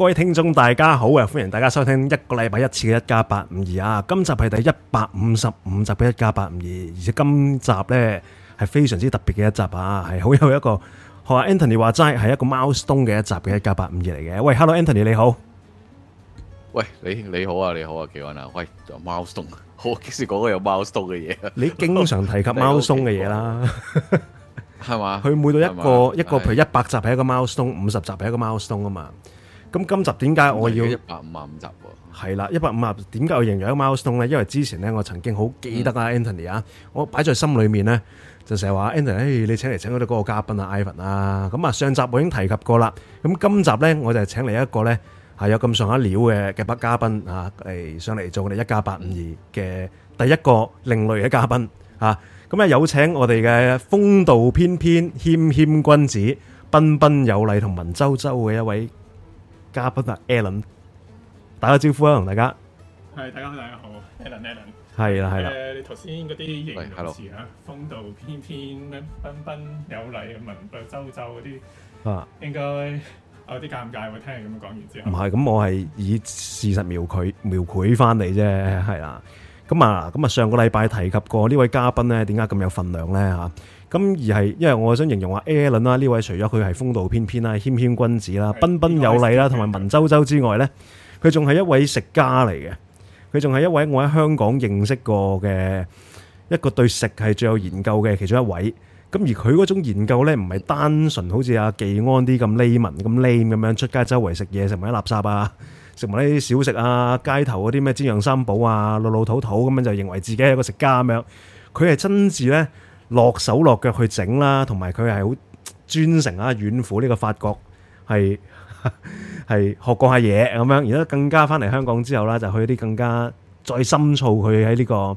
各位聽眾大家好啊，歡迎大家收聽一個禮拜一次嘅一加八五二啊，今集係第一百五十五集嘅一加八五二，而且今集呢係非常之特別嘅一集啊，係好有一個學阿 Anthony 話齋係一個 milestone 嘅一集嘅一加八五二嚟嘅。喂，Hello，Anthony 你好，喂，你你好啊，你好啊，奇安啊，喂，有 milestone，我幾時講過有 milestone 嘅嘢？你經常提及 milestone 嘅嘢啦，係嘛？佢每到一個一個譬如一百集係一個 milestone，五十集係一個 milestone 啊嘛。咁今集點解我要一百五十五集喎？係啦，一百五十點解我形容一 mouse 通咧？因為之前咧，我曾經好記得啊，Anthony 啊，我擺在心裏面咧，就成日話 Anthony，誒你請嚟請到嗰個嘉賓啊，Ivan 啊。咁啊，上集我已經提及過啦。咁今集咧，我就係請嚟一個咧係有咁上下料嘅嘅北嘉賓啊，嚟上嚟做我哋一加八五二嘅第一個另類嘅嘉賓啊。咁啊，有請我哋嘅風度翩翩、謙謙君子、彬彬有禮同文周周嘅一位嘉賓啊，Alan，打個招呼啊，同大家。係大家好，大家好，Alan，Alan。係啦，係啦。誒，你頭先嗰啲形容詞啊，風度翩翩，咩彬彬有禮，文質周周嗰啲，啊，應該有啲尷尬喎，聽你咁講完之後。唔係，咁我係以事實描繪描繪翻嚟啫，係啦。咁啊，咁啊，上個禮拜提及過呢位嘉賓咧，點解咁有份量咧？吓。咁而係，因為我想形容話 Alan 啦，呢位除咗佢係風度翩翩啦、謙謙君子啦、彬彬有禮啦，同埋文縐縐之外咧，佢仲係一位食家嚟嘅。佢仲係一位我喺香港認識過嘅一個對食係最有研究嘅其中一位。咁而佢嗰種研究咧，唔係單純好似阿記安啲咁 layman 咁 lay 咁樣出街周圍食嘢食埋啲垃圾啊，食埋啲小食啊，街頭嗰啲咩煎釀三寶啊、老老土土咁樣就認為自己係一個食家咁樣。佢係真係咧。落手落腳去整啦，同埋佢係好專程啊，遠赴呢個法國係係 學過下嘢咁樣，而家更加翻嚟香港之後啦，就去啲更加再深造。佢喺呢個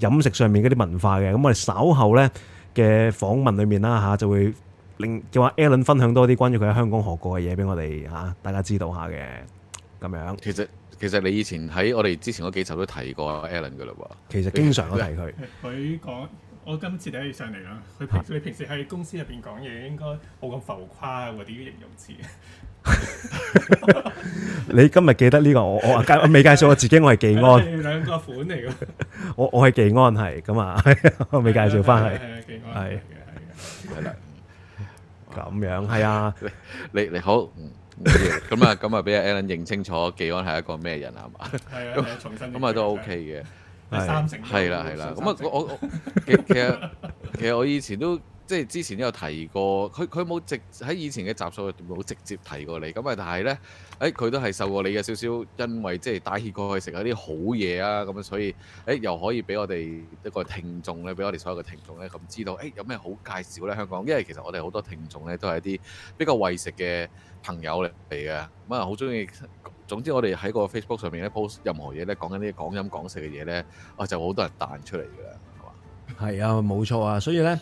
飲食上面嗰啲文化嘅。咁我哋稍後呢嘅訪問裡面啦嚇、啊，就會令叫阿 Alan 分享多啲關於佢喺香港學過嘅嘢俾我哋嚇、啊、大家知道下嘅咁樣。其實其實你以前喺我哋之前嗰幾集都提過 Alan 嘅嘞喎。其實經常都提佢，佢講。我今次第一次上嚟啦，佢平你平時喺公司入邊講嘢應該冇咁浮誇啊，或者啲形容詞。你今日記得呢個我我介未介紹我自己，我係技安。兩個款嚟嘅。我我係技安係咁啊，我未介紹翻係。係啊，技安係。係啦。咁樣係啊。你你你好，咁啊咁啊，俾阿 Alan 認清楚技安係一個咩人啊嘛。係啊，重新。咁啊都 OK 嘅。係係啦係啦，咁啊我我其實其實我以前都即係之前都有提過，佢佢冇直喺以前嘅集數冇直接提過你，咁啊但係呢，誒、欸、佢都係受過你嘅少少，因為即係帶挈過去食一啲好嘢啊，咁所以誒、欸、又可以俾我哋一個聽眾呢，俾我哋所有嘅聽眾呢，咁知道誒、欸、有咩好介紹呢？香港，因為其實我哋好多聽眾呢，都係一啲比較為食嘅朋友嚟嚟嘅，咁啊好中意。總之，我哋喺個 Facebook 上面咧 post 任何嘢咧，講緊啲講飲講食嘅嘢咧，啊就好多人彈出嚟㗎啦，係嘛？係啊，冇錯啊，所以咧，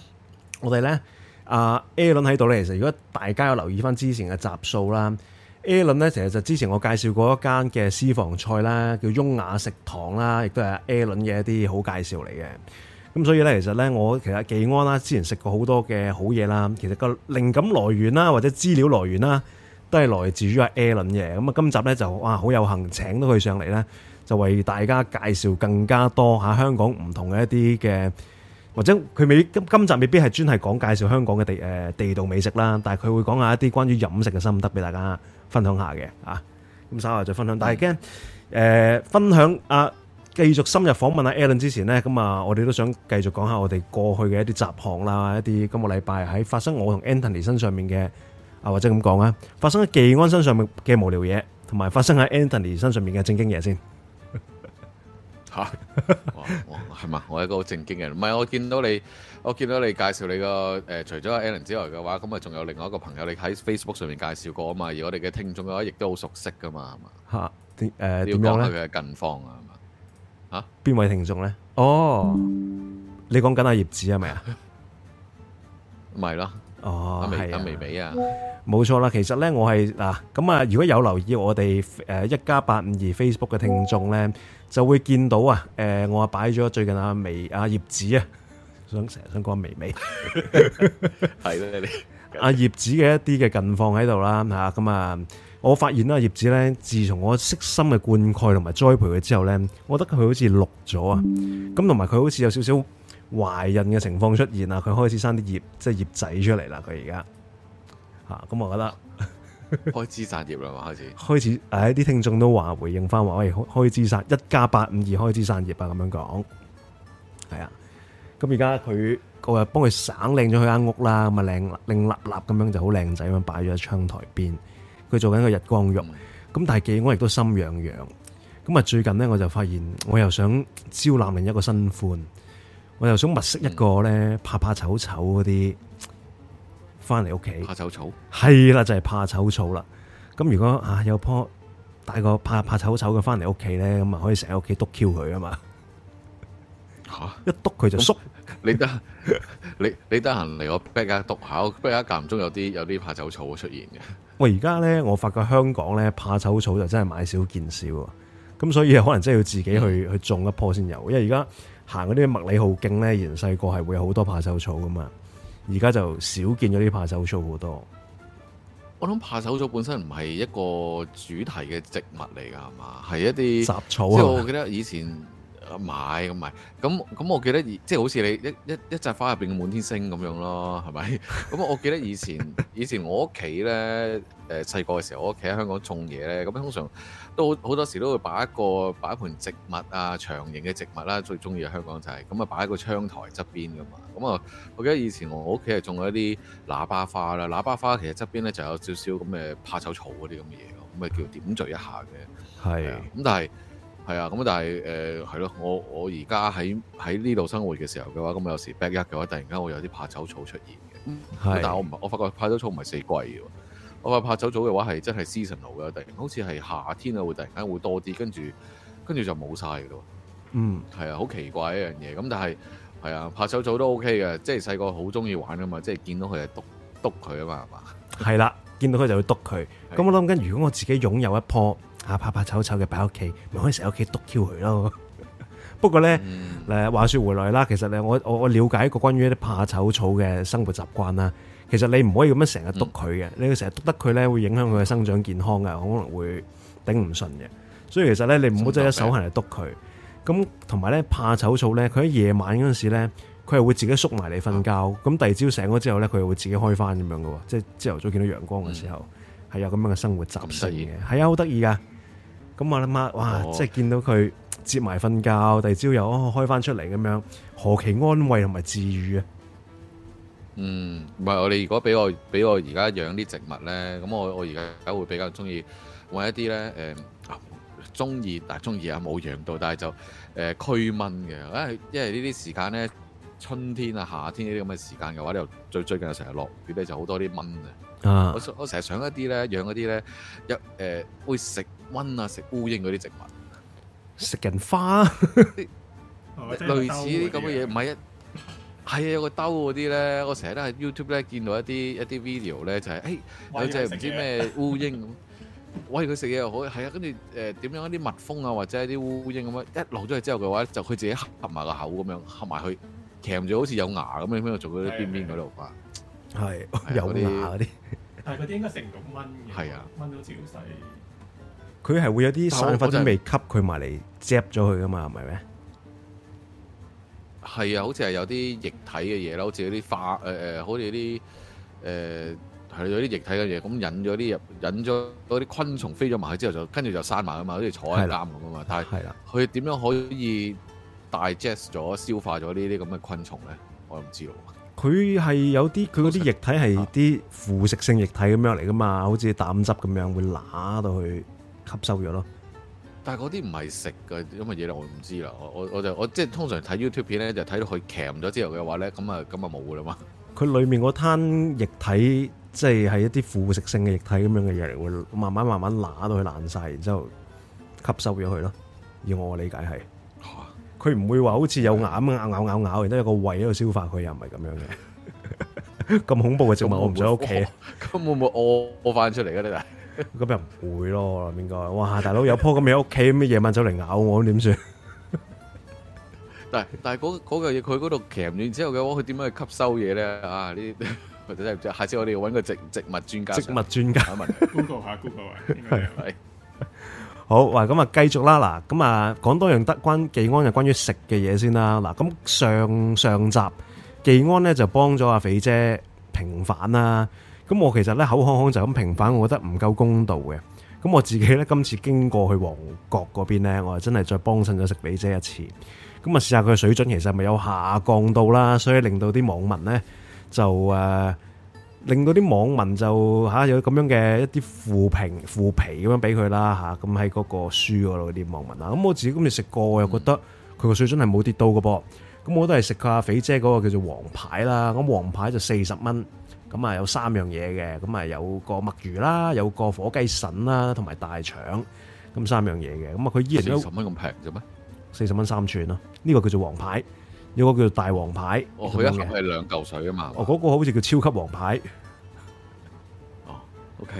我哋咧，阿 Alan 喺度咧，其實如果大家有留意翻之前嘅集數啦 Alan 咧，其實就之前我介紹過一間嘅私房菜啦，叫雍雅食堂啦，亦都係 Alan 嘅一啲好介紹嚟嘅。咁所以咧，其實咧，我其實記安啦，之前食過多好多嘅好嘢啦，其實個靈感來源啦，或者資料來源啦，都係來自於阿 Alan 嘅咁啊！今集咧就哇好有幸請到佢上嚟咧，就為大家介紹更加多吓香港唔同嘅一啲嘅，或者佢未必今今集未必係專係講介紹香港嘅地誒地道美食啦，但係佢會講下一啲關於飲食嘅心得俾大家分享下嘅啊！咁稍後再分享。但係驚誒分享阿繼續深入訪問阿 Alan 之前咧，咁啊我哋都想繼續講下我哋過去嘅一啲雜項啦，一啲今個禮拜喺發生我同 Anthony 身上面嘅。啊，或者咁講啊，發生喺技安身上面嘅嘅無聊嘢，同埋發生喺 Anthony 身上面嘅正經嘢先。吓，我係嘛？我係一個好正經嘅人，唔係我見到你，我見到你介紹你個誒，除咗 Alan 之外嘅話，咁啊仲有另外一個朋友，你喺 Facebook 上面介紹過啊嘛，而我哋嘅聽眾嘅話，亦都好熟悉噶嘛，係嘛？吓，誒，要講下佢嘅近況啊嘛？吓，邊位聽眾咧？哦，你講緊阿葉子係咪啊？咪啦。哦，係啊，阿微微啊，冇錯啦。其實咧，我係嗱咁啊，如果有留意我哋誒一加八五二 Facebook 嘅聽眾咧，就會見到啊，誒，我啊擺咗最近阿微阿葉子啊， 啊，想成日想講阿微微，係咯你阿葉子嘅一啲嘅近況喺度啦吓，咁啊，我發現啦、啊、葉子咧，自從我悉心嘅灌溉同埋栽培佢之後咧，我覺得佢好似綠咗啊，咁同埋佢好似有少少。懷孕嘅情況出現啦，佢開始生啲葉，即係葉仔出嚟啦。佢而家吓咁，啊、我覺得開枝散葉啦，開 始開始。誒、哎，啲聽眾都話回應翻話，喂，開枝開枝散一加八五二，開枝散葉啊，咁樣講係啊。咁而家佢我又幫佢省靚咗佢間屋啦，咁啊靚靚立立咁樣就好靚仔咁擺咗喺窗台邊。佢做緊個日光浴，咁、嗯、但係我亦都心癢癢。咁啊，最近呢，我就發現我又想招攬另一個新歡。我又想物色一個咧怕怕醜醜嗰啲翻嚟屋企。怕醜草係啦，就係、是、怕醜草啦。咁如果啊有棵帶個怕怕醜醜嘅翻嚟屋企咧，咁啊可以成日屋企篤 Q 佢啊嘛。吓、啊、一篤佢就縮。 你得你你得閒嚟我 Facebook 篤下，不過間唔中有啲有啲怕醜草出現嘅。我而家咧，我發覺香港咧怕醜草就真係買少見少，咁所以可能真係要自己去去種一棵先有，因為而家，行嗰啲麥理浩徑咧，人細個係會有好多怕醜草噶嘛，而家就少見咗啲怕醜草好多。我諗怕醜草本身唔係一個主題嘅植物嚟噶，係嘛？係一啲雜草啊。即係我記得以前。 啊買咁咪，咁咁，我記得即係好似你一一一扎花入邊嘅滿天星咁樣咯，係咪？咁我記得以前 以前我屋企咧誒細個嘅時候，我屋企喺香港種嘢咧，咁通常都好多時都會擺一個擺一盆植物啊，長形嘅植物啦、啊，最中意喺香港就係咁啊，擺喺個窗台側邊噶嘛。咁啊，我記得以前我屋企係種咗一啲喇叭花啦，喇叭花其實側邊咧就有少少咁嘅怕醜草嗰啲咁嘅嘢，咁啊叫點綴一下嘅。係是。咁、uh, 但係。係啊，咁但係誒係咯，我我而家喺喺呢度生活嘅時候嘅話，咁有時 backyard 嘅話，突然間我有啲怕醜草出現嘅。嗯，係。但係我唔，我發覺怕醜草唔係四季嘅喎。我發覺怕醜草嘅話係真係 seasonal 嘅，突然好似係夏天啊，會突然間會多啲，跟住跟住就冇晒嘅咯。嗯，係啊，好奇怪一樣嘢。咁但係係啊，怕醜草都 OK 嘅，即係細個好中意玩㗎嘛，即係見到佢就篤篤佢啊嘛，係嘛？係啦，見到佢就會篤佢。咁我諗緊，如果我自己擁有一棵。啊，怕怕醜醜嘅擺喺屋企，咪可以成日屋企篤 Q 佢咯。 不過咧呢，誒、嗯、話説回來啦，其實咧，我我我瞭解一個關於一啲怕醜草嘅生活習慣啦。其實你唔可以咁樣成日篤佢嘅，嗯、你成日篤得佢咧，會影響佢嘅生長健康嘅，可能會頂唔順嘅。所以其實咧，你唔好真係一手行嚟篤佢。咁同埋咧，怕醜草咧，佢喺夜晚嗰陣時咧，佢係會自己縮埋你瞓覺。咁第二朝醒咗之後咧，佢又會自己開翻咁樣嘅，即係朝頭早見到陽光嘅時候，係、嗯、有咁樣嘅生活習性嘅。係啊、嗯的，好得意噶～咁、嗯、我諗下，哇！即係見到佢接埋瞓覺，第二朝又開翻出嚟，咁樣何其安慰同埋治愈啊！嗯，唔係我哋如果俾我俾我而家養啲植物咧，咁我我而家會比較中意換一啲咧，誒，中意但係中意啊冇養、啊、到，但係就誒驅、啊、蚊嘅。因為因為呢啲時間咧，春天啊夏天呢啲咁嘅時間嘅話你最最近成日落雨咧就好多啲蚊啊。啊！我我成日想一啲咧，養一啲咧，一誒會食蚊啊，食烏蠅嗰啲植物，食人花， 類似啲咁嘅嘢，唔係一係啊 有個兜嗰啲咧，我成日都喺 YouTube 咧見到一啲一啲 video 咧，就係、是、誒、欸、哇有隻唔、啊、知咩烏蠅咁，餵佢食嘢又好，係啊，跟住誒點樣一啲蜜蜂啊，或者一啲烏蠅咁樣，一落咗去之後嘅話，就佢自己合埋個口咁樣，合埋去鉗住，好似有牙咁樣，咩做嗰啲邊邊嗰度啊？ 係 有牙啲，但係佢啲應該成咁蚊嘅，蚊都超細。佢係會有啲細菌未吸佢埋嚟 digest 咗佢噶嘛，係咪咩？係啊，好似係有啲液體嘅嘢啦，好似有啲化誒誒，好似啲誒係有啲液體嘅嘢，咁引咗啲入，引咗啲昆蟲飛咗埋去之後，後就跟住就閂埋噶嘛，好似坐喺監度噶嘛。但係佢點樣可以 digest 咗消化咗呢啲咁嘅昆蟲咧？我唔知道。佢係有啲佢嗰啲液體係啲腐蝕性液體咁、啊、樣嚟噶嘛，好似膽汁咁樣會乸到去吸收咗咯。但係嗰啲唔係食嘅，因為嘢我唔知啦。我我我就我即係、就是、通常睇 YouTube 片咧，就睇到佢鉸咗之後嘅話咧，咁啊咁啊冇噶啦嘛。佢裡面個攤液體即係係一啲腐蝕性嘅液體咁樣嘅嘢嚟，會慢慢慢慢乸到佢爛晒，然之後吸收咗佢咯。以我理解係。佢唔會話好似有牙咁咬咬咬咬，然後有個胃喺度消化佢，又唔係咁樣嘅，咁恐怖嘅植物我唔想喺屋企，咁會唔會屙屙翻出嚟咧？咁又唔會咯，應該。哇，大佬有棵咁嘅喺屋企，咁夜晚走嚟咬我，咁點算？但係但係嗰嗰嚿嘢，佢嗰度強暖之後嘅話，佢點樣去吸收嘢咧？啊，呢或者真係唔知。下次我哋揾個植植物專家，植物專家問，估過下，估過下。係係。好，咁啊，繼續啦，嗱，咁啊，講多樣得，關技安就關於食嘅嘢先啦，嗱，咁上上集技安咧就幫咗阿肥姐平反啦，咁我其實咧口康康就咁平反，我覺得唔夠公道嘅，咁我自己咧今次經過去旺角嗰邊咧，我係真係再幫襯咗食肥姐一次，咁啊試下佢嘅水準，其實係咪有下降到啦，所以令到啲網民咧就誒。令到啲網民就嚇有咁樣嘅一啲負評，負評咁樣俾佢啦嚇，咁喺嗰個書嗰度啲網民啦，咁我自己今日食過又覺得佢個水準係冇跌到嘅噃，咁我都係食阿肥姐嗰個叫做皇牌啦，咁皇牌就四十蚊，咁啊有三樣嘢嘅，咁啊有個墨魚啦，有個火雞腎啦，同埋大腸，咁三樣嘢嘅，咁啊佢依然四十蚊咁平啫咩？四十蚊三串咯，呢個叫做皇牌。有個叫做大王牌，哦佢一係係兩嚿水啊嘛，哦嗰、那個好似叫超級王牌，哦、oh,，OK，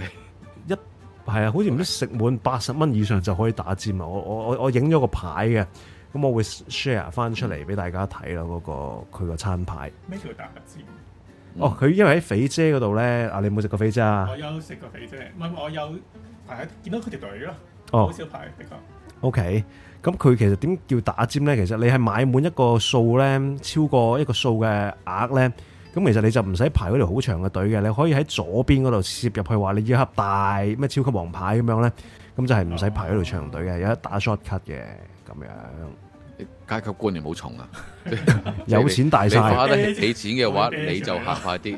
一係啊，好似唔知食滿八十蚊以上就可以打尖啊！我我我我影咗個牌嘅，咁我會 share 翻出嚟俾大家睇啦，嗰個佢個餐牌咩叫打尖？哦，佢因為喺肥姐嗰度咧，啊你有冇食過肥姐啊？我有食過肥姐，唔係、oh, 我有係啊，見到佢條隊咯，好少牌，的確，OK。咁佢其實點叫打尖咧？其實你係買滿一個數咧，超過一個數嘅額咧，咁其實你就唔使排嗰條好長嘅隊嘅。你可以喺左邊嗰度切入去，話你要一盒大咩超級皇牌咁樣咧，咁就係唔使排嗰條長隊嘅，有得打 shortcut 嘅咁樣。階級觀念好重啊！有錢大曬。你花得起錢嘅話，你就行快啲。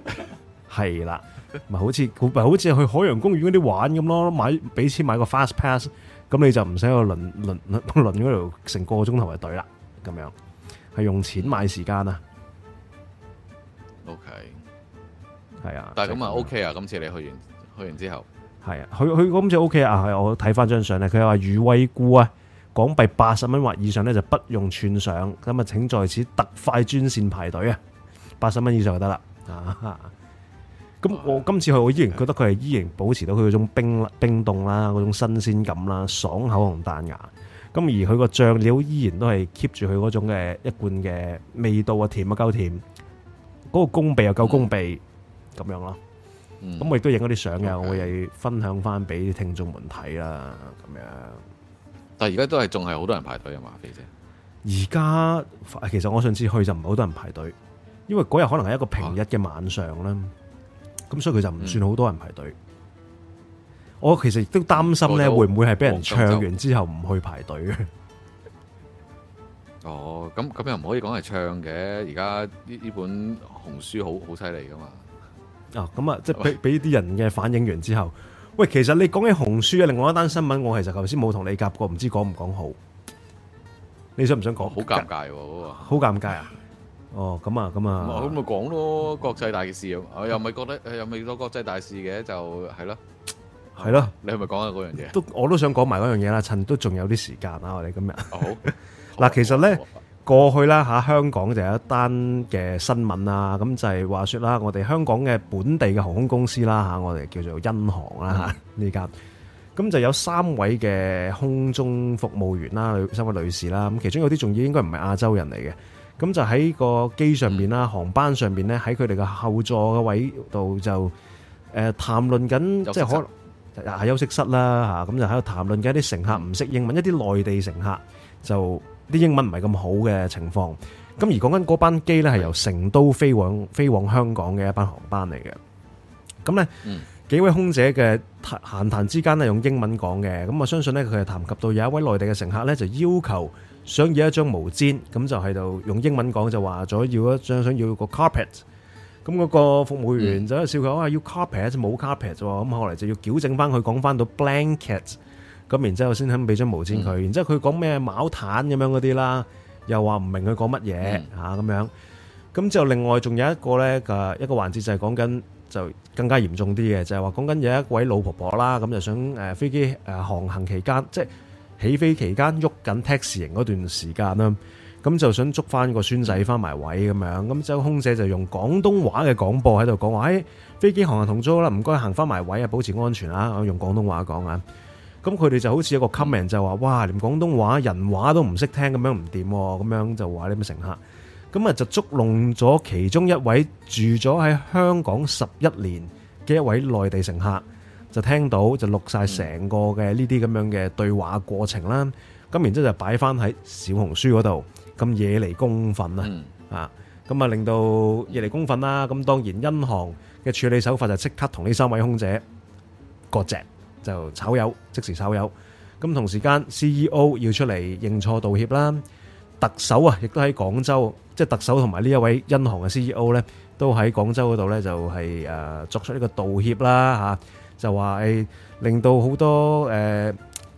係啦，咪好似，咪好似去海洋公園嗰啲玩咁咯，買俾錢買個 fast pass。咁你就唔使去輪輪輪嗰度成個個鐘頭嘅隊啦，咁樣係用錢買時間 Okay. 啊。O K，係啊，但係咁啊 O K 啊，今次你去完去完之後係啊，去去今次 O、OK、K 啊，係我睇翻張相咧，佢又話宇惠顧啊，港幣八十蚊或以上咧，就不用串上，咁啊請在此特快專線排隊啊，八十蚊以上就得啦啊。 咁我今次去，我依然覺得佢係依然保持到佢嗰種冰冰凍啦，嗰種新鮮感啦，爽口同彈牙。咁而佢個醬料依然都係 keep 住佢嗰種嘅一貫嘅味道啊，甜啊，夠甜。嗰、嗰個攻鼻又夠攻鼻咁、嗯、樣咯。咁、嗯、我亦都影咗啲相嘅，嗯 okay. 我會分享翻俾啲聽眾們睇啦。咁樣，但係而家都係仲係好多人排隊啊，嘛，肥姐，而家其實我上次去就唔係好多人排隊，因為嗰日可能係一個平日嘅晚上啦。啊。咁所以佢就唔算好多人排隊。嗯、我其實亦都擔心咧，會唔會係俾人唱完之後唔去排隊嘅？哦，咁咁又唔可以講係唱嘅。而家呢呢本紅書好好犀利噶嘛？啊，咁啊，即係俾俾啲人嘅反應完之後，喂，其實你講起紅書嘅另外一單新聞，我其實頭先冇同你夾過，唔知講唔講好？你想唔想講？好尷尬喎，好尷尬啊！哦，咁啊，咁啊，咁咪講咯，國際大事啊，又唔係覺得，又唔係多國際大事嘅，就係咯，係咯，你係咪講下嗰樣嘢？都我都想講埋嗰樣嘢啦，趁都仲有啲時間啊，我哋今日好。嗱，其實咧過去啦吓，香港就有一單嘅新聞啊，咁就係話說啦，我哋香港嘅本地嘅航空公司啦吓，我哋叫做因航啦吓，呢間，咁就有三位嘅空中服務員啦，三位女士啦，咁其中有啲仲要應該唔係亞洲人嚟嘅。咁就喺個機上面啦，航班上面呢，喺佢哋嘅後座嘅位度就誒談論緊，即係可能係休息室啦嚇，咁就喺度談論緊一啲乘客唔識英文，一啲內地乘客就啲英文唔係咁好嘅情況。咁而講緊嗰班機呢，係由成都飛往飛往香港嘅一班航班嚟嘅。咁呢，幾位空姐嘅閒談之間呢，用英文講嘅。咁我相信呢，佢係談及到有一位內地嘅乘客呢，就要求。想要一張毛氈，咁就喺度用英文講就話咗要一張想要個 carpet，咁嗰個服務員就笑佢話要 carpet 就冇 carpet 喎，咁後來就要矯正翻佢講翻到 blanket，咁然之後先肯俾張毛氈佢，然之後佢講咩毛毯咁樣嗰啲啦，又話唔明佢講乜嘢嚇咁樣，咁之後另外仲有一個咧嘅一個環節就係講緊就更加嚴重啲嘅，就係話講緊有一位老婆婆啦，咁就想誒飛機誒航行期間即係。起飛期間喐緊 taxi 嗰段時間啦，咁就想捉翻個孫仔翻埋位咁樣，咁就空姐就用廣東話嘅廣播喺度講話：誒、欸、飛機航行同租啦，唔該行翻埋位啊，保持安全啦、啊。用廣東話講啊，咁佢哋就好似一個 comment，就話：哇，連廣東話、人話都唔識聽，咁樣唔掂，咁樣就話呢個乘客，咁啊就捉弄咗其中一位住咗喺香港十一年嘅一位內地乘客。就聽到就錄曬成個嘅呢啲咁樣嘅對話過程啦，咁然之後就擺返喺小紅書嗰度，咁惹嚟公憤啊，啊，咁啊令到惹嚟公憤啦，咁當然恩行嘅處理手法就即刻同呢三位空姐割席，就炒魷即時炒魷，咁同時間 CEO 要出嚟認錯道歉啦，特首啊亦都喺廣州，即係特首同埋呢一位恩行嘅 CEO 呢，都喺廣州嗰度呢就係誒作出呢個道歉啦嚇。就話誒，令到好多誒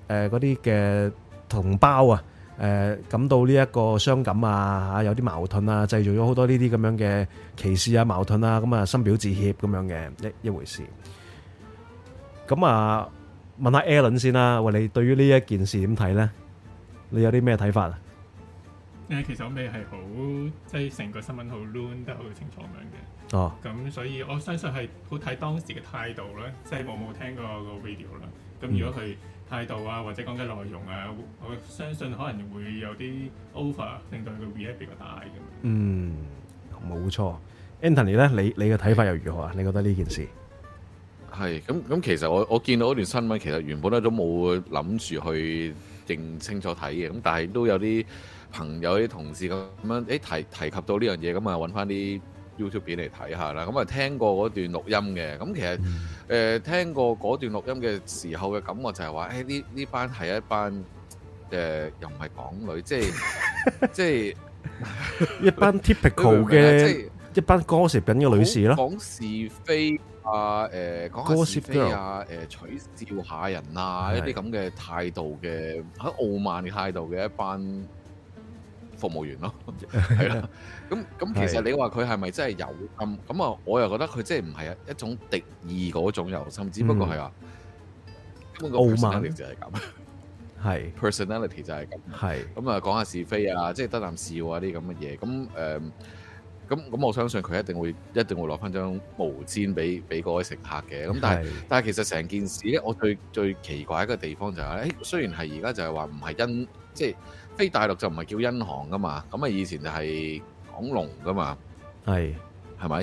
誒嗰啲嘅同胞啊，誒感到呢一個傷感啊，有啲矛盾啊，製造咗好多呢啲咁樣嘅歧視啊、矛盾啊，咁啊深表致歉咁樣嘅一一回事。咁啊，問下 Alan 先啦，喂，你對於呢一件事點睇咧？你有啲咩睇法啊？誒，其實我未係好，即係成個新聞好亂得好清楚咁樣嘅。哦，咁所以我相信係好睇當時嘅態度咧，即係我冇聽過個 video 啦。咁如果佢態度啊，或者講嘅內容啊，我相信可能會有啲 over，令到個 reaction 比較大咁。嗯，冇錯。Anthony 咧，你你嘅睇法又如何啊？你覺得呢件事係咁咁？其實我我見到一段新聞，其實原本咧都冇諗住去認清楚睇嘅，咁但係都有啲朋友、啲同事咁樣誒提提及到呢樣嘢，咁啊揾翻啲 YouTube 片嚟睇下啦，咁啊聽過嗰段錄音嘅，咁其實誒聽過嗰段錄音嘅時候嘅感覺就係話，誒呢呢班係一班誒又唔係港女，即係即係一班 typical 嘅即係一班 gossip 緊嘅女士咯，講是非啊，誒講 gossip 啊，誒取笑下人啊，一啲咁嘅態度嘅，喺傲慢嘅態度嘅一班。服務員咯，係 啦，咁咁其實你話佢係咪真係有咁咁啊？的我又覺得佢即係唔係一種敵意嗰種有心，甚至、嗯、不過係啊。奧曼就係咁，係的 personality 就係咁，係咁啊，講下是非啊，即、就、係、是、得啖笑啊啲咁嘅嘢。咁誒，咁、呃、咁我相信佢一定會一定會攞翻張毛氈俾俾嗰位乘客嘅。咁的但係但係其實成件事咧，我最最奇怪一個地方就係、是、誒，雖然係而家就係話唔係因即係。就是飛大陸就唔係叫鈺航㗎嘛，咁啊以前就係港龍㗎嘛，係係咪？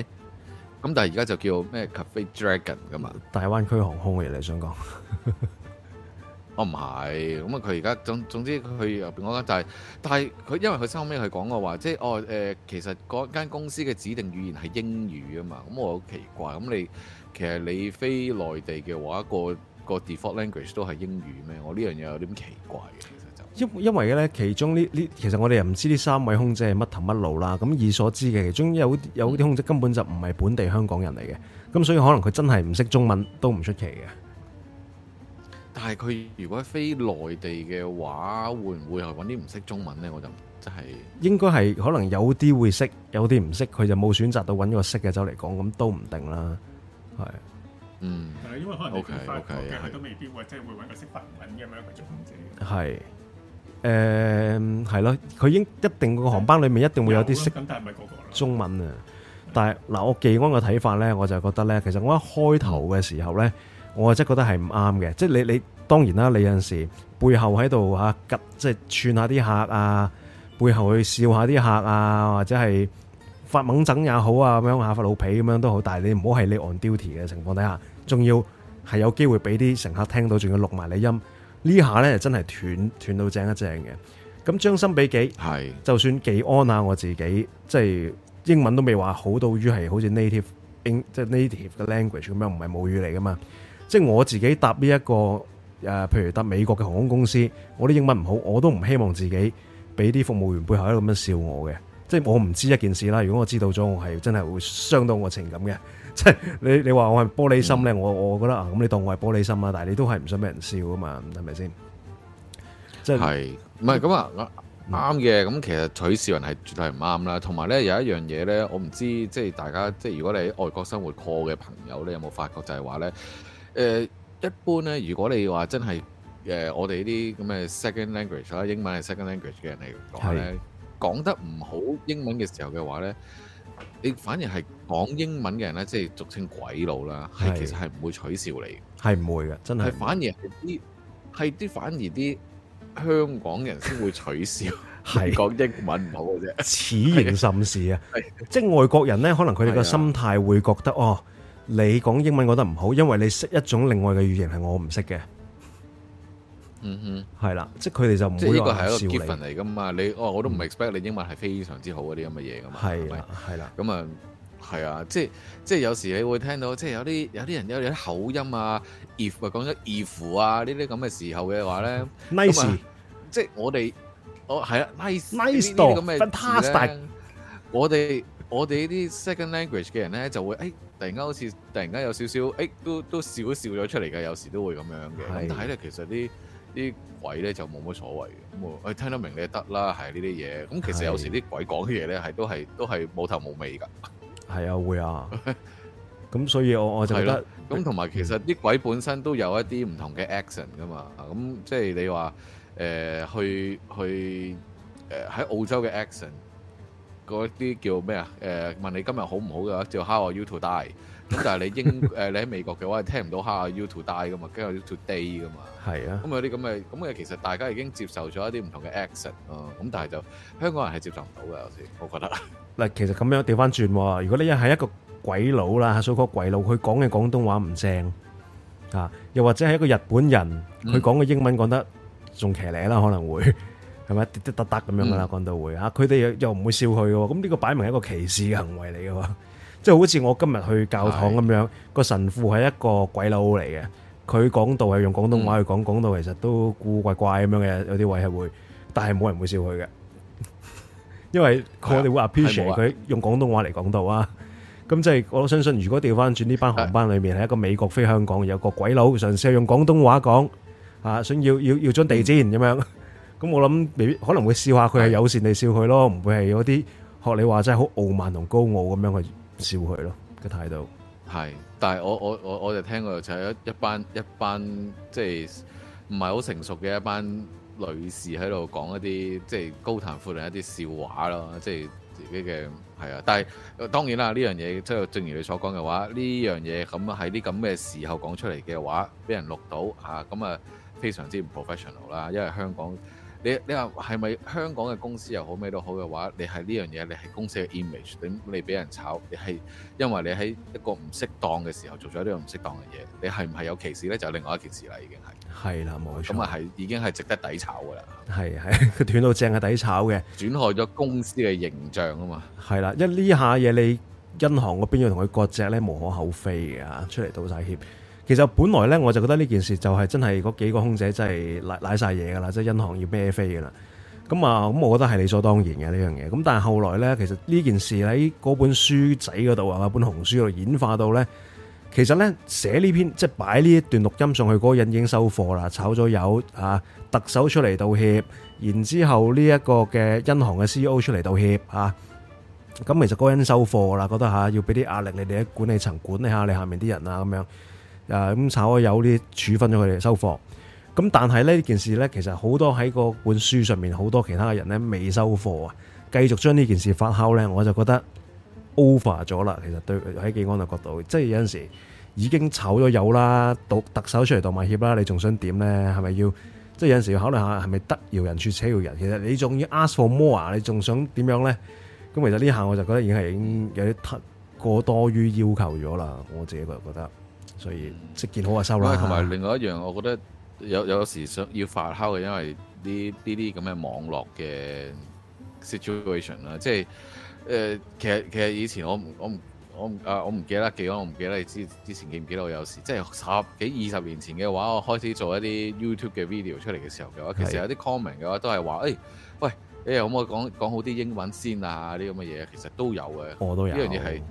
咁但係而家就叫咩？Cafe Dragon 㗎嘛？大灣區航空嘅嘢你想講？ 哦唔係，咁啊佢而家總總之佢入邊嗰間就係，但係佢因為佢收尾佢講過話，即係哦誒、呃，其實嗰間公司嘅指定語言係英語啊嘛，咁、嗯、我好奇怪，咁、嗯、你其實你飛內地嘅話，嗰個、嗰個 default language 都係英語咩？我呢樣嘢有啲奇怪嘅。因因為咧，其中呢呢，其實我哋又唔知呢三位空姐係乜頭乜路啦。咁以所知嘅，其中有有啲空姐根本就唔係本地香港人嚟嘅，咁所以可能佢真係唔識中文都唔出奇嘅。但係佢如果飛內地嘅話，會唔會係揾啲唔識中文呢？我就真係應該係可能有啲會識，有啲唔識，佢就冇選擇到揾個識嘅走嚟講，咁都唔定啦。係，嗯，係因為可能佢翻學嘅，佢都未必，即係會揾個識法文咁樣一個做空姐。係。誒係咯，佢應、嗯、一定個航班裏面一定會有啲識有但係唔係嗰個中文啊！但係嗱是的，我技安嘅睇法咧，我就覺得咧，其實我一開頭嘅時候咧，我係即係覺得係唔啱嘅。即係你你當然啦，你有陣時背後喺度嚇，即係串下啲客啊，背後去笑下啲客啊，或者係發懵整也好啊，咁樣嚇發老脾咁樣都好。但係你唔好係你按 duty 嘅情況底下，仲要係有機會俾啲乘客聽到，仲要錄埋你音。呢下呢，真係斷斷到正一正嘅，咁將心比己，是的 就算幾安啊我自己，是的 即係英文都未話好到於係好似 native 英即 native 嘅 language 咁樣，唔係母語嚟噶嘛，即係我自己搭呢、這、一個誒，譬如搭美國嘅航空公司，我啲英文唔好，我都唔希望自己俾啲服務員背後喺度咁樣笑我嘅，即係我唔知一件事啦，如果我知道咗，我係真係會傷到我情感嘅。即係 笑 bunları 你你話我係玻璃心咧，我、嗯、我覺得啊，咁、嗯、你當我係玻璃心啊，但係你都係唔想俾人笑㗎嘛，係咪先？即係唔係咁啊？啱、嗯、嘅，咁其實取笑人係絕對係唔啱啦。同埋咧，有一樣嘢咧，我唔知即係大家即係如果你喺外國生活過嘅朋友，你有冇發覺就係話咧，誒，一般咧，如果你話真係誒，我哋呢啲咁嘅 second language 啦，英文係 second language 嘅人嚟講咧，講的得唔好英文嘅時候嘅話咧。你反而係講英文嘅人呢，即係俗稱鬼佬啦，係其實係唔會取笑你，係唔會嘅，真係。係反而係啲係啲反而啲香港人先會取笑，係講英文唔好嘅啫，此言甚是啊！即係外國人呢，可能佢哋個心態會覺得哦，你講英文覺得唔好，因為你識一種另外嘅語言係我唔識嘅。嗯嗯，係啦，即係佢哋就唔即係呢個係一個 given 嚟噶嘛，你哦我都唔 expect 你英文係非常之好嗰啲咁嘅嘢噶嘛，係啦係啦，咁啊係啊，即係即係有時你會聽到，即係有啲有啲人有啲口音啊，if 咪講咗 if 啊呢啲咁嘅時候嘅話咧，nice，即係我哋哦係啦 nice，nice 咁嘅 fantastic，我哋我哋呢啲 second language 嘅人咧就會誒突然間好似突然間有少少誒都都笑一笑咗出嚟嘅，有時都會咁樣嘅，但係咧其實啲。啲鬼咧就冇乜所謂嘅，咁我聽得明你就得啦，係呢啲嘢。咁其實有時啲鬼講嘅嘢咧，係都係都係冇頭冇尾噶。係啊，會啊。咁所以我我就覺得，咁同埋其實啲鬼本身都有一啲唔同嘅 accent 噶嘛。咁即係你話誒去去誒喺澳洲嘅 accent，嗰啲叫咩啊？誒問你今日好唔好嘅話，就 How are you to die。咁但係你英誒你喺美國嘅話，聽唔到下 You to die 㗎嘛，跟住 You to day 㗎嘛。係啊。咁有啲咁嘅咁嘅，其實大家已經接受咗一啲唔同嘅 accent。哦。咁但係就香港人係接受唔到㗎，有時，我覺得。嗱，其實咁樣調返轉，如果你一係一個鬼佬啦，哈蘇哥鬼佬，佢講嘅廣東話唔正啊，又或者係一個日本人，佢講嘅英文講得仲騎呢啦，可能會係咪？滴滴嗒嗒咁樣㗎啦，講到會啊，佢哋又又唔會笑佢嘅，咁呢個擺明係一個歧視嘅行為嚟嘅喎。即係好似我今日去教堂咁樣，個神父係一個鬼佬嚟嘅，佢講道係用廣東話去講，講道其實都古怪怪咁樣嘅，有啲位係會，但係冇人會笑佢嘅，因為佢哋會 appeal 佢用廣東話嚟講道啊。咁即係我都相信，如果調翻轉呢班航班裏面係一個美國飛香港，有個鬼佬嘗試用廣東話講啊，想要要要將地氈咁樣。咁我諗未必可能會笑下佢，係友善地笑佢咯，唔會係嗰啲學你話真係好傲慢同高傲咁樣去。笑佢咯嘅態度係，但係我我我我就聽過就係一一班一班即係唔係好成熟嘅一班女士喺度講一啲即係高談闊論一啲笑話咯，即係自己嘅係啊。但係當然啦，呢樣嘢即係正如你所講嘅話，呢樣嘢咁喺啲咁嘅時候講出嚟嘅話，俾人錄到嚇咁啊，非常之唔 professional 啦，因為香港。你你話係咪香港嘅公司又好咩都好嘅話，你係呢樣嘢，你係公司嘅 image，咁你俾人炒，你係因為你喺一個唔適當嘅時候做咗啲唔適當嘅嘢，你係唔係有歧視咧？就係另外一件事啦，已經係。係啦，冇錯。咁啊，係已經係值得抵炒噶啦。係係，斷到正係抵炒嘅。損害咗公司嘅形象啊嘛。係啦，因為呢下嘢你銀行嗰邊要同佢割席咧，無可厚非嘅嚇，出嚟道晒歉。其實本來呢，我就覺得呢件事就係真係嗰幾個空姐真係賴晒嘢噶啦，即係因行要孭飛噶啦。咁、嗯、啊，咁我覺得係理所當然嘅呢樣嘢。咁但係後來呢，其實呢件事喺嗰本書仔嗰度啊，嗰本紅書度演化到呢。其實呢，寫呢篇即係擺呢一段錄音上去嗰個人已經收貨啦，炒咗，有啊特首出嚟道歉，然之後呢一個嘅因行嘅 CEO 出嚟道歉啊。咁、嗯、其實嗰人收貨啦，覺得吓、啊、要俾啲壓力你哋喺管理層管理下你下面啲人啊，咁樣。誒，咁炒咗魷啲處分咗佢哋收貨。咁但係呢件事呢，其實好多喺個本書上面好多其他嘅人呢，未收貨啊，繼續將呢件事發酵呢，我就覺得 over 咗啦。其實對喺紀安嘅角度，即係有陣時已經炒咗魷啦，到特首出嚟道埋歉啦，你仲想點呢？係咪要即係有陣時要考慮下係咪得饒人處且饒人？其實你仲要 ask for more，你仲想點樣呢？咁其實呢下我就覺得已經係已經有啲過多於要求咗啦，我自己個覺得。所以即見好啊收啦。同埋另外一樣，我覺得有有時想要發酵嘅，因為呢啲啲咁嘅網絡嘅 situation 啦，即係誒、呃，其實其實以前我唔我唔我唔啊我唔記得記咗，我唔記得你之之前記唔記得，我有時即係十幾二十年前嘅話，我開始做一啲 YouTube 嘅 video 出嚟嘅時候嘅話，是其實有啲 comment 嘅話都係話誒，喂，你可唔可以講講好啲英文先啊？啲咁嘅嘢其實都有嘅，我都有呢樣嘢係。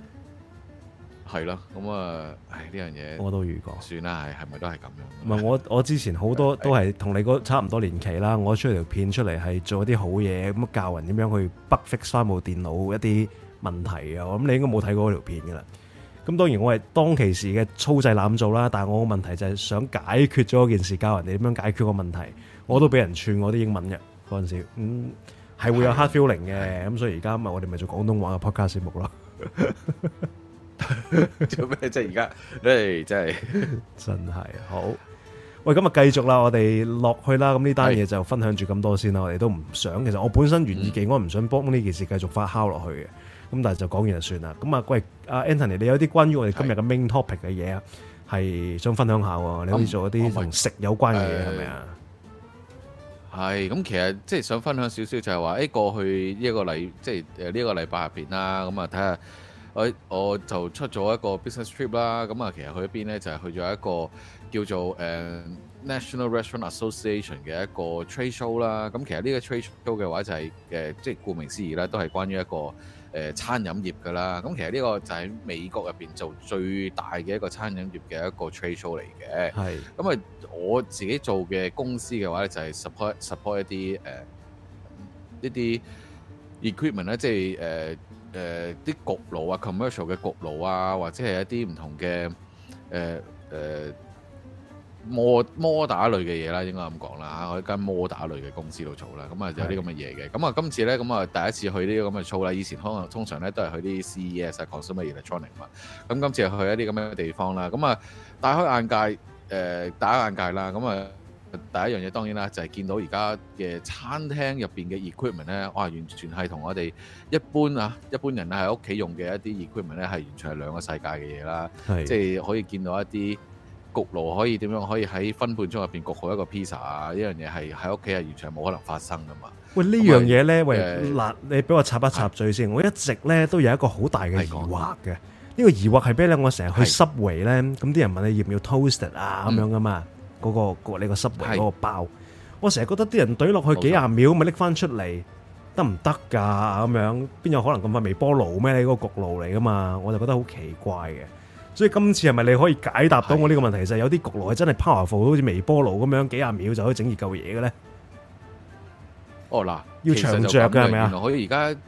係咯，咁啊、嗯，唉呢樣嘢我都遇過。算啦，係咪都係咁樣？唔係 我我之前好多都係同你差唔多年期啦，我出條片出嚟係做一啲好嘢，咁教人點樣去 fix 翻部電腦一啲問題啊！我諗你應該冇睇過嗰條片噶啦。咁當然我係當其時嘅粗製濫造啦，但係我個問題就係想解決咗件事，教人哋點樣解決個問題，我都俾人串我啲英文嘅嗰陣時，咁、嗯、係會有 hard feeling 嘅。咁的的所以而家咁啊，我哋咪做廣東話嘅 podcast 節目咯的。的 做咩？即係而家，誒，真係真係好。喂，咁啊，繼續啦，我哋落去啦。咁呢單嘢就分享住咁多先啦。我哋都唔想。其實我本身原意嘅，我唔想幫呢件事繼續發酵落去嘅。咁但係就講完就算啦。咁啊，喂，阿 Anthony，你有啲關於我哋今日嘅 main topic 嘅嘢啊，係想分享下。你可以做一啲同食有關嘅嘢係咪啊？係。咁其實即係想分享少少，就係話，誒，過去呢一個禮，即係誒呢一個禮拜入邊啦。咁啊，睇下。我我就出咗一個 business trip 啦，咁、嗯、啊，其實去一邊咧就係去咗一個叫做誒、uh, National Restaurant Association 嘅一個 trade show 啦。咁、嗯、其實呢個 trade show 嘅話就係、是、誒，即係顧名思義咧，都係關於一個誒、呃、餐飲業㗎啦。咁、嗯、其實呢個就喺美國入邊做最大嘅一個餐飲業嘅一個 trade show 嚟嘅。係是。咁啊、嗯，我自己做嘅公司嘅話咧，就係 support support 一啲誒一、呃、啲 equipment 咧、呃，即係誒。呃誒啲焗爐啊，commercial 嘅焗爐啊，或者係一啲唔同嘅誒誒摩摩打類嘅嘢啦，應該咁講啦嚇，我喺間摩打類嘅公司度做啦，咁啊有啲咁嘅嘢嘅，咁啊今次咧咁啊第一次去呢啲咁嘅 show 啦，以前可能通常咧都係去啲 CES、consumer electronics 嘛，咁今次係去一啲咁嘅地方啦，咁啊打開眼界誒打開眼界啦，咁啊～第一樣嘢當然啦，就係見到而家嘅餐廳入邊嘅 equipment 咧，哇！完全係同我哋一般啊，一般人啊喺屋企用嘅一啲 equipment 咧，係完全係兩個世界嘅嘢啦。是即係可以見到一啲焗爐可以點樣可以喺分半鐘入邊焗好一個 pizza 啊！呢樣嘢係喺屋企係完全冇可能發生噶嘛。喂，樣呢樣嘢咧，呃、喂，嗱，你俾我插一插嘴先。的我一直咧都有一個好大嘅疑惑嘅。呢的個疑惑係咩咧？我成日去濕圍咧，咁啲人問你要唔要 toast 啊咁樣噶嘛。嗰、那個嗰你、這個濕雲嗰個包，是我成日覺得啲人懟落去幾廿秒，咪拎翻出嚟得唔得噶咁樣？邊有可能咁快微波爐咩？你、那、嗰個焗爐嚟噶嘛？我就覺得好奇怪嘅。所以今次係咪你可以解答到我呢個問題？就係的有啲焗爐係真係 powerful，好似微波爐咁樣幾廿秒就可以整熱嚿嘢嘅咧？哦嗱，要長着噶係咪啊？可以而家。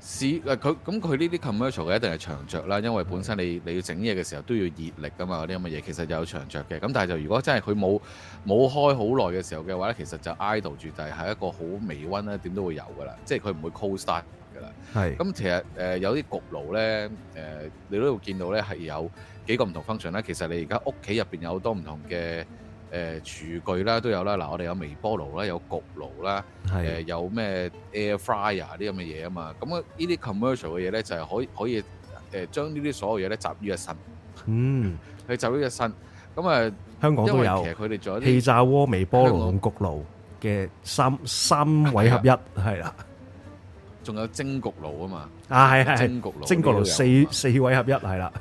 試嗱佢咁，佢呢啲 commercial 嘅一定係長着啦，因為本身你你要整嘢嘅時候都要熱力噶嘛，嗰啲咁嘅嘢其實有長着嘅。咁但係就如果真係佢冇冇開好耐嘅時候嘅話咧，其實就 idle 住就係係一個好微溫咧，點都會有噶啦，即係佢唔會 cold start 噶啦。係咁是、嗯，其實誒、呃、有啲焗爐咧，誒、呃、你都會見到咧係有幾個唔同 function 啦。其實你而家屋企入邊有好多唔同嘅。誒廚具啦都有啦，嗱我哋有微波爐啦，有焗爐啦，誒有咩 Air Fryer 啲咁嘅嘢啊嘛，咁啊呢啲 commercial 嘅嘢咧就係可以可以誒將呢啲所有嘢咧集於一身，嗯，佢集於一身，咁啊香港都有，因為其實佢哋仲有啲氣炸鍋、微波爐、焗爐嘅三三位合一係啦。仲有蒸焗爐啊嘛，啊係係係蒸焗爐四四位合一係啦。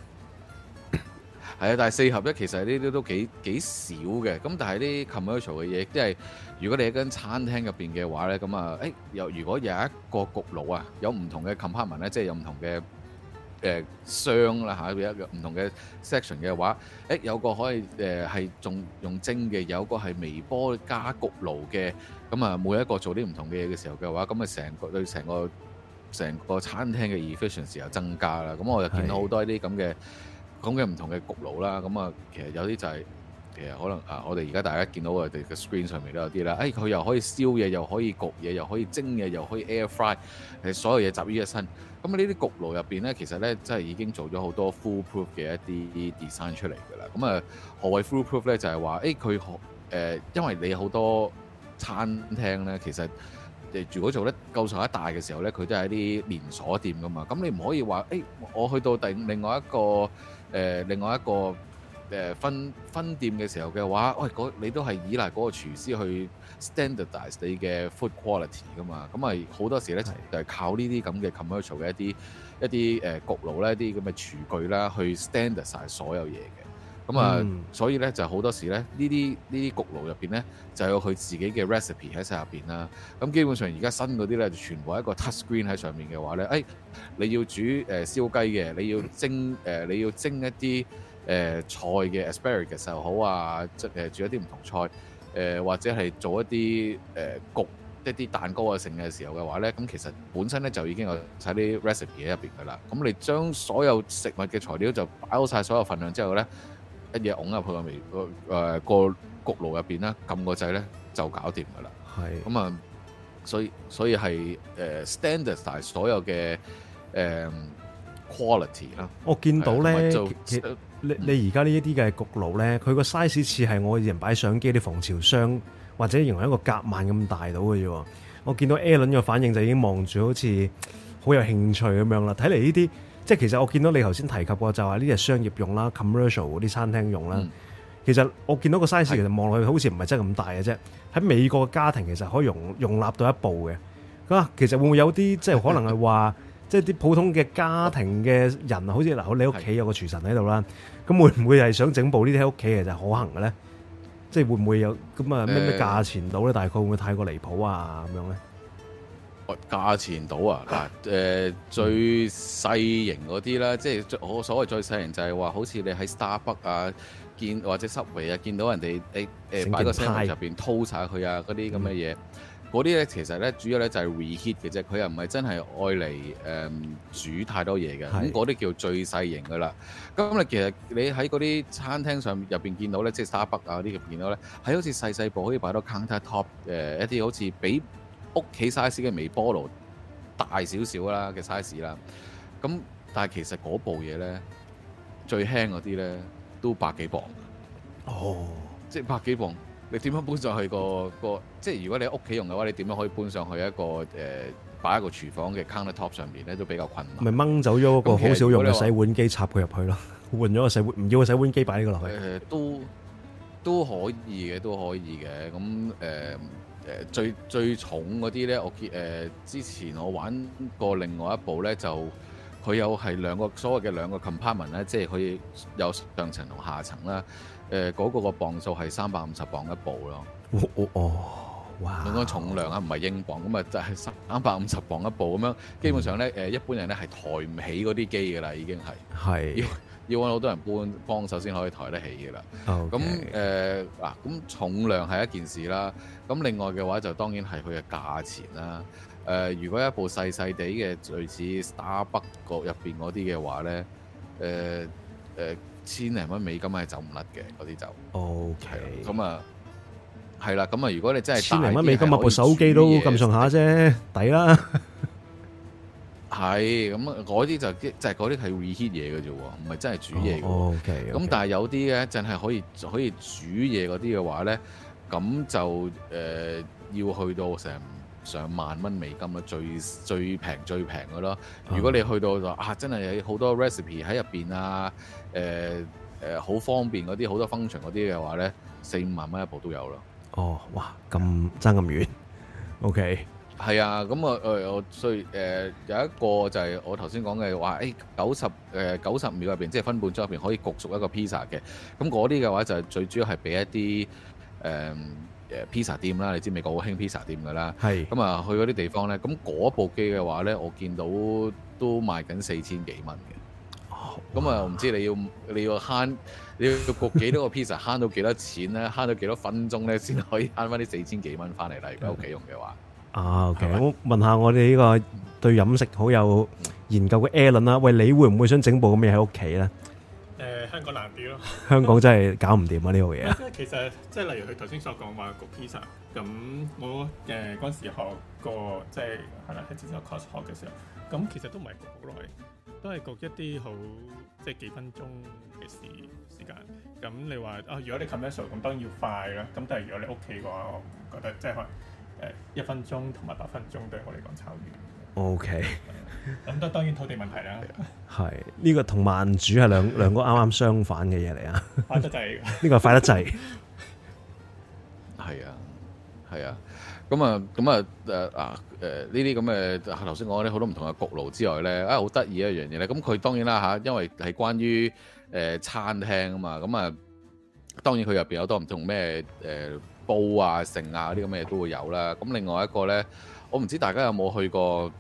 係啊，但係四合咧，其實呢啲都幾幾少嘅。咁但係啲 commercial 嘅嘢，即係如果你喺間餐廳入邊嘅話咧，咁啊，誒又如果有一個焗爐啊，有唔同嘅 compartment 咧，即係有唔同嘅誒箱啦嚇，有一個唔同嘅 section 嘅話，誒有個可以誒係仲用蒸嘅，有個係微波加焗爐嘅，咁啊每一個做啲唔同嘅嘢嘅時候嘅話，咁啊成個對成個成個餐廳嘅 efficiency 又增加啦。咁我又見到好多一啲咁嘅。咁嘅唔同嘅焗爐啦，咁啊，其實有啲就係、是、其實可能啊，我哋而家大家見到我哋嘅 screen 上面都有啲啦，哎，佢又可以燒嘢，又可以焗嘢，又可以蒸嘢，又可以 air fry，係所有嘢集於一身。咁、嗯、啊，呢啲焗爐入邊咧，其實咧真係已經做咗好多 foolproof 嘅一啲 design 出嚟噶啦。咁、嗯、啊，何謂 foolproof 咧？就係、是、話，哎，佢好誒，因為你好多餐廳咧，其實。誒，住嗰做得夠上一大嘅時候咧，佢都係啲連鎖店噶嘛。咁你唔可以話誒、欸，我去到第另外一個誒、呃，另外一個誒分分店嘅時候嘅話，喂、欸，你都係依賴嗰個廚師去 standardize 你嘅 food quality 噶嘛。咁咪好多時咧的就係靠呢啲咁嘅 commercial 嘅一啲一啲誒焗爐咧，一啲咁嘅廚具啦，去 standardize 所有嘢嘅。咁啊，嗯、 所以咧就好多時咧，呢啲呢啲焗爐入邊咧就有佢自己嘅 recipe 喺晒入邊啦。咁基本上而家新嗰啲咧，就全部一個 touch screen 喺上面嘅話咧，誒、哎、你要煮誒燒雞嘅，你要蒸誒你要蒸一啲誒、呃、菜嘅 asparagus 又好啊，即誒煮一啲唔同菜誒、呃，或者係做一啲誒、呃、焗一啲蛋糕啊，成嘅時候嘅話咧，咁其實本身咧就已經有晒啲 recipe 喺入邊噶啦。咁你將所有食物嘅材料就擺好晒所有份量之後咧。一嘢㧬入去個眉個誒個焗爐入邊啦，撳個掣咧就搞掂噶啦。係咁啊，所以所以係誒 standardize 所有嘅誒 quality 啦。我見到咧，你你而家呢一啲嘅焗爐咧，佢個 size 似係我以前擺相機啲防潮箱，或者形容一個夾萬咁大到嘅啫。我見到 Alan 嘅反應就已經望住好似好有興趣咁樣啦。睇嚟呢啲。即係其實我見到你頭先提及過，就係呢啲係商業用啦、commercial 嗰啲餐廳用啦。嗯、其實我見到個 size 是的 其實望落去好似唔係真係咁大嘅啫。喺美國家庭其實可以容容納到一部嘅。啊，其實會唔會有啲即係可能係話， 即係啲普通嘅家庭嘅人，好似嗱，你屋企有個廚神喺度啦，咁會唔會係想整部呢啲喺屋企其實可行嘅咧？即係會唔會有咁啊？咩咩價錢到咧？大概會唔會太過離譜啊？咁樣咧？價錢到啊嗱，誒、呃、最細型嗰啲啦，即係我所謂最細型就係話，好似你喺 Starbucks 啊見或者 Subway 啊見到人哋誒誒擺個蒸爐入邊燙晒佢啊嗰啲咁嘅嘢，嗰啲咧其實咧主要咧就係、是、reheat 嘅啫，佢又唔係真係愛嚟誒煮太多嘢嘅，咁嗰啲叫最細型噶啦。咁你其實你喺嗰啲餐廳上入邊見到咧，即係 Starbucks 啊嗰啲見到咧，係好似細細部可以擺到 counter top 誒、呃、一啲好似俾屋企 size 嘅微波爐大少少啦，嘅 size 啦。咁但係其實嗰部嘢咧，最輕嗰啲咧都百幾磅。哦，即係百幾磅，你點樣搬上去個個？即係如果你屋企用嘅話，你點樣可以搬上去一個誒，擺、呃、一個廚房嘅 countertop 上邊咧，都比較困難。咪掹走咗個好少用嘅洗碗機，碗機插佢入去咯，換咗個洗碗，唔要個洗碗機擺呢個落去。誒、呃，都都可以嘅，都可以嘅。咁誒。誒最最重嗰啲咧，我見誒、呃、之前我玩過另外一部咧，就佢有係兩個所謂嘅兩個 compartment 咧，即係佢有上層同下層啦。誒、呃、嗰、那個個磅數係三百五十磅一部咯、哦。哦哇！咁個重量啊，唔係英磅咁啊，就係三百五十磅一部咁樣，基本上咧誒、嗯呃、一般人咧係抬唔起嗰啲機噶啦，已經係係。是 要揾好多人搬幫手先可以抬得起嘅啦。咁誒嗱，咁、呃、重量係一件事啦。咁另外嘅話就當然係佢嘅價錢啦。誒、呃，如果一部細細地嘅類似 s t a r 北角入邊嗰啲嘅話咧，誒、呃、誒、呃、千零蚊美金係走唔甩嘅嗰啲就。O Okay . K。咁啊，係啦。咁啊，如果你真係千零蚊美金買部手機都咁上下啫，抵啦算。算 係，咁嗰啲就即係嗰啲係 reheat 嘢嘅啫，唔係真係煮嘢嘅。咁、oh, okay , okay. 但係有啲咧，真係可以可以煮嘢嗰啲嘅話咧，咁就誒、呃、要去到成上萬蚊美金啦，最最平最平嘅啦。Oh. 如果你去到就啊，真係好多 recipe 喺入邊啊，誒誒好方便嗰啲好多 function 嗰啲嘅話咧，四五萬蚊一部都有啦。哦，oh, 哇，咁爭咁遠，OK。係啊，咁啊誒我所以誒、呃、有一個就係我頭先講嘅話，誒九十誒九十秒入邊，即係分半鐘入邊可以焗熟一個 pizza 嘅。咁嗰啲嘅話就係最主要係俾一啲誒誒 pizza 店啦，你知美國好興 pizza 店㗎啦。係咁啊，去嗰啲地方咧，咁嗰部機嘅話咧，我見到都賣緊四千幾蚊嘅。咁啊哇，唔知你要你要慳你要焗幾多個 pizza，慳到幾多錢咧？慳到幾多分鐘咧，先可以慳翻啲四千幾蚊翻嚟啦？如果喺屋企用嘅話。啊，OK，我問下我哋呢個對飲食好有研究嘅 Alan 啦。喂，你會唔會想整部咁嘅喺屋企咧？誒，香港難啲咯。香港真係搞唔掂啊呢個嘢。即係其實，即係例如佢頭先所講話焗 pizza。咁我誒嗰陣時學過，即係係啦，喺之前我 course 學嘅時候。咁其實都唔係焗好耐，都係焗一啲好即係幾分鐘嘅時時間。咁你話啊，如果你 commercial 咁當然要快啦。咁但係如果你屋企嘅話，我覺得即係可能。誒一分鐘同埋八分鐘對我嚟講炒完。O K. 咁都當然土地問題啦。係呢、啊呢個同慢煮係兩兩個啱啱相反嘅嘢嚟啊！快得滯，呢個快得滯。係啊，係啊。咁啊，咁、呃、啊，誒啊，誒呢啲咁嘅頭先講啲好多唔同嘅焗爐之外咧，啊好得意一樣嘢咧。咁佢當然啦、啊、嚇、啊，因為係關於誒、呃、餐廳啊嘛。咁、嗯、啊，當然佢入邊有多唔同咩誒？呃呃煲啊、盛啊嗰啲咁嘅嘢都會有啦。咁另外一個咧，我唔知大家有冇去過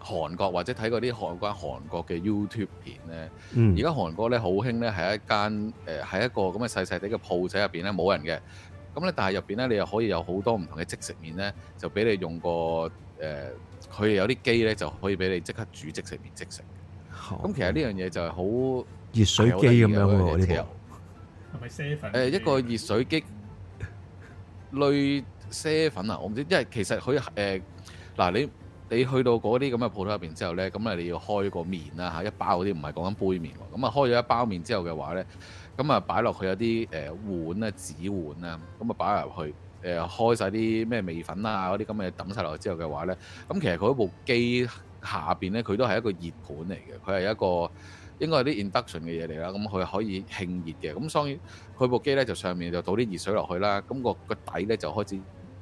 韓國或者睇過啲相關韓國嘅 YouTube 片咧。而家韓國咧好興咧，係、嗯、一間誒喺一個咁嘅細細地嘅鋪仔入邊咧冇人嘅。咁咧但係入邊咧你又可以有好多唔同嘅即食麵咧，就俾你用個誒，佢、呃、有啲機咧就可以俾你即刻煮即食麵即食。咁的其實呢樣嘢就係好熱水機咁、哎、樣嘅喎呢個。係咪 seven, S,、呃係係 呃、一個熱水機。類些粉啊，我唔知，因為其實佢誒嗱，你你去到嗰啲咁嘅鋪頭入邊之後咧，咁啊你要開個麵啦嚇，一包嗰啲唔係講緊杯麵喎。咁、嗯、啊開咗一包麵之後嘅話咧，咁啊擺落去有啲誒碗咧、紙碗啦，咁啊擺入去誒、呃、開晒啲咩味粉啊嗰啲咁嘅抌晒落去之後嘅話咧，咁、嗯、其實佢部機下邊咧佢都係一個熱盤嚟嘅，佢係一個。應該係啲 induction 嘅嘢嚟啦，咁、嗯、佢可以興熱嘅，咁所以佢部機咧就上面就倒啲熱水落去啦，咁、那個個底咧就開始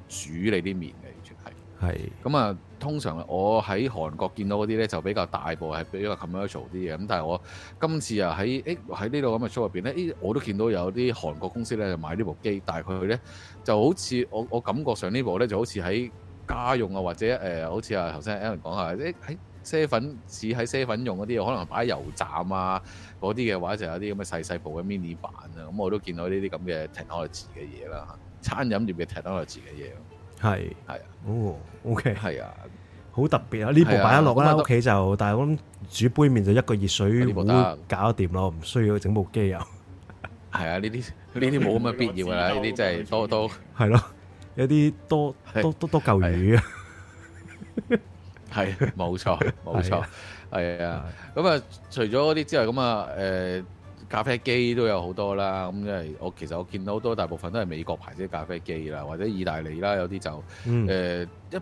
煮你啲麵嘅，完全係。係是。咁啊，通常我喺韓國見到嗰啲咧就比較大部係比較 commercial 啲嘅，咁但係我今次啊喺誒喺呢度咁嘅 show 入邊咧，我都見到有啲韓國公司咧就買呢部機，但係佢咧就好似我我感覺上部呢部咧就好似喺家用啊或者誒、呃、好似啊頭先 Alan 講下。誒喺。欸欸啡粉似喺啡粉用嗰啲，可能擺油站啊，嗰啲嘅話就有啲咁嘅細細部嘅 mini 版啊，咁我都見到呢啲咁嘅 technology 嘅嘢啦。餐飲業嘅 technology 嘅嘢，係係哦，OK，係啊，好特別啊！呢部擺一落返屋企就，但係我諗煮杯麵就一個熱水壺搞得掂咯，唔需要整部機啊。係啊，呢啲呢啲冇咁嘅必要噶啦，呢啲真係多多係咯，有啲多多多多舊魚啊。係冇錯冇錯，係 啊咁啊，啊除咗嗰啲之外，咁啊誒咖啡機都有好多啦，咁因為我其實我見到好多大部分都係美國牌子嘅咖啡機啦，或者意大利啦，有啲就誒一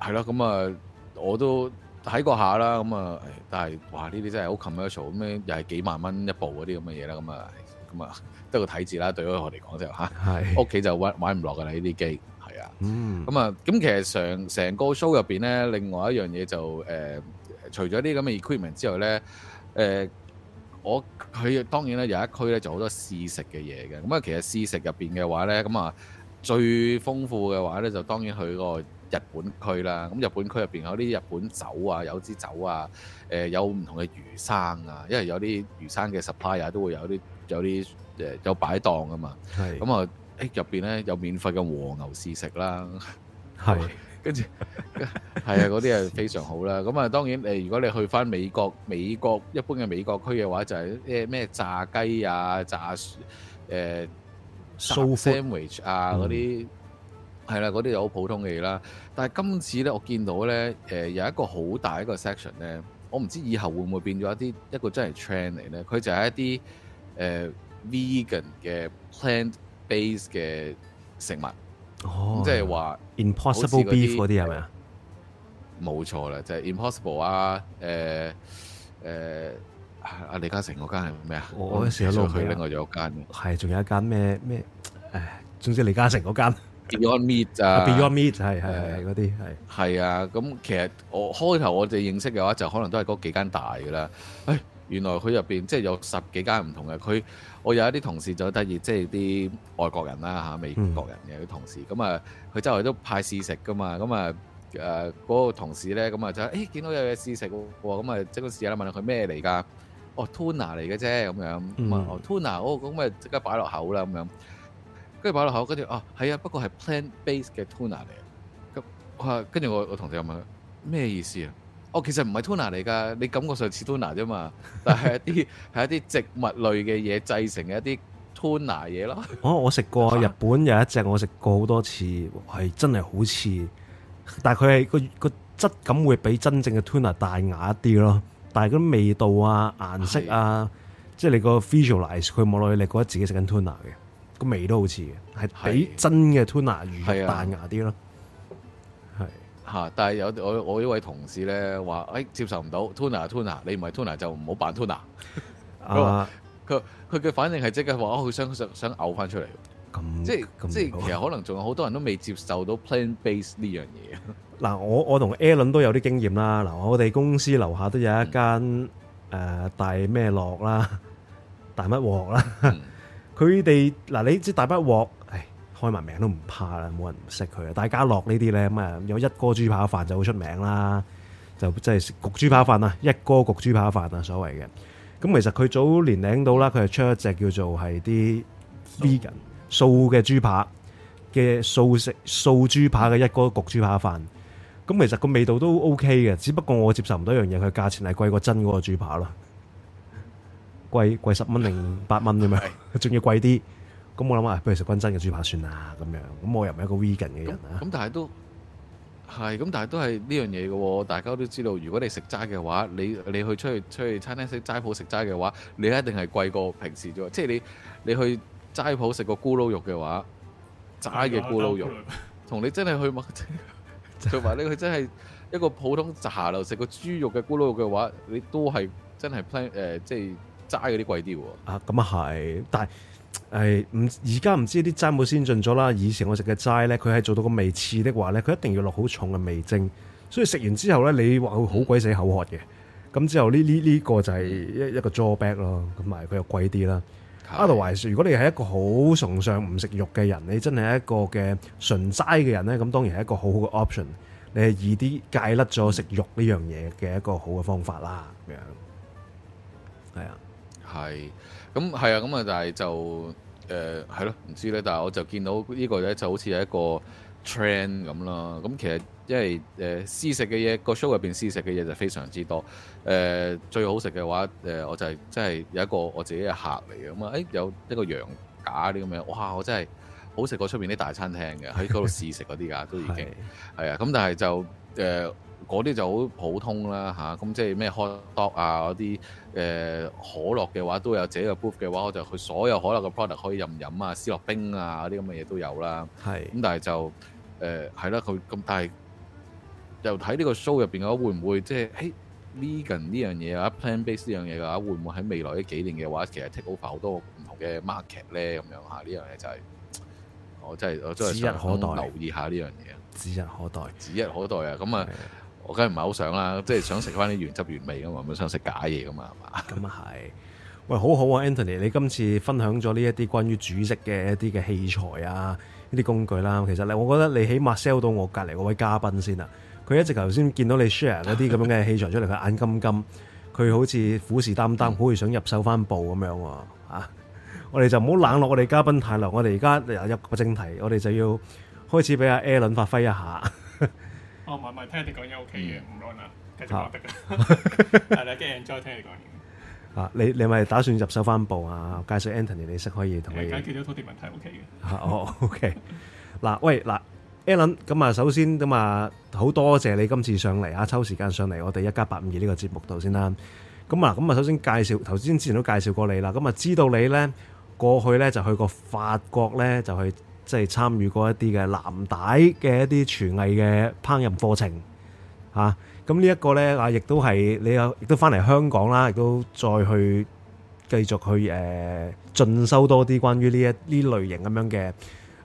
係啦，咁、嗯呃、啊我都睇過下啦，咁啊但係哇呢啲真係好 commercial，咁樣又係幾萬蚊一部嗰啲咁嘅嘢啦，咁啊咁啊得個睇字啦，對於我嚟講、啊、是就嚇，屋企就買買唔落㗎啦呢啲機。嗯，咁啊，咁其實成成個 show 入邊咧，另外一樣嘢就誒、呃，除咗啲咁嘅 equipment 之外咧，誒、呃，我佢當然咧有一區咧就好多試食嘅嘢嘅，咁啊，其實試食入邊嘅話咧，咁、嗯、啊，最豐富嘅話咧，就當然去嗰個日本區啦。咁日本區入邊有啲日本酒啊，有支酒啊，誒、呃，有唔同嘅魚生啊，因為有啲魚生嘅 supplier 啊，都會有啲有啲誒有，有擺檔噶嘛，咁啊是。嗯嗯誒入邊咧有免費嘅和牛試食啦，係跟住係啊，嗰啲誒非常好啦。咁啊，當然誒，如果你去翻美國，美國一般嘅美國區嘅話，就係誒咩炸雞啊、炸誒沙拉三文治啊嗰啲，係啦，嗰啲就好普通嘅嘢啦。但係今次咧，我見到咧誒有一個好大一個 section 咧，我唔知以後會唔會變咗一啲一個真係 trend 嚟咧。佢就係一啲誒 vegan 嘅 plant base 嘅食物，即係話 Impossible Beef 嗰啲係咪啊？冇錯啦，就係 Impossible 啊！誒、啊、誒，阿李嘉誠嗰間係咩啊？我一時諗唔起咧，我仲有間，仲有一間咩咩？誒、啊，總之李嘉誠嗰間 Beyond Meat 啊，Beyond Meat 係係係嗰啲係係啊！咁其實我開頭我哋認識嘅話，就可能都係嗰幾間大嘅啦。誒，原來佢入邊即係有十幾間唔同嘅佢。我有一啲同事就得意，即係啲外國人啦嚇，美國人嘅啲同事，咁啊佢周圍都派試食噶嘛，咁啊誒嗰個同事咧，咁、嗯、啊就誒、欸、見到有嘢試食喎，咁啊即刻試下啦，問佢咩嚟㗎？哦，tuna 嚟嘅啫，咁樣，咁啊 tuna，哦咁啊即刻擺落口啦，咁樣，跟住擺落口，跟住啊係啊，不過係 plant base 嘅 tuna 嚟，咁、啊、我跟住我我同事又問咩意思啊？哦，其實唔係 tuna 嚟㗎，你感覺上似 tuna 啫嘛，但係一啲係 一啲植物類嘅嘢製成嘅一啲 tuna 嘢咯。哦，我食過，啊、日本有一隻我食過好多次，係真係好似，但係佢係個個質感會比真正嘅 tuna 彈牙啲咯。但係嗰味道啊、顏色啊，是啊即係你個 visualize，佢望落去你覺得自己食緊 tuna 嘅，個味都好似嘅，係比真嘅 tuna 魚彈牙啲咯。嚇！但係有我我呢位同事咧話，誒、哎、接受唔到 Tuna，Tuna，你唔係 Tuna 就唔好扮 Tuna。佢佢佢嘅反應係、哦、樣即刻話，佢想想想嘔翻出嚟。咁即係即係其實可能仲有好多人都未接受到 plant-based 呢樣嘢。嗱，我我同 Alan 都有啲經驗啦。嗱，我哋公司樓下都有一間誒、嗯呃、大咩樂啦，大乜鍋啦。佢哋嗱，你知大乜鍋。開埋名都唔怕啦，冇人識佢。大家樂呢啲咧，咁啊有一哥豬扒飯就好出名啦，就即係焗豬扒飯啊，一哥焗豬扒飯啊，所謂嘅。咁其實佢早年領到啦，佢係出一隻叫做係啲 vegan 素嘅豬扒嘅素食素豬扒嘅一哥焗豬扒飯。咁其實個味道都 OK 嘅，只不過我接受唔到一樣嘢，佢價錢係貴過真嗰個豬扒咯，貴貴十蚊零八蚊咁樣，仲要貴啲。咁我諗啊，不如食均真嘅豬扒算啦，咁樣，樣。咁我又唔係一個 vegan 嘅人啊。咁但係都係，咁但係都係呢樣嘢嘅、哦。大家都知道，如果你食齋嘅話，你你去出去出去餐廳食齋鋪食齋嘅話，你一定係貴過平時啫。即係你你去齋鋪食個咕嚕肉嘅話，齋嘅咕嚕肉，同、啊、嚕你真係去麥，做 埋你去真係一個普通茶樓食個豬肉嘅咕嚕肉嘅話，你都係真係 plan 誒、呃，即係齋嗰啲貴啲喎。啊，咁啊係，但係。誒，唔而家唔知啲齋冇先進咗啦。以前我食嘅齋呢，佢係做到個味刺的話呢，佢一定要落好重嘅味精，所以食完之後呢，你會好鬼死口渴嘅。咁之後呢呢呢個就係一一個 drawback 咯，咁埋佢又貴啲啦。阿 t h e 如果你係一個好崇尚唔食肉嘅人，你真係一個嘅純齋嘅人呢，咁當然係一,一,一個好好嘅 option。你係易啲戒甩咗食肉呢樣嘢嘅一個好嘅方法啦，咁樣。係啊，係。咁係啊，咁、嗯、啊，但係就誒係咯，唔、呃啊、知咧。但係我就見到個呢個咧就好似係一個 trend 咁啦。咁、嗯、其實因為誒試食嘅嘢，個 show 入邊試食嘅嘢就非常之多。誒、呃、最好食嘅話誒、呃，我就係、是、真係有一個我自己嘅客嚟嘅咁啊。誒、哎、有一個羊架啲咁樣，哇！我真係好食過出邊啲大餐廳嘅，喺嗰度試食嗰啲啊， 都已經係的的啊。咁但係就誒。呃嗰啲就好普通啦嚇，咁、啊嗯、即係咩 hot dog 啊嗰啲誒可樂嘅話都有自己個 booth 嘅話，我就佢所有可樂嘅 product 可以任飲啊，思樂冰啊嗰啲咁嘅嘢都有啦。係是，咁但係就誒係啦，佢、呃、咁但係又睇呢個 show 入邊嘅話，會唔會即係誒 vegan 呢樣嘢啊？Plant based 呢樣嘢嘅話，會唔會喺未來呢幾年嘅話，其實 take over 好多唔同嘅 market 咧？咁樣嚇呢樣嘢就係、是、我真係我真係指日可待。留意下呢樣嘢，指日可待，指日可待啊！咁、嗯、啊～我梗係唔係好想啦，即係想食翻啲原汁原味噶嘛，唔想食假嘢噶嘛，係嘛、嗯？咁啊係，喂，好好啊，Anthony，你今次分享咗呢一啲關於煮食嘅一啲嘅器材啊，呢啲工具啦，其實咧，我覺得你起碼 sell 到我隔離嗰位嘉賓先啊！佢一直頭先見到你 share 嗰啲咁樣嘅器材出嚟，佢 眼金金，佢好似虎視眈眈，好似想入手翻部咁樣喎啊,啊！我哋就唔好冷落我哋嘉賓太耐，我哋而家入入個正題，我哋就要開始俾阿 Alan 發揮一下。 哦，唔係唔係，聽你講嘢 OK 嘅，唔該啦，繼續講得嘅，係啦， 幾 enjoy 聽你講嘢。啊，你你咪打算入手翻部啊？介紹 Anthony 你識可以同你解決咗土地問題 OK 嘅。 哦，OK。嗱，喂，嗱，Alan，咁啊，首先咁啊，好多謝你今次上嚟啊，抽時間上嚟我哋一家八五二呢個節目度先啦。咁啊，咁啊，首先介紹，頭先之前都介紹過你啦。咁啊，知道你咧過去咧就去過法國咧就去。即係參與過一啲嘅藍帶嘅一啲廚藝嘅烹飪課程，嚇咁呢一個咧啊，亦、啊、都係你有，亦都翻嚟香港啦，亦、啊、都再去繼續去誒、啊、進修多啲關於呢一呢類型咁樣嘅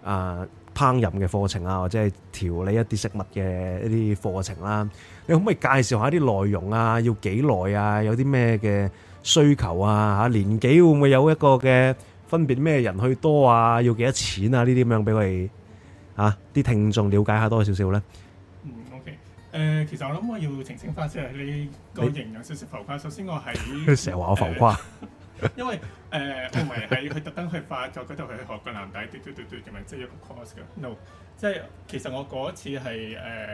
啊烹飪嘅課程啊，或者係調理一啲食物嘅一啲課程啦。你可唔可以介紹一下啲內容啊？要幾耐啊？有啲咩嘅需求啊？嚇、啊、年紀會唔會有一個嘅？分別咩人去多啊？要幾多錢啊？呢啲咁樣俾我哋啊啲聽眾了解下多少少咧。嗯，OK，誒，其實我諗我要澄清翻先啊，你個形容有少少浮誇。首先我係佢成日話我浮誇，因為誒奧維係佢特登去法國嗰度去學個男底，嘟嘟嘟嘟，仲咪即係一個 course 㗎。No，即係其實我嗰次係誒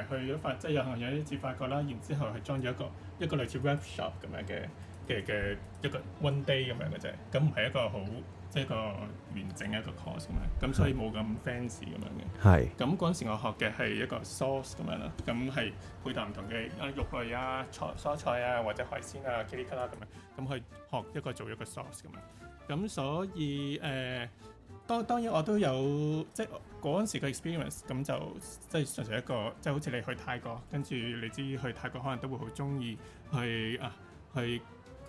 去咗發，即係有有啲似發覺啦，然之後係裝咗一個一個類似 workshop 咁樣嘅嘅嘅一個 one day 咁樣嘅啫，咁唔係一個好。即係個完整嘅一個 course 咁樣，咁所以冇咁 fancy 咁樣嘅。係。咁嗰陣時我學嘅係一個 sauce 咁樣啦，咁係配搭唔同嘅啊肉類啊、菜蔬菜啊或者海鮮啊、咖喱曲啦咁樣，咁去學一個做一個 sauce 咁樣。咁所以誒、呃，當當然我都有即係嗰陣時嘅 experience，咁就即係、就是、純粹一個即係、就是、好似你去泰國，跟住你知去泰國可能都會好中意去啊去。啊去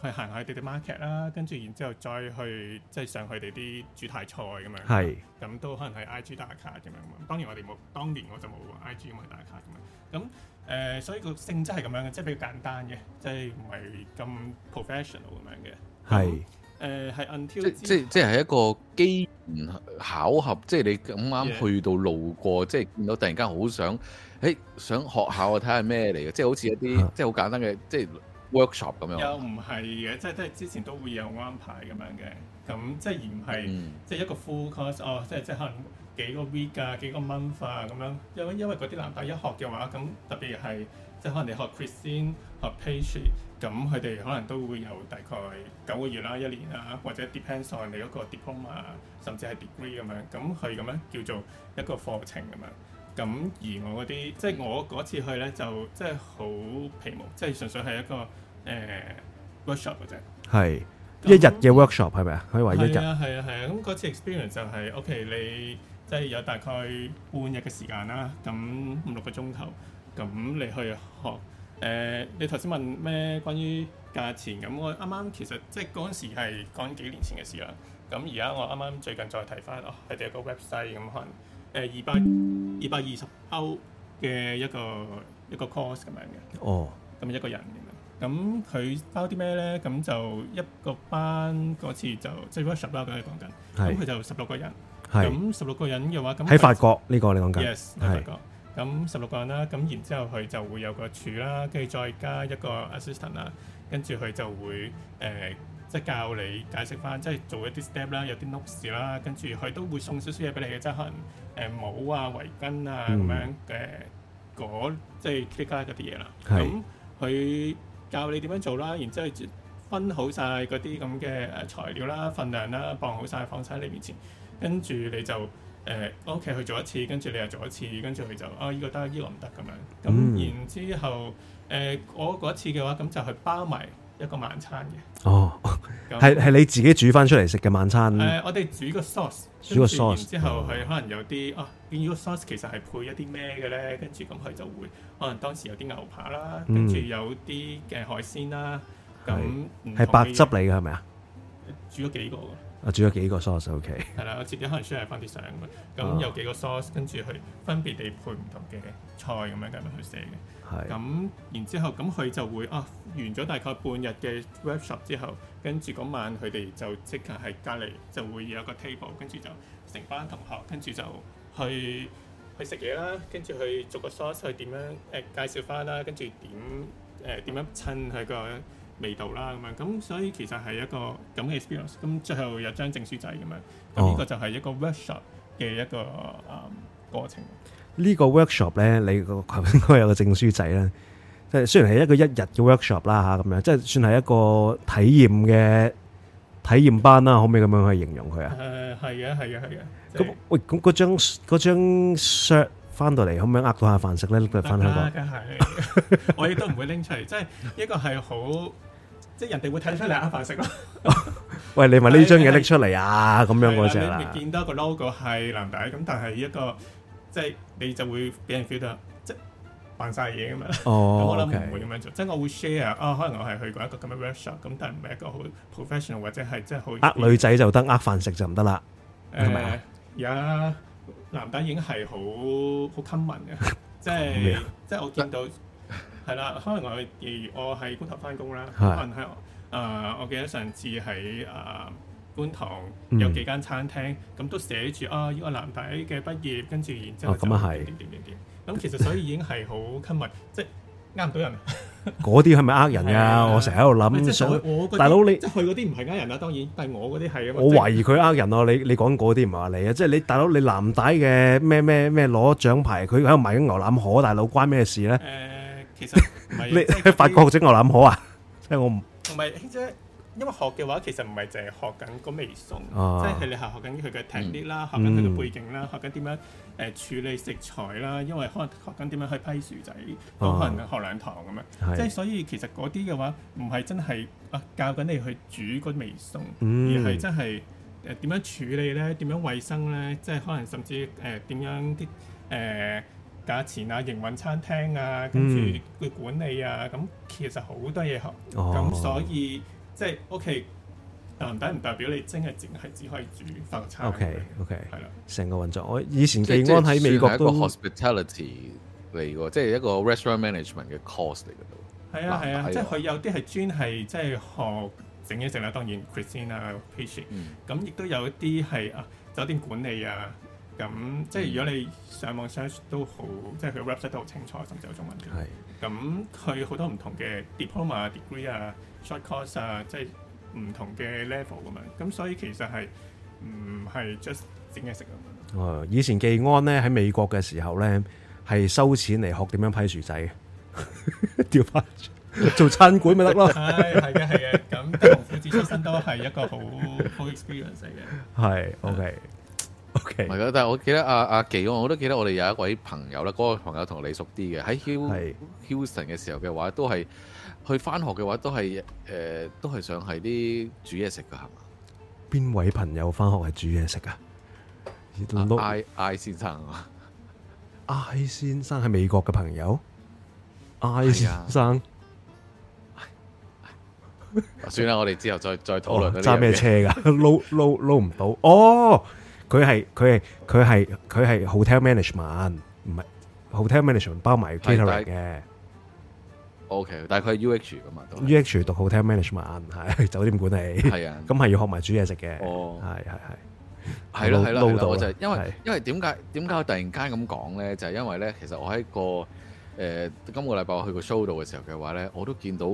去行下佢哋啲 market 啦，跟住然之後再去即係上佢哋啲主題菜咁是樣，咁都可能係 I.G 打卡咁樣。當然我哋冇，當年我就冇 I.G 咁去打卡咁樣。咁誒、呃，所以個性質係咁樣嘅，即係比較簡單嘅，即係唔係咁 professional 咁樣嘅。係誒是，係、呃、until 即前即即係一個機緣巧合，即係你咁啱去到路過，Yeah. 即係見到突然間好想誒上學校睇下咩嚟嘅，即係好似一啲即係好簡單嘅即係。的 workshop 咁樣又唔係嘅，即係即係之前都會有安排咁樣嘅，咁即係而唔係、mm. 即係一個 full course 哦，即係即係可能幾個 week 啊，幾個 month 啊咁樣，因為因為嗰啲男仔一學嘅話，咁特別係即係可能你學 Christian 學 Patient，咁佢哋可能都會有大概九個月啦、啊、一年啊，或者 depends on 你嗰個 diploma 甚至係 degree 咁、啊、樣，咁佢咁樣叫做一個課程咁樣。咁而我嗰啲，即係我嗰次去咧就即係好皮毛，即係純粹係一個誒 workshop 嘅啫。係一日嘅 workshop 係咪啊？可以話一日係啊，係啊，咁嗰次 experience 就係 OK，你即係有大概半日嘅時間啦，咁五六個鐘頭，咁你去學誒，你頭先問咩關於價錢咁，我啱啱其實即係嗰陣時係講幾年前嘅事啦。咁而家我啱啱最近再睇翻哦，佢哋有個 website 咁可能。誒二百二百二十歐嘅一個一個 course 咁樣嘅，哦，咁一個人咁，佢包啲咩咧？咁就一個班嗰次就即係 workshop 啦，我哋講緊，咁佢是就十六個人，咁十六個人嘅話，咁喺法國呢個你講緊，yes 喺法國，咁十六個人啦，咁然之後佢就會有個處啦，跟住再加一個 assistant 啦，跟住佢就會誒。呃即係教你解釋翻，即係做一啲 step 啦，有啲 note 啦，跟住佢都會送少少嘢俾你嘅，即係可能誒帽啊、圍巾啊咁樣誒嗰即係 kit 嗰啲嘢啦。咁佢教你點樣做啦，然之後分好曬嗰啲咁嘅誒材料啦、份量啦，磅好曬放曬喺你面前，跟住你就誒 OK 佢做一次，跟住你又做一次，跟住佢就啊，依個得，依個唔得咁樣。咁然之後誒我嗰一次嘅話，咁就去包埋。一個晚餐嘅，哦，係係那你自己煮翻出嚟食嘅晚餐。誒、呃，我哋煮個 sauce，煮個 sauce 之後，佢、嗯、可能有啲哦 i、啊、咗 y sauce 其實係配一啲咩嘅咧，跟住咁佢就會可能當時有啲牛扒啦，嗯、跟住有啲嘅海鮮啦，咁係是白汁嚟嘅係咪啊？煮咗幾個啊？煮咗幾個 sauce OK。係啦，我自己可能 share 翻啲相咁，咁有幾個 sauce 跟住去分別地配唔同嘅菜咁樣咁樣去寫嘅。咁然之後，咁佢就會啊完咗大概半日嘅 workshop 之後，跟住嗰晚佢哋就即刻喺隔籬就會有個 table，跟住就成班同學跟住就去去食嘢啦，跟住去做個 sauce 去點樣誒、呃、介紹返啦，跟住點誒點、呃、樣襯佢個味道啦咁樣。咁所以其實係一個咁嘅 experience。咁最後有張證書仔咁樣。咁呢個就係一個 workshop 嘅一個誒、呃、過程。呢個 workshop 咧，你個頭應該有個證書仔啦。即係雖然係一個一日嘅 workshop 啦嚇，咁樣即係算係一個體驗嘅體驗班啦，可唔可以咁樣去形容佢啊？誒係嘅係嘅係嘅。咁喂，咁嗰張嗰張 shirt 翻到嚟，可唔可以呃到下飯食咧？拎佢翻香港。梗係，我亦都唔會拎出嚟，即係一個係好，即係人哋會睇得出嚟呃飯食咯。喂，你咪呢張嘢拎出嚟啊？咁樣嗰隻啦。你見到個 logo 係男仔，咁但係一個。即係你就會俾人 feel 到即係扮晒嘢咁樣，咁、oh, 我諗唔會咁樣做。okay. 即係我會 share 啊，可能我係去過一個咁嘅 workshop，咁但係唔係一個好 professional 或者係即係好。呃女仔就得就，呃飯食就唔得啦。係咪啊？而家男仔已經係好好 common 嘅，即係 即係我見到係 啦。可能我例如我喺鋪頭翻工啦，的可能喺啊、呃，我記得上次喺。啊。觀塘有幾間餐廳，咁都寫住啊！依個男仔嘅畢業，跟住然之後點點點點點，咁其實所以已經係好親密，即係呃唔到人。嗰啲係咪呃人㗎？我成日喺度諗，想大佬你即係去嗰啲唔係呃人啦，當然，但係我嗰啲係啊。我懷疑佢呃人咯。你你講嗰啲唔係話你啊，即係你大佬你男仔嘅咩咩咩攞獎牌，佢喺度賣緊牛腩河，大佬關咩事咧？誒，其實你喺法國整牛腩河啊？即係我唔同埋，小姐。因為學嘅話其實唔係淨係學緊個味餸，哦、即係你係學緊佢嘅 technique 啦，嗯、學緊佢嘅背景啦，嗯、學緊點樣誒、呃、處理食材啦。因為可能學緊點樣去批薯仔，都、哦、可能學兩堂咁樣。即係、嗯就是、所以其實嗰啲嘅話唔係真係啊教緊你去煮個味餸，嗯、而係真係誒點樣處理咧？點樣衞生咧？即係可能甚至誒點樣啲誒價錢啊、營運餐廳啊、跟住嘅管理啊，咁其實好多嘢學。咁所以。即係 OK，但係唔代表你真係淨係只可以煮飯餐。OK OK，係啦的，成個運作。我以前技安喺美國都係係一個 Hospitality 嚟嘅，即係一個 Restaurant Management 嘅 course 嚟嘅都。係啊係啊，即係佢有啲係專係即係學整嘢食啦，當然 Cuisine、嗯、啊、Pastry。嗯。咁亦都有一啲係啊酒店管理啊，咁即係如果你上網 search 都好、嗯，即係佢 website 都好清楚，甚至有中文嘅。係的。咁佢好多唔同嘅 diploma、degree 啊。short course 啊，即係唔同嘅 level 咁樣，咁所以其實係唔係 just 整嘢食啊？哦，以前技安咧喺美國嘅時候咧，係收錢嚟學點樣批薯仔嘅，調 翻做餐館咪得咯？係嘅，係嘅，咁窮苦子出身都係一個好 好 experience 嘅。係，OK，OK，係咯。但係我記得阿阿技安，我都記得我哋有一位朋友咧，嗰、那個朋友同你熟啲嘅，喺 Houston 嘅時候嘅話，都係。佢翻學嘅話，都係誒、呃，都係想係啲煮嘢食噶，係嘛？邊位朋友翻學係煮嘢食噶？I I 先生啊，I 先生係美國嘅朋友，I 先生。啊啊啊啊、算啦，我哋之後再再討論、哦。揸咩、哦、車噶？撈撈撈唔到。哦，佢係佢係佢係佢係 hotel management，唔係 hotel management 包埋 cater 嘅。對 OK，但係佢係 UH 㗎嘛，UH 讀好聽 management 係酒店管理，係啊，咁係要學埋煮嘢食嘅，係係係，係囉係囉，我就係因為因為點解點解我突然間咁講咧？就係因為咧，其實我喺個誒今個禮拜我去過 show 度嘅時候嘅話咧，我都見到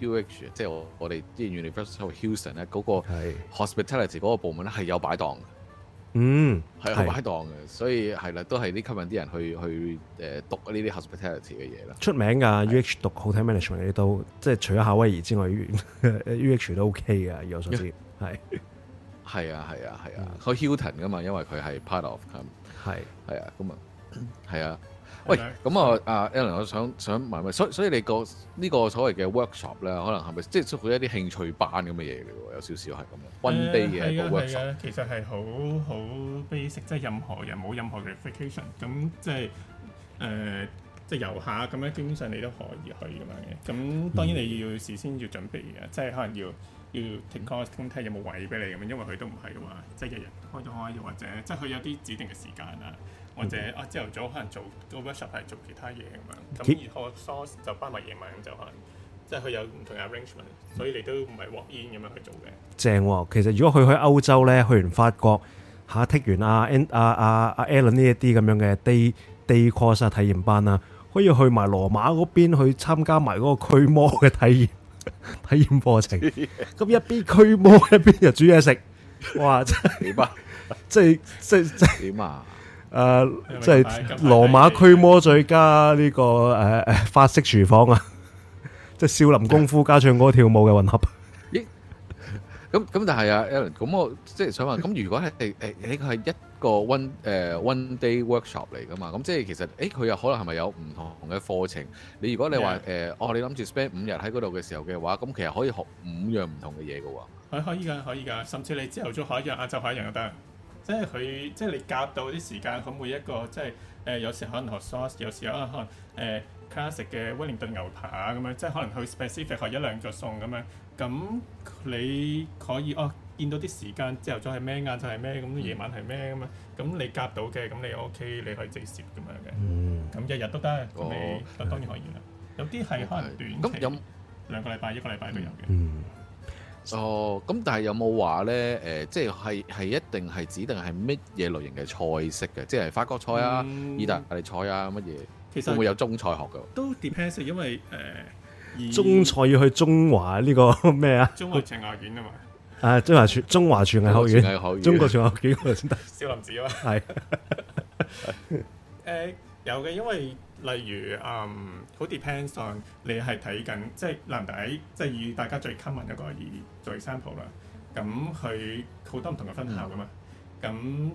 UH，即係我我哋之前原來 University of Houston 咧嗰個 hospitality 嗰個部門咧係有擺檔。嗯，係係擺檔嘅，是所以係啦，都係啲吸引啲人去去誒讀呢啲 hospitality 嘅嘢啦。出名㗎是，UH 讀 hotel management 都即係除咗夏威夷之外 ，UH 都 OK 嘅，以我所知係係啊係啊係啊，佢 Hilton 㗎嘛，因為佢係 part of them 係係啊咁啊係啊。 喂，咁啊，阿 Alan，我想想問問，所、啊、所以你個呢、呢個所謂嘅 workshop 咧，可能係咪即係包括一啲興趣班咁嘅嘢嚟，有少少係咁啊，one day 嘅 workshop。其實係好好 basic，即係任何人冇任何 qualification 咁即係誒即係遊下咁咧，基本上你都可以去咁樣嘅。咁當然你要事先要準備嘅，即係、嗯、可能要要 take care 梯有冇位俾你咁樣，因為佢都唔係㗎嘛，即係日日開咗開又或者即係佢有啲指定嘅時間啊。或者啊，朝頭早可能做個 workshop，係做其他嘢咁樣。咁然後 source 就包埋夜晚，咁就可能即係佢有唔同嘅 arrangement，所以你都唔係畫煙咁樣去做嘅。正啊，其實如果去去歐洲咧，去完法國下剔完阿阿阿阿 Alan 呢一啲咁樣嘅 day, day course 啊，體驗班啊，可以去埋羅馬嗰邊去參加埋嗰個驅魔嘅體驗體驗課程。咁 一邊驅魔 一邊就煮嘢食，哇！真係點啊？即係即即點啊？誒，即係羅馬驅魔，再加呢個誒誒法式廚房啊！即係少林功夫，加唱歌跳舞嘅混合。咦？咁咁，但係啊，Alan，咁我即係想問，咁如果係誒誒呢個係一個 one 誒 one day workshop 嚟噶嘛？咁即係其實誒佢又可能係咪有唔同嘅課程？你如果你話誒，哦，你諗住 spend 五日喺嗰度嘅時候嘅話，咁其實可以學五樣唔同嘅嘢噶喎。係可以噶，可以噶，甚至你上晝再學一樣，晏晝學一樣都得。即係佢，即係你夾到啲時間，佢每一個即係誒、呃，有時可能學 sauce 有時可能誒、呃、classic 食嘅威靈頓牛扒啊咁樣，即係可能去 specific 學一兩隻餸咁樣。咁你可以哦，見到啲時間朝頭早係咩晏晝係咩，咁夜晚係咩咁啊？咁你夾到嘅，咁你 O、OK, K，你可以直接咁樣嘅。嗯。咁日日都得，咁你、哦、當然可以啦。有啲係可能短期，嗯、兩個禮拜、嗯、一個禮拜都有嘅。嗯哦，咁、oh, 但係有冇話咧？誒，即係係係一定係指定係乜嘢類型嘅菜式嘅？即、就、係、是、法國菜啊、嗯、意大利菜啊，乜嘢？會唔會有中菜學噶？都 depend 因為誒。中菜要去中華呢、這個咩啊，啊？中華廚藝學院啊嘛。啊，中華全中華廚藝學院，中國廚藝學院。學院 少林寺啊嘛。係。誒，有嘅，因為。例如誒好、um, depends on 你係睇緊，即係藍帶，即係以大家最 common 一個嚟做 example 啦。咁佢好多唔同嘅分校㗎嘛。咁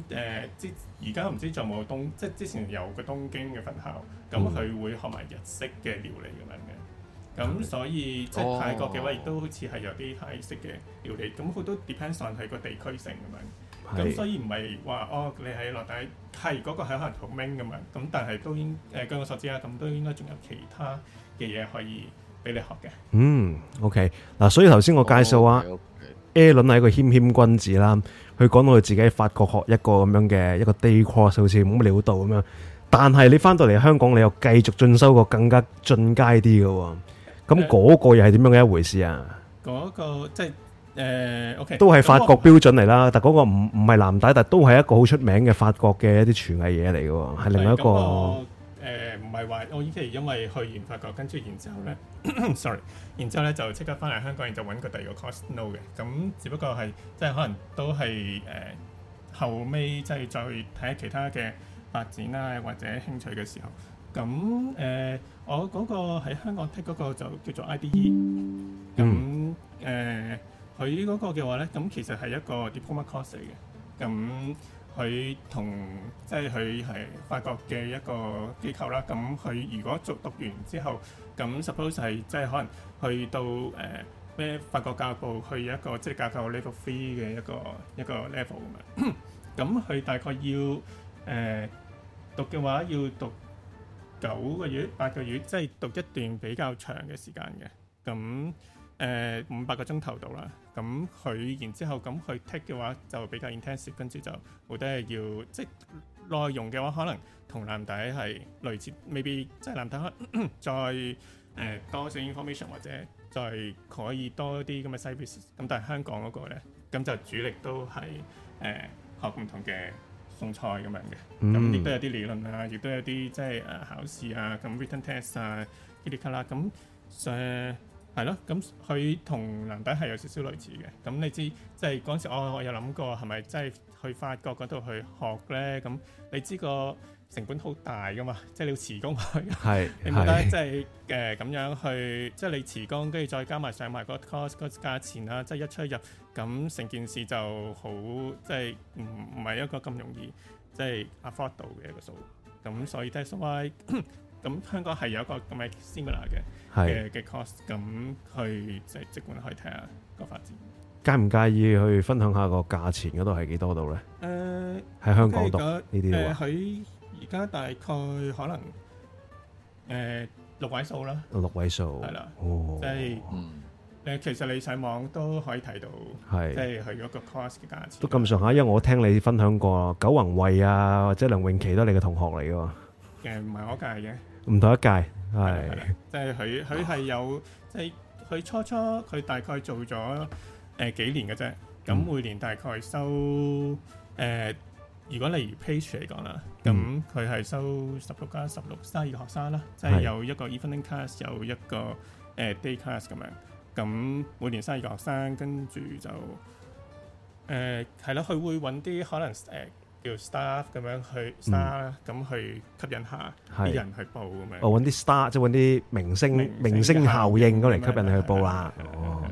誒之而家唔知仲有冇東，即係之前有個東京嘅分校，咁佢會學埋日式嘅料理咁樣嘅。咁所以、嗯、即係泰國嘅話，亦都好似係有啲泰式嘅料理。咁好多 depends on 係個地區性咁樣。咁所以唔係話哦，你係落底係嗰個係可能好明咁啊，咁但係都應誒據我所知啊，咁都應該仲有其他嘅嘢可以俾你學嘅。嗯，OK 嗱，所以頭先我介紹呀 Alan 係一個謙謙君子啦，佢講到佢自己喺法國學一個咁樣嘅一個 day course，好似冇乜料到咁樣，但係你翻到嚟香港你又繼續進修過更加進階啲嘅喎，咁嗰個又係點樣嘅一回事啊？嗰個即係。誒，都係法國標準嚟啦，但嗰個唔唔係藍帶，但都係一個好出名嘅法國嘅一啲廚藝嘢嚟嘅喎，係另外一個誒，唔係話我依期因為去完法國，跟住然之後咧，sorry，然之後咧就即刻翻嚟香港，然就揾個第二個 course no 嘅，咁只不過係即係可能都係誒後尾即係再睇下其他嘅發展啦，或者興趣嘅時候，咁誒我嗰個喺香港 take 嗰個就叫做 IBE，咁誒。佢嗰個嘅話咧，咁其實係一個 diploma course 嘅，咁佢同即係佢係法國嘅一個機構啦。咁佢如果續讀完之後，咁 suppose 係即係可能去到誒咩、呃、法國教育部去一個即係、就是、教教 level 3嘅一個一個 level 咁樣。咁 佢 大概要誒、呃、讀嘅話要讀九個月、八個月，即、就、係、是、讀一段比較長嘅時間嘅。咁誒五百個鐘頭度啦，咁佢然之後咁佢 take 嘅話就比較 intensive，跟住就好多係要即內容嘅話可能同男底係類似，未必即男底可再誒多啲 information 或者再可以多啲咁嘅 service，咁但係香港嗰個咧咁就主力都係誒學唔同嘅餸菜咁樣嘅，咁亦都有啲理論啊，亦都有啲即係誒考試啊，咁 written test 啊，吉里卡拉咁再。係咯，咁佢同南底係有少少類似嘅。咁你知，即係嗰陣時我、哦、我有諗過係咪即係去法國嗰度去學咧？咁你知個成本好大噶嘛，即係你要辭工去，是 你唔得的即係誒咁樣去，即係你辭工跟住再加埋上埋嗰個 cost 嗰個價錢啦，即係一出入咁成件事就好，即係唔唔係一個咁容易即係 afford 到嘅一個數。咁所以都係所謂。咁香港係有一個咁嘅 similar 嘅嘅嘅 cost，咁去即係即管可以睇下個發展。介唔介意去分享下個價錢嗰度係幾多度咧？誒，喺香港度呢啲喎。誒，佢而家大概可能誒六位數啦。六位數，係啦，即係誒，其實你上網都可以睇到，係即係佢嗰個 cost 嘅價錢。都咁上下啊，因為我聽你分享過，九宏慧啊，或者梁詠琪都係你嘅同學嚟嘅喎。誒，唔係我介嘅。唔到一屆，係即係佢佢係有即係，佢初初佢大概做咗誒、呃、幾年嘅啫，咁每年大概收誒、呃，如果例如 page 嚟講啦，咁佢係收十六加十六生二個學生啦，即係的有一個 evening class 有一個誒、呃、day class 咁樣，咁每年三二個學生跟住就誒係啦，佢、呃、會揾啲可能誒。呃叫 star 咁樣去 star，咁去吸引下啲人去報咁樣。我搵啲 star，即係搵啲明星，明星效應咁嚟吸引你去報啦。哦，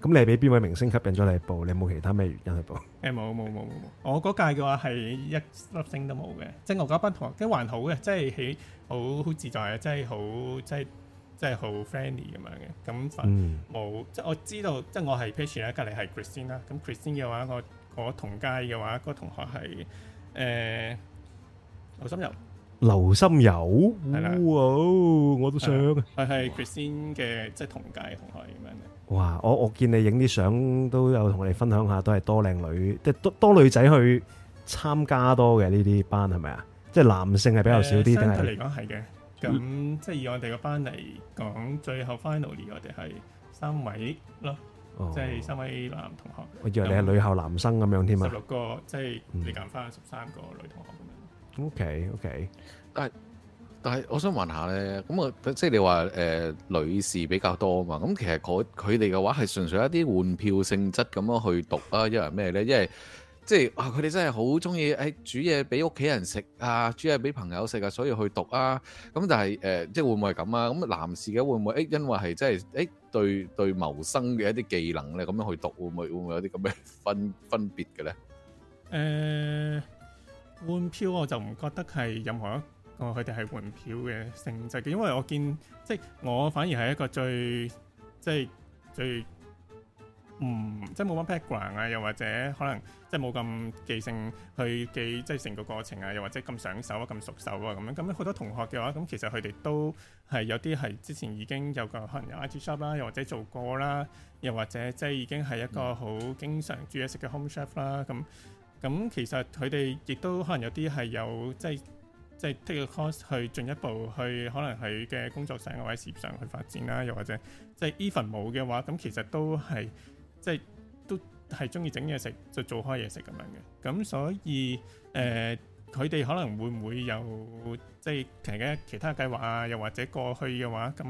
咁你係俾邊位明星吸引咗你去報？你有冇其他咩原因去報？誒，冇冇冇冇冇，我嗰屆嘅話係一粒星都冇嘅。即係我班同學，咁還好嘅，即係喺好好自在啊，即係好即係即係好 friendly 咁樣嘅。咁冇，即係我知道，即係我係 Patricia 隔籬係 Christine 啦。咁 Christine 嘅話，我我同屆嘅話，個同學係。誒，劉、呃、心柔？劉心柔？係啦、哦，的我都想。嘅，係係 Kristen 嘅，即係、就是、同屆同學咁樣嘅。哇，我我見你影啲相，都有同你分享下，都係多靚女，即係多多女仔去參加多嘅呢啲班，係咪啊？即係男性係比較少啲、呃，相對嚟講係嘅。咁、嗯、即係以我哋個班嚟講，最後 finally 我哋係三位咯。即係三位男同學，哦、我以為你係女校男生咁樣添啊！十六個，即係、嗯、你揀翻十三個女同學咁樣。O K O K，但係但係，我想問下咧，咁啊，即係你話誒、呃、女士比較多嘛？咁其實佢哋嘅話係純粹一啲玩票性質咁樣去讀啊，因為咩咧？因為即係哇！佢哋真係好中意誒，煮嘢俾屋企人食啊，煮嘢俾朋友食啊，所以去讀啊。咁但係誒，即係會唔會係咁啊？咁男士嘅會唔會誒，因為係真係誒，對對謀生嘅一啲技能咧，咁樣去讀會唔會會唔會有啲咁嘅分分別嘅咧？誒，玩票我就唔覺得係任何一個佢哋係玩票嘅性質嘅，因為我見即係我反而係一個最即係最。嗯，即係冇乜 background 啊，又或者可能即係冇咁記性去記，即係成個過程啊，又或者咁上手啊，咁熟手啊咁樣咁咧，好多同學嘅話，咁，其實佢哋都係有啲係之前已經有個可能有 IT shop 啦，又或者做過啦，又或者即係已經係一個好經常煮嘢食嘅 home chef 啦。咁咁其實佢哋亦都可能有啲係有即係即係 take a course 去進一步去可能佢嘅工作上或者事業上去發展啦，又或者即係 even 冇嘅話，咁其實都係。即係都係中意整嘢食，就做開嘢食咁樣嘅。咁所以誒，佢、呃、哋可能會唔會有即係其他其他計劃啊？又或者過去嘅話咁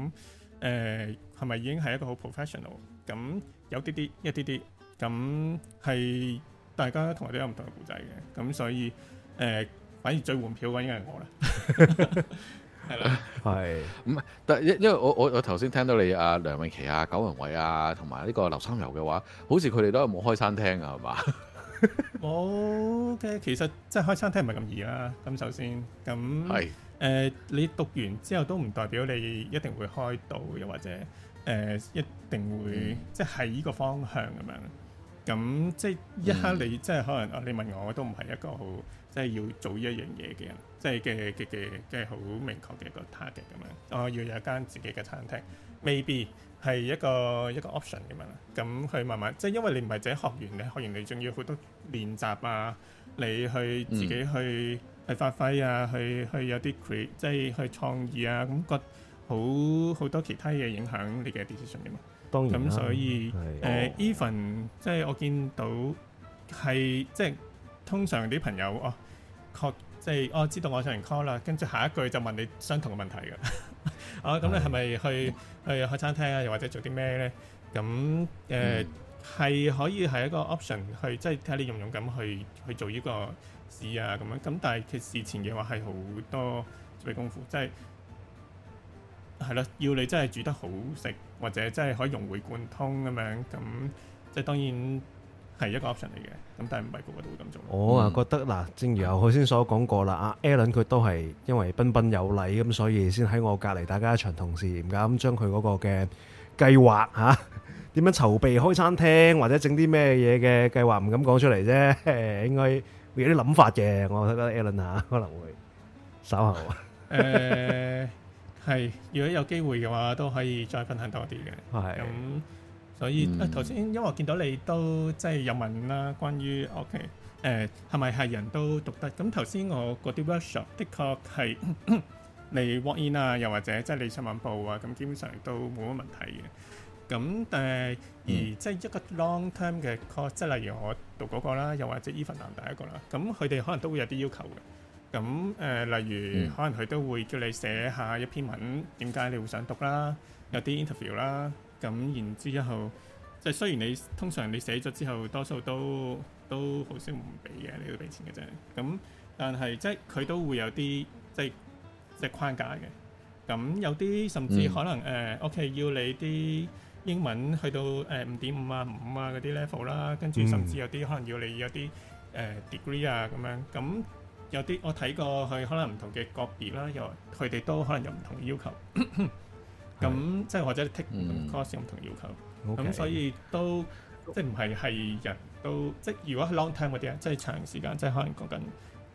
誒，係咪、呃、已經係一個好 professional？咁有啲啲一啲啲，咁係大家同佢都有唔同嘅故仔嘅。咁所以誒、呃，反而最換票嗰個應該係我啦。 係啦，係，唔係是？但因因為我我我頭先聽到你阿梁詠琪啊、苟芸慧啊，同埋呢個劉三友嘅話，好似佢哋都係冇開餐廳嘅，係嘛？冇嘅，其實即係開餐廳唔係咁易啦。咁首先咁，係誒是、呃，你讀完之後都唔代表你一定會開到，又或者誒、呃，一定會、嗯、即係喺呢個方向咁樣。咁即係一刻你、嗯、你即係可能，你問我，我都唔係一個好即係要做呢一樣嘢嘅人。即係嘅嘅嘅，即係好明確嘅一個 target 咁樣。哦，要有一間自己嘅餐廳，未必係一個一個 option 咁樣。咁去慢慢，即係因為你唔係自己學完，你學完你仲要好多練習啊，你去自己去、嗯、去發揮啊，去去有啲 create，即係去創意啊，咁覺好好多其他嘢影響你嘅 decision 嘛。當然咁所以誒，even 即係我見到係即係通常啲朋友哦，確。即係、就是哦，我知道我上完 call 啦，跟住下一句就問你相同嘅問題嘅。哦，咁你係咪去去開餐廳啊？又或者做啲咩咧？咁誒係可以係一個 option 去，即係睇你勇唔勇敢去去做呢個事啊咁樣。咁但係其事前嘅話係好多準備功夫，即係係啦，要你真係煮得好食，或者真係可以融會貫通咁樣。咁即係當然。係一個 option 嚟嘅，咁但係唔係個個都會咁做。我啊覺得嗱，正如我頭先所講過啦，阿 Allen 佢都係因為彬彬有禮咁，所以先喺我隔離大家一場同事，唔敢將佢嗰個嘅計劃嚇點樣籌備開餐廳或者整啲咩嘢嘅計劃，唔敢講出嚟啫。應該會有啲諗法嘅，我覺得 Allen 嚇可能會稍後。誒，係，如果有機會嘅話，都可以再分享多啲嘅。係咁。所以誒，頭先、嗯、因為我見到你都即係有問啦，關於 O.K. 誒係咪係人都讀得？咁頭先我嗰啲 workshop 的確係 你 walk in 啊，又或者即係你上文報啊，咁基本上都冇乜問題嘅。咁誒而、嗯、而即係一個 long term 嘅 course，即係例如我讀嗰、那個啦，又或者伊凡南第一個啦，咁佢哋可能都會有啲要求嘅。咁誒、呃、例如、嗯、可能佢都會叫你寫下一篇文，點解你會想讀啦？有啲 interview 啦。咁然之後，即係雖然你通常你寫咗之後，多數都都好少唔俾嘅，你要俾錢嘅啫。咁但係即係佢都會有啲即係即係框架嘅。咁有啲甚至可能誒、嗯呃、，OK 要你啲英文去到誒五點五啊、五啊嗰啲、啊啊、level 啦、啊，跟住甚至有啲可能要你有啲誒 degree 啊咁樣。咁、嗯、有啲我睇過佢可能唔同嘅個別啦，又佢哋都可能有唔同要求。 咁即係或者 take course 唔、嗯、同要求，咁 Okay, 所以都即係唔係係人都即係如果係 long time 嗰啲啊，即係長時間即係可能講緊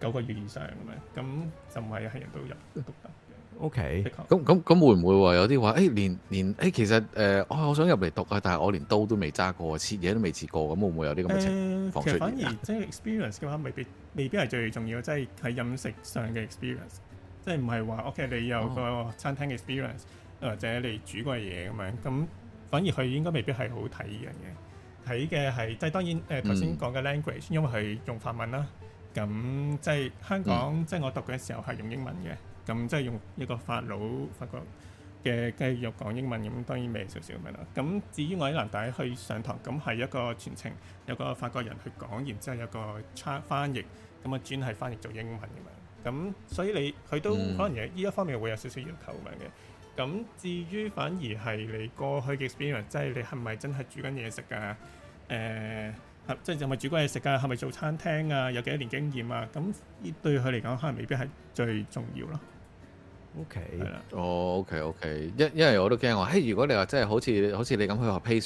九個月以上咁樣，咁就唔係係人都入讀得。O Okay , K 實。咁咁咁會唔會有話有啲話誒連連誒、哎、其實誒、呃、我想入嚟讀啊，但係我連刀都未揸過，切嘢都未切過，咁、嗯、會唔會有啲咁嘅情況、呃、防守 其實、啊、反而即係 experience 嘅話，未必未必係最重要，即係喺飲食上嘅 experience，即係唔係話 OK 你有個餐廳嘅 experience、oh.。或者你煮過嘅嘢咁樣，咁反而佢應該未必係好睇依樣嘢，睇嘅係即係當然誒頭先講嘅 language，因為係用法文啦。咁即係香港，即係我讀嘅時候係用英文嘅，咁即係用一個法佬法國嘅繼續講英文咁，當然味少少咁樣啦。咁至於我喺蘭大去上堂，咁係一個全程有個法國人去講，然之後有個差翻譯咁啊，轉係翻譯做英文咁樣。咁所以你佢都可能有依一方面會有少少要求咁樣嘅。咁至於反而係你過去嘅 experience，即係你係咪真係煮緊嘢食㗎？誒，係即係係咪煮緊嘢食㗎？係咪做餐廳啊？有幾多年經驗啊？咁對佢嚟講，可能未必係最重要咯。OK，係啦。哦，OK，OK。因因為我都驚話，誒，如果你話真係好似好似你咁去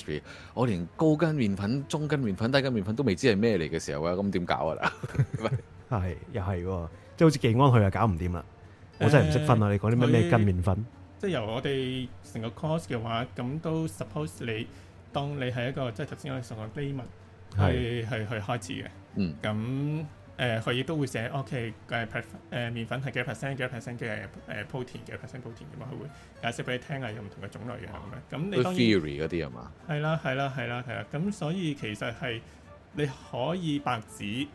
學 pastry，我連高筋麵粉、中筋麵粉、低筋麵粉都未知係咩嚟嘅時候啊，咁點搞啊？啦，係又係，即係好似技安佢又搞唔掂啦。我真係唔識分啊！你講啲咩咩筋麵粉？即係由我哋成個 course 嘅話，咁都 suppose 你當你係一個即係頭先我哋送個 layman 係係開始嘅、嗯呃 okay, 呃。嗯，咁誒佢亦都會寫 OK 誒粉誒麪粉係幾 percent 幾 percent 嘅誒 protein 嘅 percent protein 嘅嘛，佢會解釋俾你聽有唔同嘅種類嘅咁。咁你當然 theory 嗰啲係嘛？係啦，係啦，係啦，係啦，咁所以其實係你可以白紙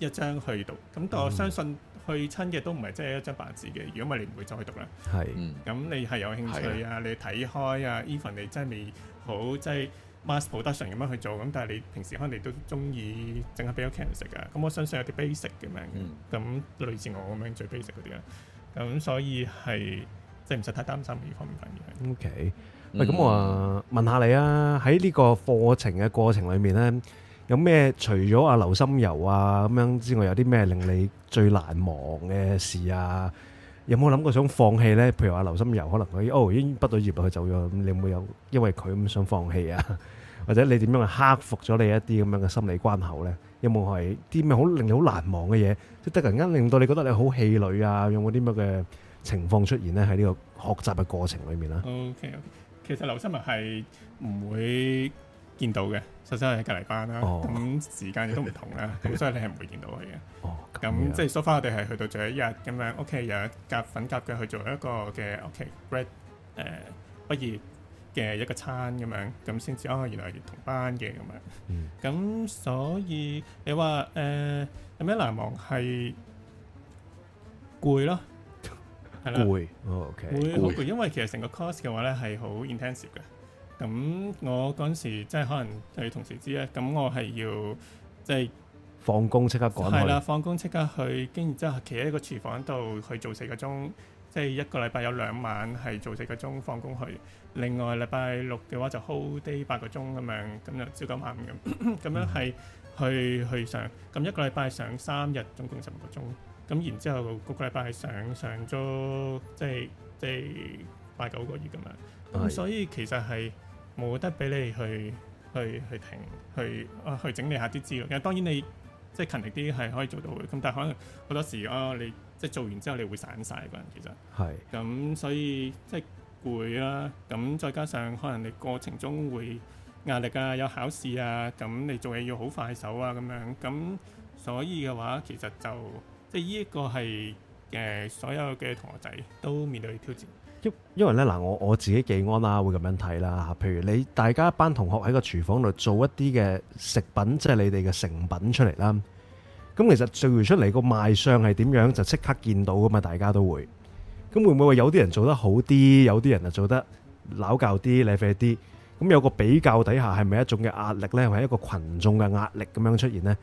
一張去到。咁我相信、嗯。對親嘅都唔係真係一張白紙嘅，如果唔係你唔會再讀啦。係是，咁你係有興趣啊？你睇開啊？Even 你真係未好，即係 mass production 咁樣去做。咁但係你平時可能你都中意淨係俾咗其他人食啊。咁我相信有啲 basic 咁樣，咁、嗯、類似我咁樣最 basic 嗰啲啊。咁所以係即係唔使太擔心呢方面嘅嘢。OK，喂，咁、啊、我問下你啊，喺呢個課程嘅過程裡面咧？有咩除咗阿劉心柔啊咁樣之外，有啲咩令你最難忘嘅事啊？有冇諗過想放棄咧？譬如阿劉心柔，可能佢哦已經畢咗業佢走咗，你有冇因為佢咁想放棄啊？或者你點樣克服咗你一啲咁樣嘅心理關口咧？有冇係啲咩好令你好難忘嘅嘢？即係突然間令到你覺得你好氣餒啊？有冇啲乜嘅情況出現咧？喺呢個學習嘅過程裏面啦。OK，其實劉心柔係唔會。見到嘅，首先我喺隔離班啦，咁、oh、時間亦都唔同啦，咁 所以你係唔會見到佢嘅。咁、oh，即係 so far 我哋係去到最後一日咁樣，屋企又有夾粉夾腳去做一個嘅 o k bread 誒畢業嘅一個餐咁樣，咁先至哦，原來係同班嘅咁樣。咁、嗯、所以你話誒、呃、有咩難忘係攰咯，係啦，攰哦，OK，好攰， 因為其實成個 course 嘅話咧係好 intensive 嘅。咁我嗰陣時即係可能係同事知啊，咁我係要即係放工即刻趕去。係啦，放工即刻去，跟住之後企喺個廚房度去做四個鐘，即係一個禮拜有兩晚係做四個鐘放工去。另外禮拜六嘅話就 whole day 八個鐘咁樣，咁就朝九晚五咁，咁樣係去去上。咁一個禮拜上三日，總共十五個鐘。咁然之後個個禮拜係上上咗即係即係八九個月咁樣。咁所以其實係。冇得俾你去去去停去、啊、去整理下啲資料。因當然你即係勤力啲係可以做到嘅。咁但係可能好多時啊，你即係做完之後你會散晒個人其實係。咁是、嗯、所以即係攰啦。咁、嗯、再加上可能你過程中會壓力啊，有考試啊。咁、嗯、你做嘢要好快手啊咁樣。咁、嗯、所以嘅話其實就即係呢一個係誒、呃、所有嘅同學仔都面對挑戰。因因為咧嗱，我我自己記安啦，會咁樣睇啦吓。譬如你大家一班同學喺個廚房度做一啲嘅食品，即係你哋嘅成品出嚟啦。咁其實做完出嚟個賣相係點樣，就即刻見到噶嘛。大家都會，咁會唔會話有啲人做得好啲，有啲人啊做得拗教啲、利弊啲？咁有個比較底下係咪一種嘅壓力咧，係一個群眾嘅壓力咁樣出現咧？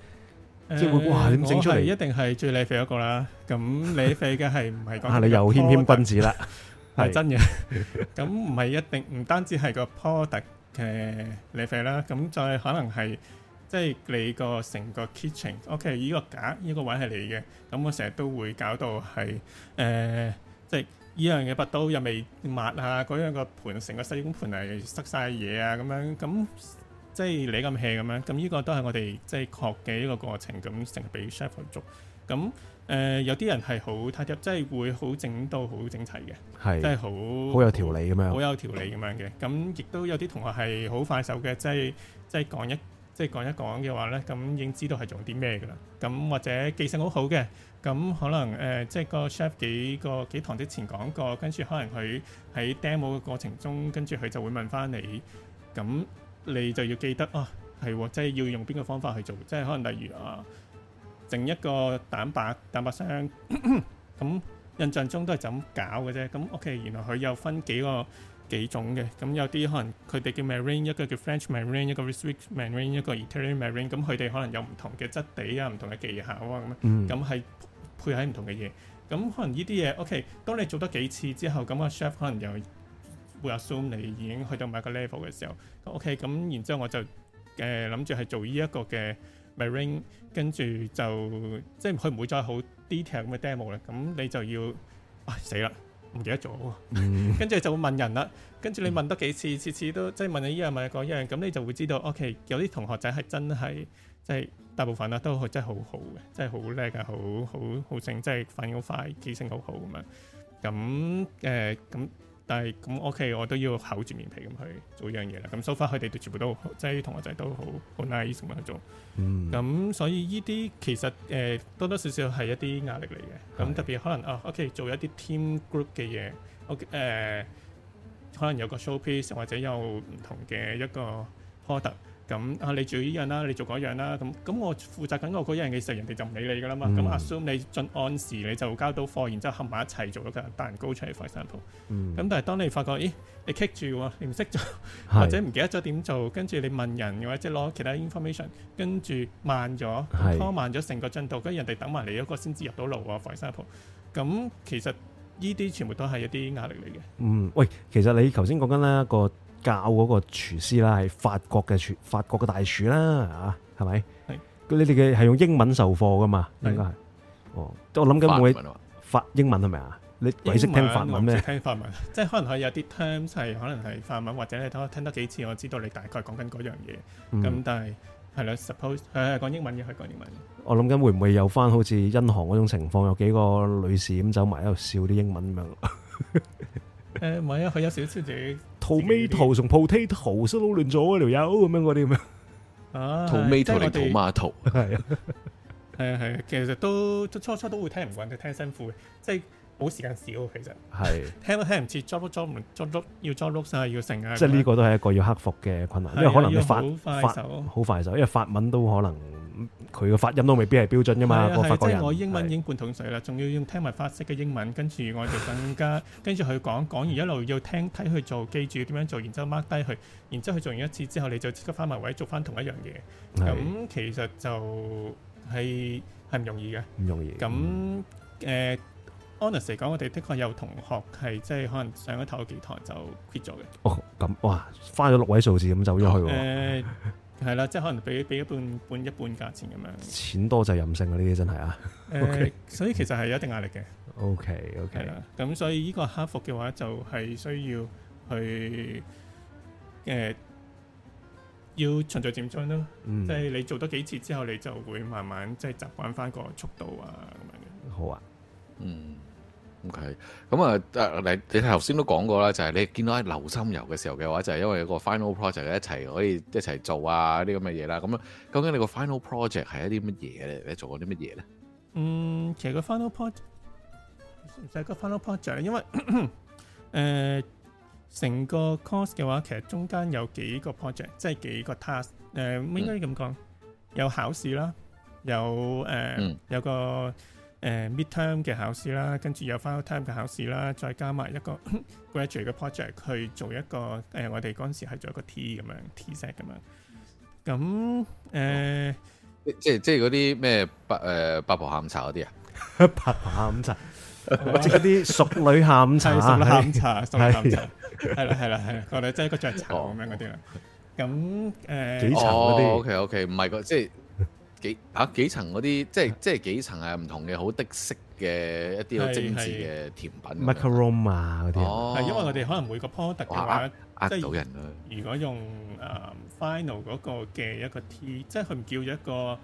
即係會哇？點整出嚟？我係一定係最利弊一個啦。咁利弊嘅係唔係？講啊，你又謙謙君子啦。係真嘅，咁唔係一定唔單止係個 product 嘅 refe 啦，咁再可能係即係你個成個 kitchen，OK，呢個架呢、呢個位係你嘅，咁我成日都會搞到係誒、呃，即係呢樣嘢拔刀又未抹下，嗰樣盤個盤成個西宮盤係塞晒嘢啊，咁樣，咁即係你咁 hea 咁樣，咁呢個都係我哋即係學嘅呢個過程，咁成日俾 chef 去做。咁。誒有啲人係好踏入，即係會好整到好整齊嘅，即係好好有條理咁樣，好有條理咁樣嘅。咁亦都有啲同學係好快手嘅，即係即係講一即係講一講嘅話咧，咁已經知道係做啲咩嘅啦。咁或者記性好好嘅，咁可能誒即係個 chef 幾個幾堂之前講過，跟住可能佢喺 demo 嘅過程中，跟住佢就會問翻你，咁你就要記得啊，係即係要用邊個方法去做，即係可能例如啊。整一個蛋白蛋白霜，咁印象中都係就咁搞嘅啫。咁 OK，原來佢有分幾個幾種嘅。咁有啲可能佢哋叫 meringue，一個叫 French meringue，一個 Swiss meringue，一個 Italian meringue。咁佢哋可能有唔同嘅質地啊，唔同嘅技巧啊咁。咁係配喺唔同嘅嘢。咁可能呢啲嘢 OK，當你做得幾次之後，咁阿 chef 可能又會 assume 你已經去到某一個 level 嘅時候。OK，咁然之後我就誒諗住係做呢一個嘅。m ring，跟住就即係佢唔會再好 detail 咁嘅 demo 咧，咁你就要啊，死啦，唔記得咗，跟住、mm hmm. 就會問人啦，跟住你問多幾次，次次都即係問你依樣問你嗰樣，咁你就會知道，OK，有啲同學仔係真係即係大部分啦，都真即係好好嘅，即係好叻嘅，好好好精，即係反應好快，記性好好咁樣，咁誒咁。呃但係咁、嗯、OK，我都要厚住面皮咁去做呢樣嘢啦。so far 佢哋全部都即係啲同學仔都好好 nice 咁樣去做。咁、mm. 嗯、所以依啲其實誒、呃、多多少少係一啲壓力嚟嘅。咁、嗯 mm. 特別可能啊、哦、OK 做一啲 team group 嘅嘢 OK 誒、呃，可能有個 showpiece 或者有唔同嘅一個 product 咁、嗯、啊，你做呢樣啦，你做嗰樣啦，咁咁我負責緊嗰個一樣嘅事，人哋就唔理你噶啦嘛。咁 assume 你盡按時你就交到貨，然之後合埋一齊做咗個蛋糕出嚟。For example，咁但係當你發覺咦，你棘住喎，唔識做是或者唔記得咗點做，跟住你問人或者攞其他 information，跟住慢咗，拖慢咗成個進度，跟住人哋等埋你一個先至入到爐喎。For example，咁其實呢啲全部都係一啲壓力嚟嘅。嗯，喂，其實你頭先講緊咧個。教嗰個廚師啦，係法國嘅廚，法國嘅大廚啦，嚇係咪？係。你哋嘅係用英文授課噶嘛？應該係。哦，我諗緊會唔會法英文係咪啊？你鬼識聽法文咩？聽法文，即係可能佢有啲 terms 係可能係法文，或者你多聽多幾次，我知道你大概講緊嗰樣嘢。咁但係係啦，suppose 誒講英文嘅係講英文。我諗緊會唔會有翻好似因航嗰種情況，有幾個女士咁走埋喺度笑啲英文咁樣。誒，唔係啊，佢有少少自己 tomato，同 potato 都搞亂咗啊，條友咁樣嗰啲咁樣啊，tomato 嚟、tomato，係啊係啊，其實都初初都會聽唔慣，就聽辛苦嘅，即係冇時間少其實係聽都聽唔切，抓都抓唔，抓碌要抓碌曬要成啊，即係呢個都係一個要克服嘅困難，因為可能要發手好快手，因為法文都可能。佢個發音都未必係標準㗎嘛，個法國人。係係，即係我英文已經半桶水啦，仲要用聽埋法式嘅英文，跟住我哋更加跟住佢講講完一路要聽睇佢做，記住點樣做，然之後 mark 低佢，然之後佢做完一次之後，你就即刻翻埋位做翻同一樣嘢。咁其實就係係唔容易嘅，唔容易。咁誒，honest 嚟講，我哋的確有同學係即係可能上咗頭幾堂就 quit 咗嘅。哦，咁哇，翻咗六位數字咁走咗去喎。係啦，即係可能俾俾一半半一半價錢咁樣，錢多就任性啊！呢啲真係啊，誒、呃，okay，所以其實係有一定壓力嘅。O K O K，係啦，咁所以呢個克服嘅話，就係需要去誒、呃，要循序漸進咯。即係、嗯、你做多幾次之後，你就會慢慢即係、就是、習慣翻個速度啊。咁樣嘅好啊，嗯。O.K. 咁、嗯、啊，誒你頭先都講過啦，就係、是、你見到喺流心遊嘅時候嘅話，就係、是、因為有個 final project 一齊可以一齊做啊啲咁嘅嘢啦。咁啊，究竟你個 final project 係一啲乜嘢咧？你做過啲乜嘢咧？嗯，其實個 final project 唔係個 final project，因為誒成、 呃、個 course 嘅話，其實中間有幾個 project，即係幾個 task、呃。誒，應該咁講，嗯、有考試啦，有誒，呃嗯、有個。誒 midterm 嘅考試啦，跟住有 final time 嘅考試啦，再加埋一個 graduate 嘅 project 去做一個誒，我哋嗰陣時係做一個 T 咁樣，T set 咁樣。咁誒，即係即係嗰啲咩八誒八婆下午茶嗰啲啊？八婆下午茶，即係嗰啲淑女下午茶、淑女下午茶、淑女下午茶，係啦係啦係啦，我哋即係一個雀巢咁樣嗰啲啦。咁誒，幾層嗰啲？OK OK，唔係個即係。幾啊幾層嗰啲，即係即係幾層係唔同嘅，好特色嘅一啲好精緻嘅甜品，macaroon 啊嗰啲。哦，因為我哋可能每個 project 嘅話，即係如果用啊、嗯、final 嗰個嘅一個 T，即係佢唔叫咗一個誒、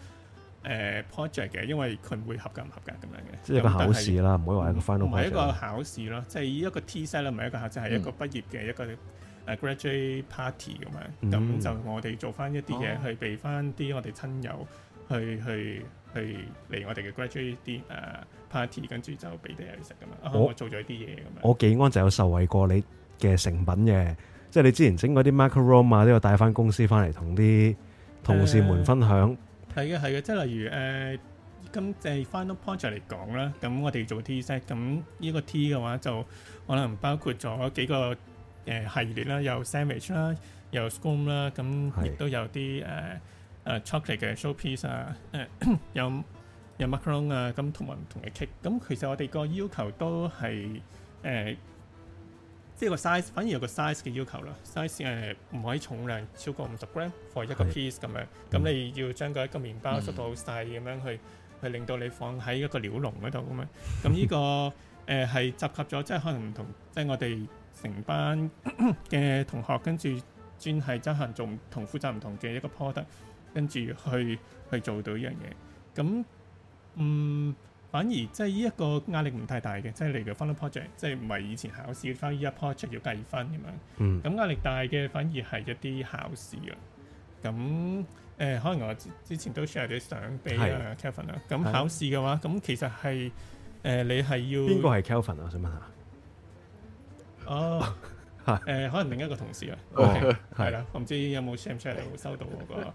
呃、project 嘅，因為佢唔會合格唔合格咁樣嘅。即係一個考試啦，唔會話一個 final。唔係一個考試咯，即、就、係、是、一個 T set 唔係一個考試，係、嗯、一個畢業嘅一個誒 graduate party 咁樣。咁、嗯、就我哋做翻一啲嘢去俾翻啲我哋親友。去去去嚟我哋嘅 graduation 誒 party，跟住就俾啲人食噶嘛。我做咗一啲嘢咁樣。我幾安就有受惠過你嘅成品嘅，即係你之前整嗰啲 macaron 啊，都要帶翻公司翻嚟同啲同事們分享。係嘅，係嘅，即係例如誒，今即係 final project 嚟講啦，咁我哋做 T set，咁依個 T 嘅話就可能包括咗幾個誒系列啦，有 sandwich 啦，有 scone 啦，咁亦都有啲誒。誒 chocolate 嘅 showpiece 啊，誒有有 macaron 啊，咁同埋唔同嘅 cake，咁其實我哋個要求都係誒，即係個 size，反而有個 size 嘅要求啦。size 誒唔可以重量超過五十 gram for 一個 piece 咁樣，咁你要將佢一個麵包縮到好細咁樣去，去令到你放喺一個鳥籠嗰度咁樣。咁呢個誒係集合咗，即係可能唔同，即係我哋成班嘅同學跟住專係執行做同負責唔同嘅一個 product。跟住去去做到一樣嘢，咁嗯反而即係呢一個壓力唔太大嘅，即係嚟嘅 final project，即係唔係以前考試嘅 final project 要計分咁樣，咁壓力大嘅反而係一啲考試啊，咁誒可能我之前都 share 啲相俾啊 Kevin 啦。咁考試嘅話，咁其實係誒你係要邊個係 Kevin 啊？我想問下，哦，誒可能另一個同事啊，係啦，我唔知有冇 share share 到收到嗰個。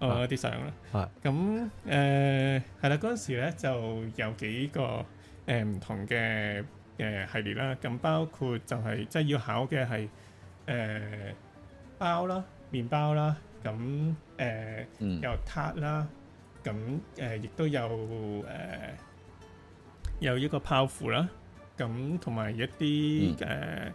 哦，啲實用啦。咁誒係啦，嗰陣、呃、時咧就有幾個誒唔、呃、同嘅誒、呃、系列啦。咁包括就係即係要考嘅係誒包啦，麵包啦。咁誒、呃嗯、有撻啦。咁誒、呃、亦都有誒、呃、有一個泡芙啦。咁同埋一啲誒、嗯呃、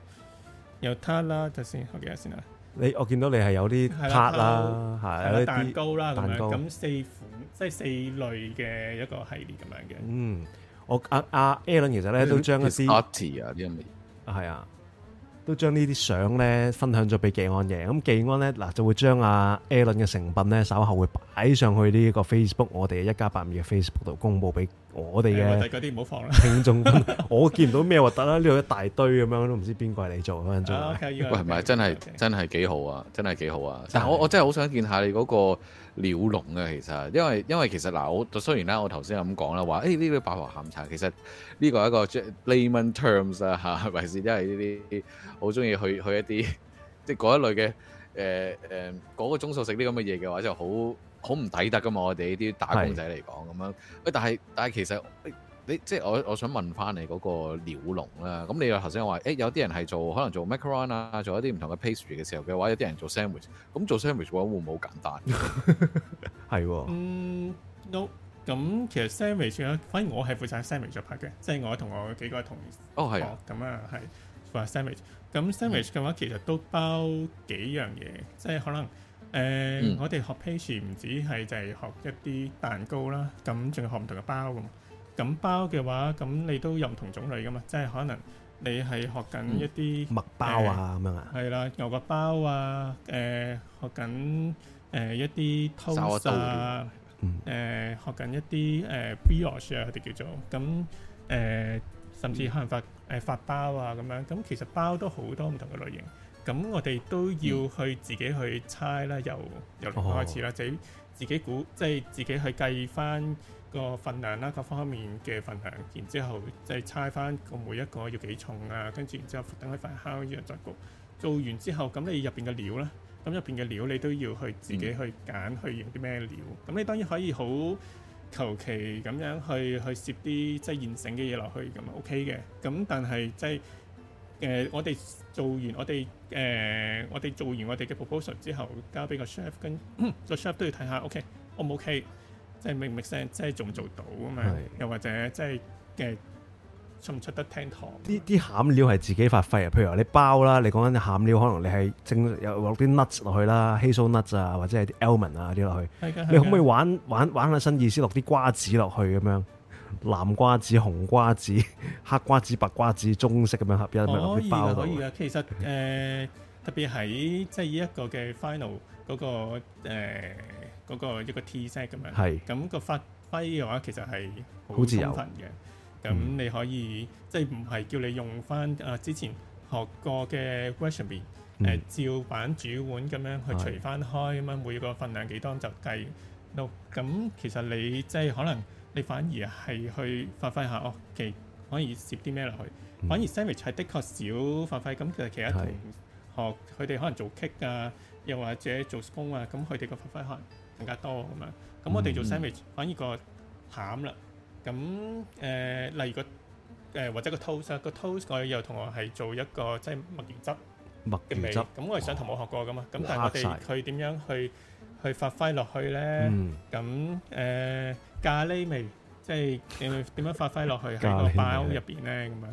有撻啦，等，等我記先，好嘅先啦。你我見到你係有啲塔啦，係啲蛋糕啦蛋糕，咁四款即係四類嘅一個系列咁樣嘅。嗯，我阿阿、啊啊、Alan 其實咧、嗯、都將一啲係 I mean. 啊。都將呢啲相咧分享咗俾紀安嘅，咁、嗯、紀安咧嗱就會將阿 Alan 嘅成品咧稍後會擺上去呢個 Facebook，我哋一家852嘅 Facebook 度公佈俾我哋嘅。第嗰啲唔好放啦，聽眾。我，弟弟 我見唔到咩核突啦，呢度一大堆咁樣，都唔知邊個係你做，咁樣做。唔、okay, 係 真係真係幾好啊！真係幾好啊！但係我的我真係好想見下你嗰、那個。鳥籠啊，其實，因為因為其實嗱、啊，我雖然啦，我頭先咁講啦，話誒呢啲霸王鹹茶，其實呢個係一個 layman terms 啦嚇，咪、啊？係都係呢啲好中意去去一啲即係嗰一類嘅誒誒嗰個種數食啲咁嘅嘢嘅話，就好好唔抵得嘅嘛，我哋呢啲打工仔嚟講咁樣。喂是，但係但係其實。你即係我我想問翻你嗰個鳥籠啦。咁你又頭先話，誒、欸、有啲人係做可能做 macaron 啊，做一啲唔同嘅 pastry 嘅時候嘅話，有啲人做 sandwich、嗯。咁做 sandwich 嘅話會唔會好簡單？係喎。嗯，都、no，咁其實 sandwich 咧，反而我係負責 sandwich 做拍嘅，即、就、係、是、我同我幾個同事。哦，係啊。咁啊，係負責 sandwich。咁 sandwich 嘅話其實都包幾樣嘢，嗯、即係可能誒，呃嗯、我哋學 pastry 唔止係就係學一啲蛋糕啦，咁仲要學唔同嘅包咁。咁包嘅話，咁你都有唔同種類噶嘛？即係可能你係學緊一啲麥包啊咁樣啊，係啦，牛角包啊，誒學緊誒一啲 Toast 啊，誒學緊一啲誒 Bagel 啊，佢哋叫做咁誒，甚至可能發誒發包啊咁樣，咁其實包都好多唔同嘅類型，咁我哋都要去自己去猜啦，由由零開始啦，自己自己估，即係自己去計翻。個份量啦，各方面嘅份量，然之後即係猜翻個每一個要幾重啊，跟住然之後等佢發酵，然後再焗。做完之後，咁你入邊嘅料咧，咁入邊嘅料你都要去自己去揀，去用啲咩料。咁你當然可以好求其咁樣去去攝啲即係現成嘅嘢落去，咁啊 OK 嘅。咁但係即係誒，我哋做完我哋誒，我哋做完我哋嘅 proposal 之後，交俾個 chef 跟個 chef 都要睇下，OK，O 唔 OK？即係明唔明聲？即係做唔做到啊嘛？的又或者即係嘅出唔出得廳堂？呢啲餡料係自己發揮啊！譬如話你包啦，你講緊啲餡料，可能你係整有落啲 nuts 落去啦，Hazelnuts 啊，或者係啲 almond 啊啲落去。你可唔可以玩玩玩下新意思，落啲瓜子落去咁樣？南瓜子、紅瓜子、黑瓜子、白瓜子、中式咁樣合一咁樣落啲包去。可以啊，可以啊。其實誒、 呃，特別喺即係呢一個嘅 final 嗰、那個、呃嗰個一個 Tset 咁樣，係咁是個發揮嘅話，其實係好自由嘅。咁你可以、嗯、即係唔係叫你用翻啊、呃、之前學過嘅 questioning 照板煮碗咁樣去除翻開咁樣是每個份量幾多就計。咁是其實你即係可能你反而係去發揮下哦，okay，可以攝啲咩落去。反而 sandwich 係的確少發揮，咁其實其他同學佢哋是可能做 kick 啊，又或者做 spoon 啊，咁佢哋個發揮可能。更加多咁樣，咁我哋做 sandwich，反而個餡啦。咁誒，例如個誒或者個 toast 啊，個 toast 我有同學係做一個即係墨魚汁墨嘅味。咁我係想同我學過㗎嘛。咁但係我哋佢點樣去去發揮落去咧？咁誒，咖喱味即係點樣點樣發揮落去喺個包入邊咧？咁樣。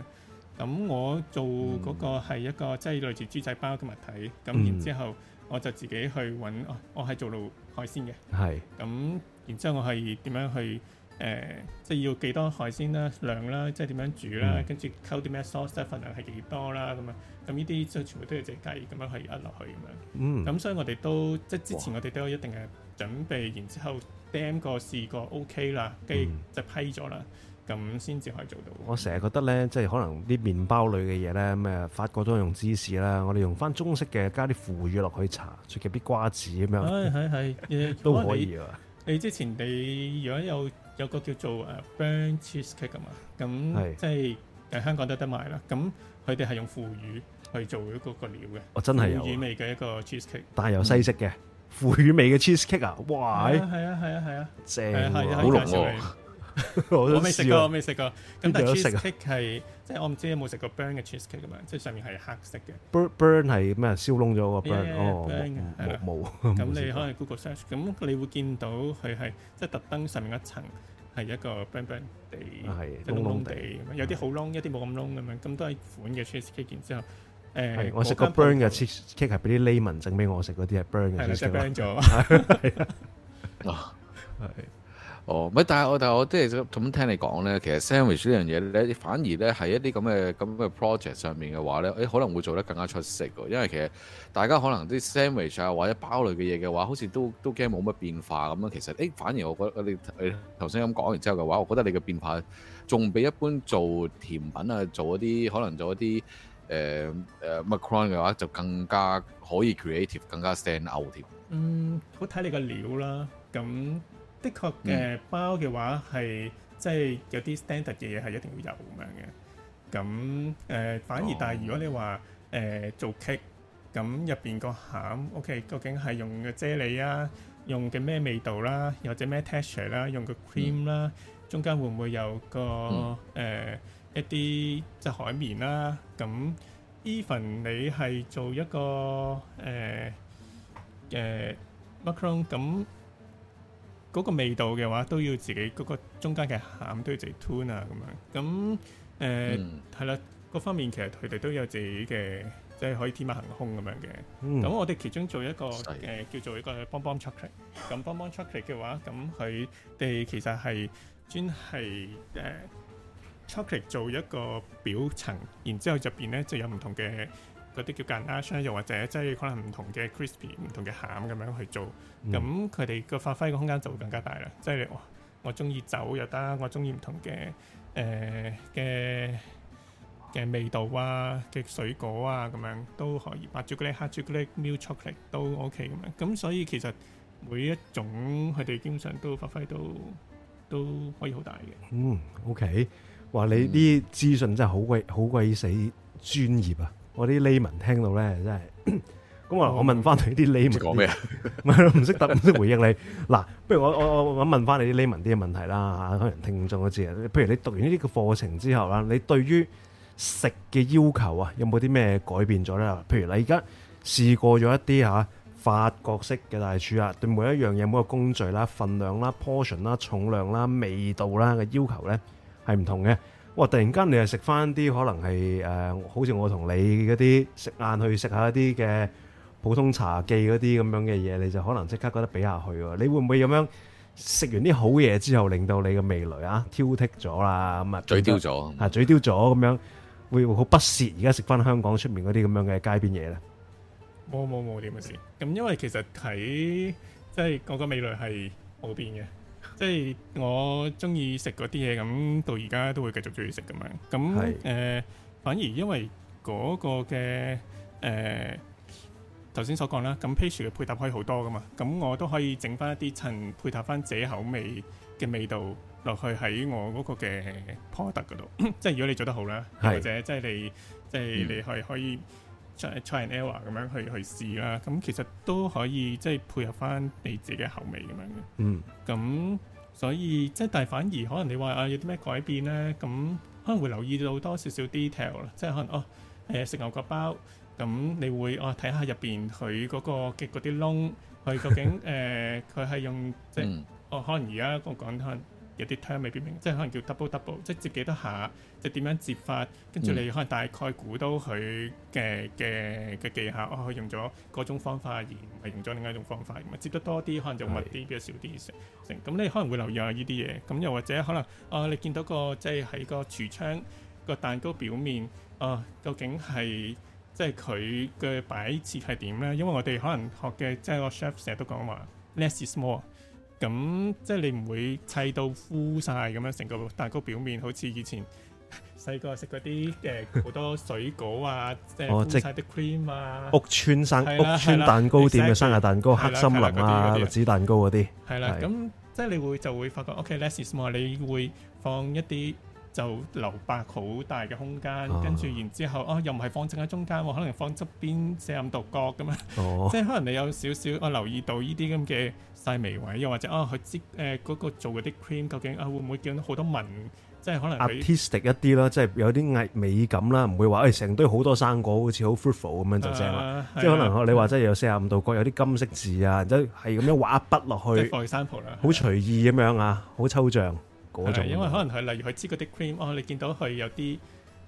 咁我做嗰個係一個即係類似豬仔包嘅物體。咁然之後。我就自己去揾、哦，我係做路海鮮嘅。係是。咁然之後我係點樣去誒、呃，即係要幾多海鮮啦、量啦，即係點樣煮啦，跟住溝啲咩 sauce 份量係幾多啦咁啊，咁呢啲即係全部都要自己計咁樣去揾落去咁樣。嗯。咁所以我哋都即係之前我哋都有一定嘅準備，哇然之後釘過試過 OK 啦，跟住就批咗啦。嗯咁先至可以做到。我成日覺得咧，即係可能啲麵包類嘅嘢咧，咩誒法國都用芝士啦，我哋用翻中式嘅，加啲腐乳落去搽，出加啲瓜子咁樣。係係係，都可以啊。你之前你如果有有個叫做誒 burn cheese cake 嘅嘛，咁即係誒香港都得賣啦。咁佢哋係用腐乳去做一個個料嘅。哦，真係腐乳味嘅一個 cheese cake，但係有西式嘅腐乳味嘅 cheese cake 啊！哇，係啊係啊係啊係啊，正啊好濃我未食過我未食過咁但係 cheesecake 係即係我唔知有冇食過 burn 嘅 cheesecake 咁樣即係上面係黑色嘅 burn burn 係咩燒燶咗個 burn 哦 burn 冇咁你可能 google search 咁你會見到佢係即係特登上面一層係一個 burn 地係燶地咁樣有啲好燶一啲冇咁燶咁樣咁都係款嘅 cheesecake 然之後誒我食過 burn 嘅 cheesecake 係俾啲 lemon 整俾我食啲係 burn 嘅 cheesecake burn 咗係哦，唔係，但係我但係我即係咁聽你講咧，其實 sandwich 呢樣嘢咧，反而咧係一啲咁嘅咁嘅 project 上面嘅話咧，誒、欸、可能會做得更加出色嘅，因為其實大家可能啲 sandwich 啊或者包類嘅嘢嘅話，好似都都驚冇乜變化咁啦。其實誒、欸、反而我覺得你頭先咁講完之後嘅話，我覺得你嘅變化仲比一般做甜品啊，做一啲可能做一啲誒誒、呃呃、macaron 嘅話，就更加可以 creative，更加 stand out 添。嗯，好睇你嘅料啦，咁。的確嘅包嘅話係、嗯，即係有啲 standard 嘅嘢係一定要有咁樣嘅。咁誒、呃、反而，哦、但係如果你話誒、呃、做 cake，咁入邊個餡，OK，究竟係用嘅啫喱啊，用嘅咩味道啦、啊，或者咩 texture 啦，用個 cream 啦，嗯、中間會唔會有個誒、嗯呃、一啲即係海綿啦、啊？咁 even 你係做一個誒誒 macaron 咁。呃呃呃嗰個味道嘅話，都要自己嗰個中間嘅餡都要自己 tune 啊咁樣。咁誒係啦，各方面其實佢哋都有自己嘅，即係可以天馬行空咁樣嘅。咁我哋其中做一個誒叫做一個幫幫 chocolate。咁幫幫 chocolate 嘅話，咁佢哋其實係專係誒 chocolate 做一個表層，然之後入邊咧就有唔同嘅。嗰啲叫 ganache，又或者即係可能唔同嘅 crispy、唔同嘅餡咁樣去做，咁佢哋個發揮嘅空間就會更加大啦。即係你話，我鍾意酒又得，我鍾意唔同嘅誒嘅嘅味道啊，嘅水果啊咁樣都可以。白朱古力、黑朱古力、milk chocolate 都 OK 咁樣。咁所以其實每一種佢哋基本上都發揮到都可以好大嘅。嗯，OK，話你啲資訊真係好鬼好鬼死專業啊！我啲 layman 聽到咧，真係咁我，我問翻你啲 layman 講咩啊？唔識答唔識回應你嗱，不如我我我問翻你啲 layman 啲嘅問題啦嚇，可能聽眾都知。譬如你讀完呢啲嘅課程之後啦，你對於食嘅要求啊，有冇啲咩改變咗咧？譬如你而家試過咗一啲嚇法國式嘅大廚啊，對每一樣嘢每個工序啦、份量啦、portion 啦、重量啦、味道啦嘅要求咧係唔同嘅。哇！突然間你又食翻啲可能係誒、呃，好似我同你嗰啲食晏去食下一啲嘅普通茶記嗰啲咁樣嘅嘢，你就可能即刻覺得比下去喎。你會唔會咁樣食完啲好嘢之後，令到你嘅味蕾啊挑剔咗啦？咁啊嘴刁咗啊，嘴刁咗咁樣會唔會好不屑而家食翻香港出面嗰啲咁樣嘅街邊嘢咧，冇冇冇點嘅事。咁因為其實喺即係嗰個味蕾係冇變嘅。即係我中意食嗰啲嘢，咁到而家都會繼續中意食咁樣。咁誒是、呃，反而因為嗰個嘅誒頭先所講啦，咁 pastry 嘅配搭可以好多噶嘛。咁我都可以整翻一啲襯配搭翻自己口味嘅味道落去喺我嗰個嘅 product 嗰度。 即係如果你做得好咧，是或者即係你即係你可以可以、嗯、try try and error 咁樣去去試啦。咁其實都可以即係配合翻你自己嘅口味咁樣嘅。嗯，咁。所以即係，但係反而可能你話啊，有啲咩改變咧？咁可能會留意到多少少 detail 啦，即係可能哦，誒、呃、食牛角包，咁你會哦睇下入邊佢嗰個嘅嗰啲窿，佢究竟誒佢係用即係 哦，可能而家我講翻。有啲 term 未必明，即係可能叫 double double，即係接幾多下，即係點樣接法，跟住你可能大概估到佢嘅嘅嘅技巧，佢、哦、用咗各種方法，而唔係用咗另外一種方法。咁啊，接得多啲可能就密啲，比較少啲成成。咁你可能會留意下呢啲嘢。咁又或者可能啊、哦，你見到個即係喺個櫥窗個蛋糕表面啊、哦，究竟係即係佢嘅擺設係點咧？因為我哋可能學嘅即係個 chef 成日都講話 less is more。咁即係你唔會砌到膚曬咁樣，成個蛋糕表面好似以前細個食嗰啲嘅好多水果啊，即係滿曬啲 cream 啊，屋邨生屋邨蛋糕店嘅生日蛋糕、黑森林啊、栗子蛋糕嗰啲。係啦，咁即係你會就會發覺 OK，less is more。你會放一啲。就留白好大嘅空間，跟住、啊、然之後，哦，又唔係放正喺中間喎、哦，可能放側邊四十五度角咁樣，哦、即係可能你有少少啊留意到呢啲咁嘅細微位，又或者啊佢即誒嗰個做嗰啲 cream，究竟啊會唔會見到好多紋？即係可能 artistic 一啲啦，即係有啲藝美感啦，唔會話誒成堆好多生果好似好 fruitful 咁樣就正啦。啊、即係可能你話真係有四十五度角，有啲金色字啊，即係係咁樣畫筆落去，好隨意咁樣啊，好抽象。係，因為可能係例如佢擠嗰啲 cream，哦，你見到佢有啲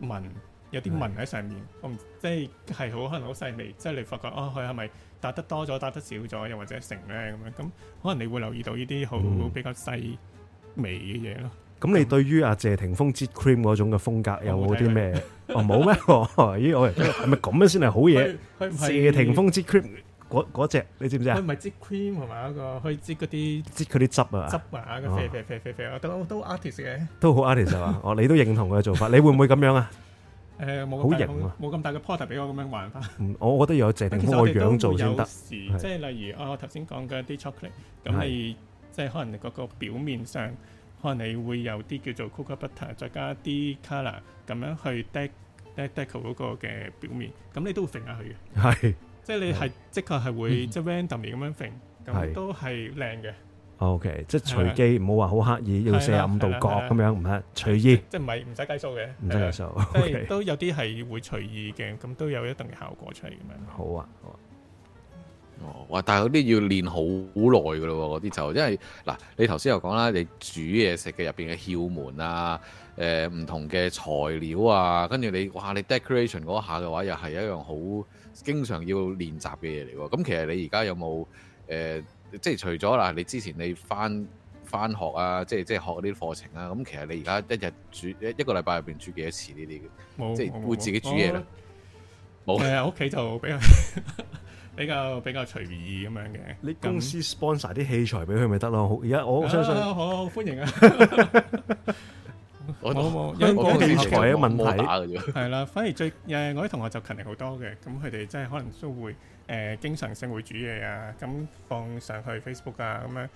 紋，有啲紋喺上面，嗯，即係係好可能好細微，即係你發覺哦，佢係咪搭得多咗，搭得少咗，又或者成咧咁樣，咁可能你會留意到呢啲好比較細微嘅嘢咯。咁你對於阿謝霆鋒擠 cream 嗰種嘅風格有冇啲咩？哦，冇咩？咦，我係咪咁樣先係好嘢？謝霆鋒擠 cream。嗰嗰隻你知唔知啊？佢唔係擠 cream 同埋一個可以擠嗰啲擠嗰啲汁啊！汁啊，個啡啡啡啡啡都都 artist 嘅，都好 artist 啊！哦，你都認同佢嘅做法，你會唔會咁樣啊？誒，冇咁大冇咁大嘅 port 俾我咁樣玩法。嗯，我覺得要有謝霆鋒嘅樣做先得。其實佢哋都有時，即係例如我頭先講嘅啲 chocolate，咁係即係可能嗰個表面上，可能你會有啲叫做 cocoa butter，再加啲 colour，咁樣去 dec dec decol 嗰個嘅表面，咁你都會揈下佢嘅。係。即係你係、嗯、即確係會即係 randomly 咁樣揈，咁都係靚嘅。OK，即係隨機，唔好話好刻意要四十五度角咁樣，唔係隨意。即係唔係唔使計數嘅，唔使計數。即係都有啲係會隨意嘅，咁都有一定嘅效果出嚟咁樣。好啊，好啊。哦，哇！但係嗰啲要練好耐噶咯，嗰啲就因為嗱，你頭先又講啦，你，你煮嘢食嘅入邊嘅竅門啊，誒、呃，唔同嘅材料啊，跟住你哇，你 decoration 嗰下嘅話，又係一樣好。經常要練習嘅嘢嚟喎，咁其實你而家有冇誒、呃？即係除咗嗱，你之前你返返學啊，即係即係學啲課程啊，咁其實你而家一日煮一個禮拜入邊煮幾多次呢啲嘅？有即係會自己煮嘢咧。冇，係啊，屋企有就比較 比較比較隨意咁樣嘅。你公司 sponsor 啲器材俾佢咪得咯？而家那我相信，啊、好，好，好歡迎啊！ 我冇，香港嘅人才嘅問題，係 啦，反而最誒、啊，我啲同學就勤力好多嘅，咁佢哋真係可能都會誒、呃、經常性會煮嘢啊，咁放上去 Facebook 啊，咁樣，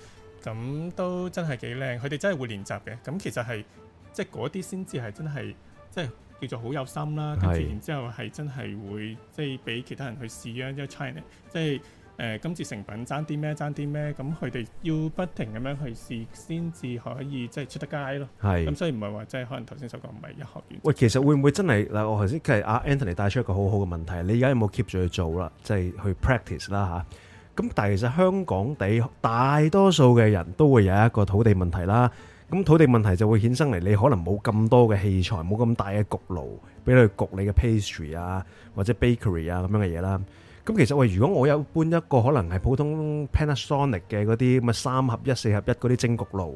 咁都真係幾靚，佢哋真係會練習嘅，咁其實係即係嗰啲先至係真係即係叫做好有心啦，跟住是然之後係真係會即係俾其他人去試樣，即係 Chinese 即係。誒今次成品爭啲咩？爭啲咩？咁佢哋要不停咁樣去試，先至可以即係出得街咯。係。咁所以唔係話即係可能頭先所講唔係一學院。喂，其實會唔會真係嗱？我頭先即係阿 Anthony 帶出一個好好嘅問題。你而家有冇 keep 住去做啦？即係去 practice 啦嚇。咁但係其實香港地大多數嘅人都會有一個土地問題啦。咁土地問題就會衍生嚟，你可能冇咁多嘅器材，冇咁大嘅焗爐，俾你焗你嘅 pastry 啊，或者 bakery 啊咁樣嘅嘢啦。咁其實喂，如果我有搬一個可能係普通 Panasonic 嘅嗰啲咁啊三合一、四合一嗰啲蒸焗爐，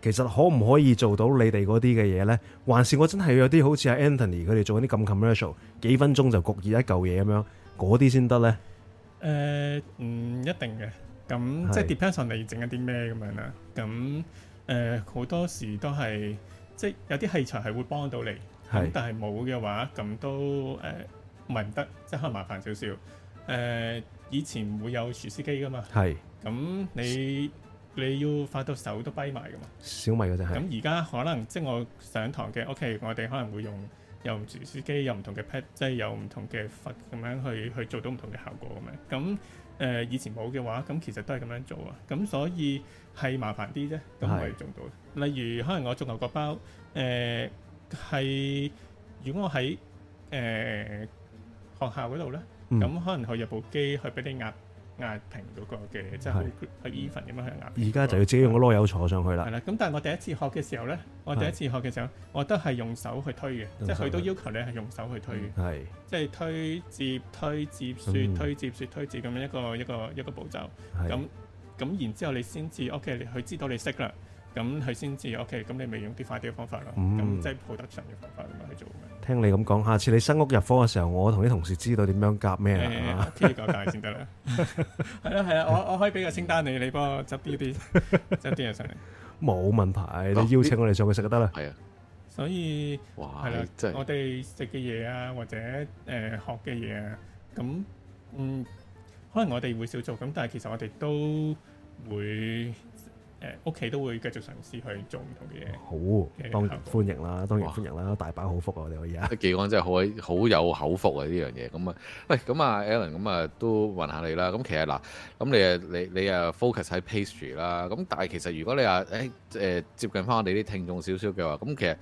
其實可唔可以做到你哋嗰啲嘅嘢咧？還是我真係有啲好似阿 Anthony 佢哋做緊嗰啲咁 commercial，幾分鐘就焗熱一嚿嘢咁樣，嗰啲先得咧？誒、呃，唔、嗯、一定嘅。咁是即係 depends on 你整緊啲咩咁樣啦？咁誒好多時都係即係有啲器材係會幫到你，是但係冇嘅話，咁都誒。呃唔係唔得，即係可能麻煩少少。誒、呃，以前唔會有廚師機噶嘛，係是。咁你你要發到手都跛埋噶嘛？小米嗰陣係。咁而家可能即係我上堂嘅 OK 我哋可能會用又廚師機，有唔同嘅 pad，即係有唔同嘅發咁樣去去做到唔同嘅效果咁樣。咁誒、呃，以前冇嘅話，咁其實都係咁樣做啊。咁所以係麻煩啲啫，都係做到。是例如可能我做牛角包，誒、呃、係如果我喺誒。呃學校嗰度咧，咁、嗯、可能佢有部機去俾你壓壓平嗰個嘅，是 即係去 even 咁樣去壓平。而家就要自己用個囉柚坐上去啦、啊。係啦，咁但係我第一次學嘅時候咧，是 我第一次學嘅時候，是 我都係用手去推嘅，手即係佢都要求你係用手去推嘅。係、嗯是，即係推摺、推摺、雪推摺、雪推摺咁樣一個一個一個,一個步驟。係，咁咁然之後你先至 OK，你佢知道你識啦。咁佢先知，OK，咁你咪用啲快啲嘅方法咯，咁即係好得神嘅方法咁樣去做。聽你咁講，下次你新屋入夥嘅時候，我同啲同事知道點樣夾咩啊？聽你講解先得啦，係啦係啦，我我可以俾個清單你，你幫我執啲啲執啲嘢上嚟。冇問題，你邀請我哋上去食就得啦。係啊，所以係啦，即係我哋食嘅嘢啊，或者誒學嘅嘢啊，咁嗯，可能我哋會少做咁，但係其實我哋都會。誒屋企都會繼續嘗試去做唔同嘅嘢，好，當然歡迎啦，當然歡迎啦，哇，大把好福、啊、我哋可以啊！幾安真係好好有口福啊！呢樣嘢咁啊，喂咁啊，欸，Alan 咁啊都問下你啦。咁其實嗱，咁你誒你你誒 focus 喺 pastry 啦。咁但係其實如果你話誒誒接近翻我哋啲聽眾少少嘅話，咁其實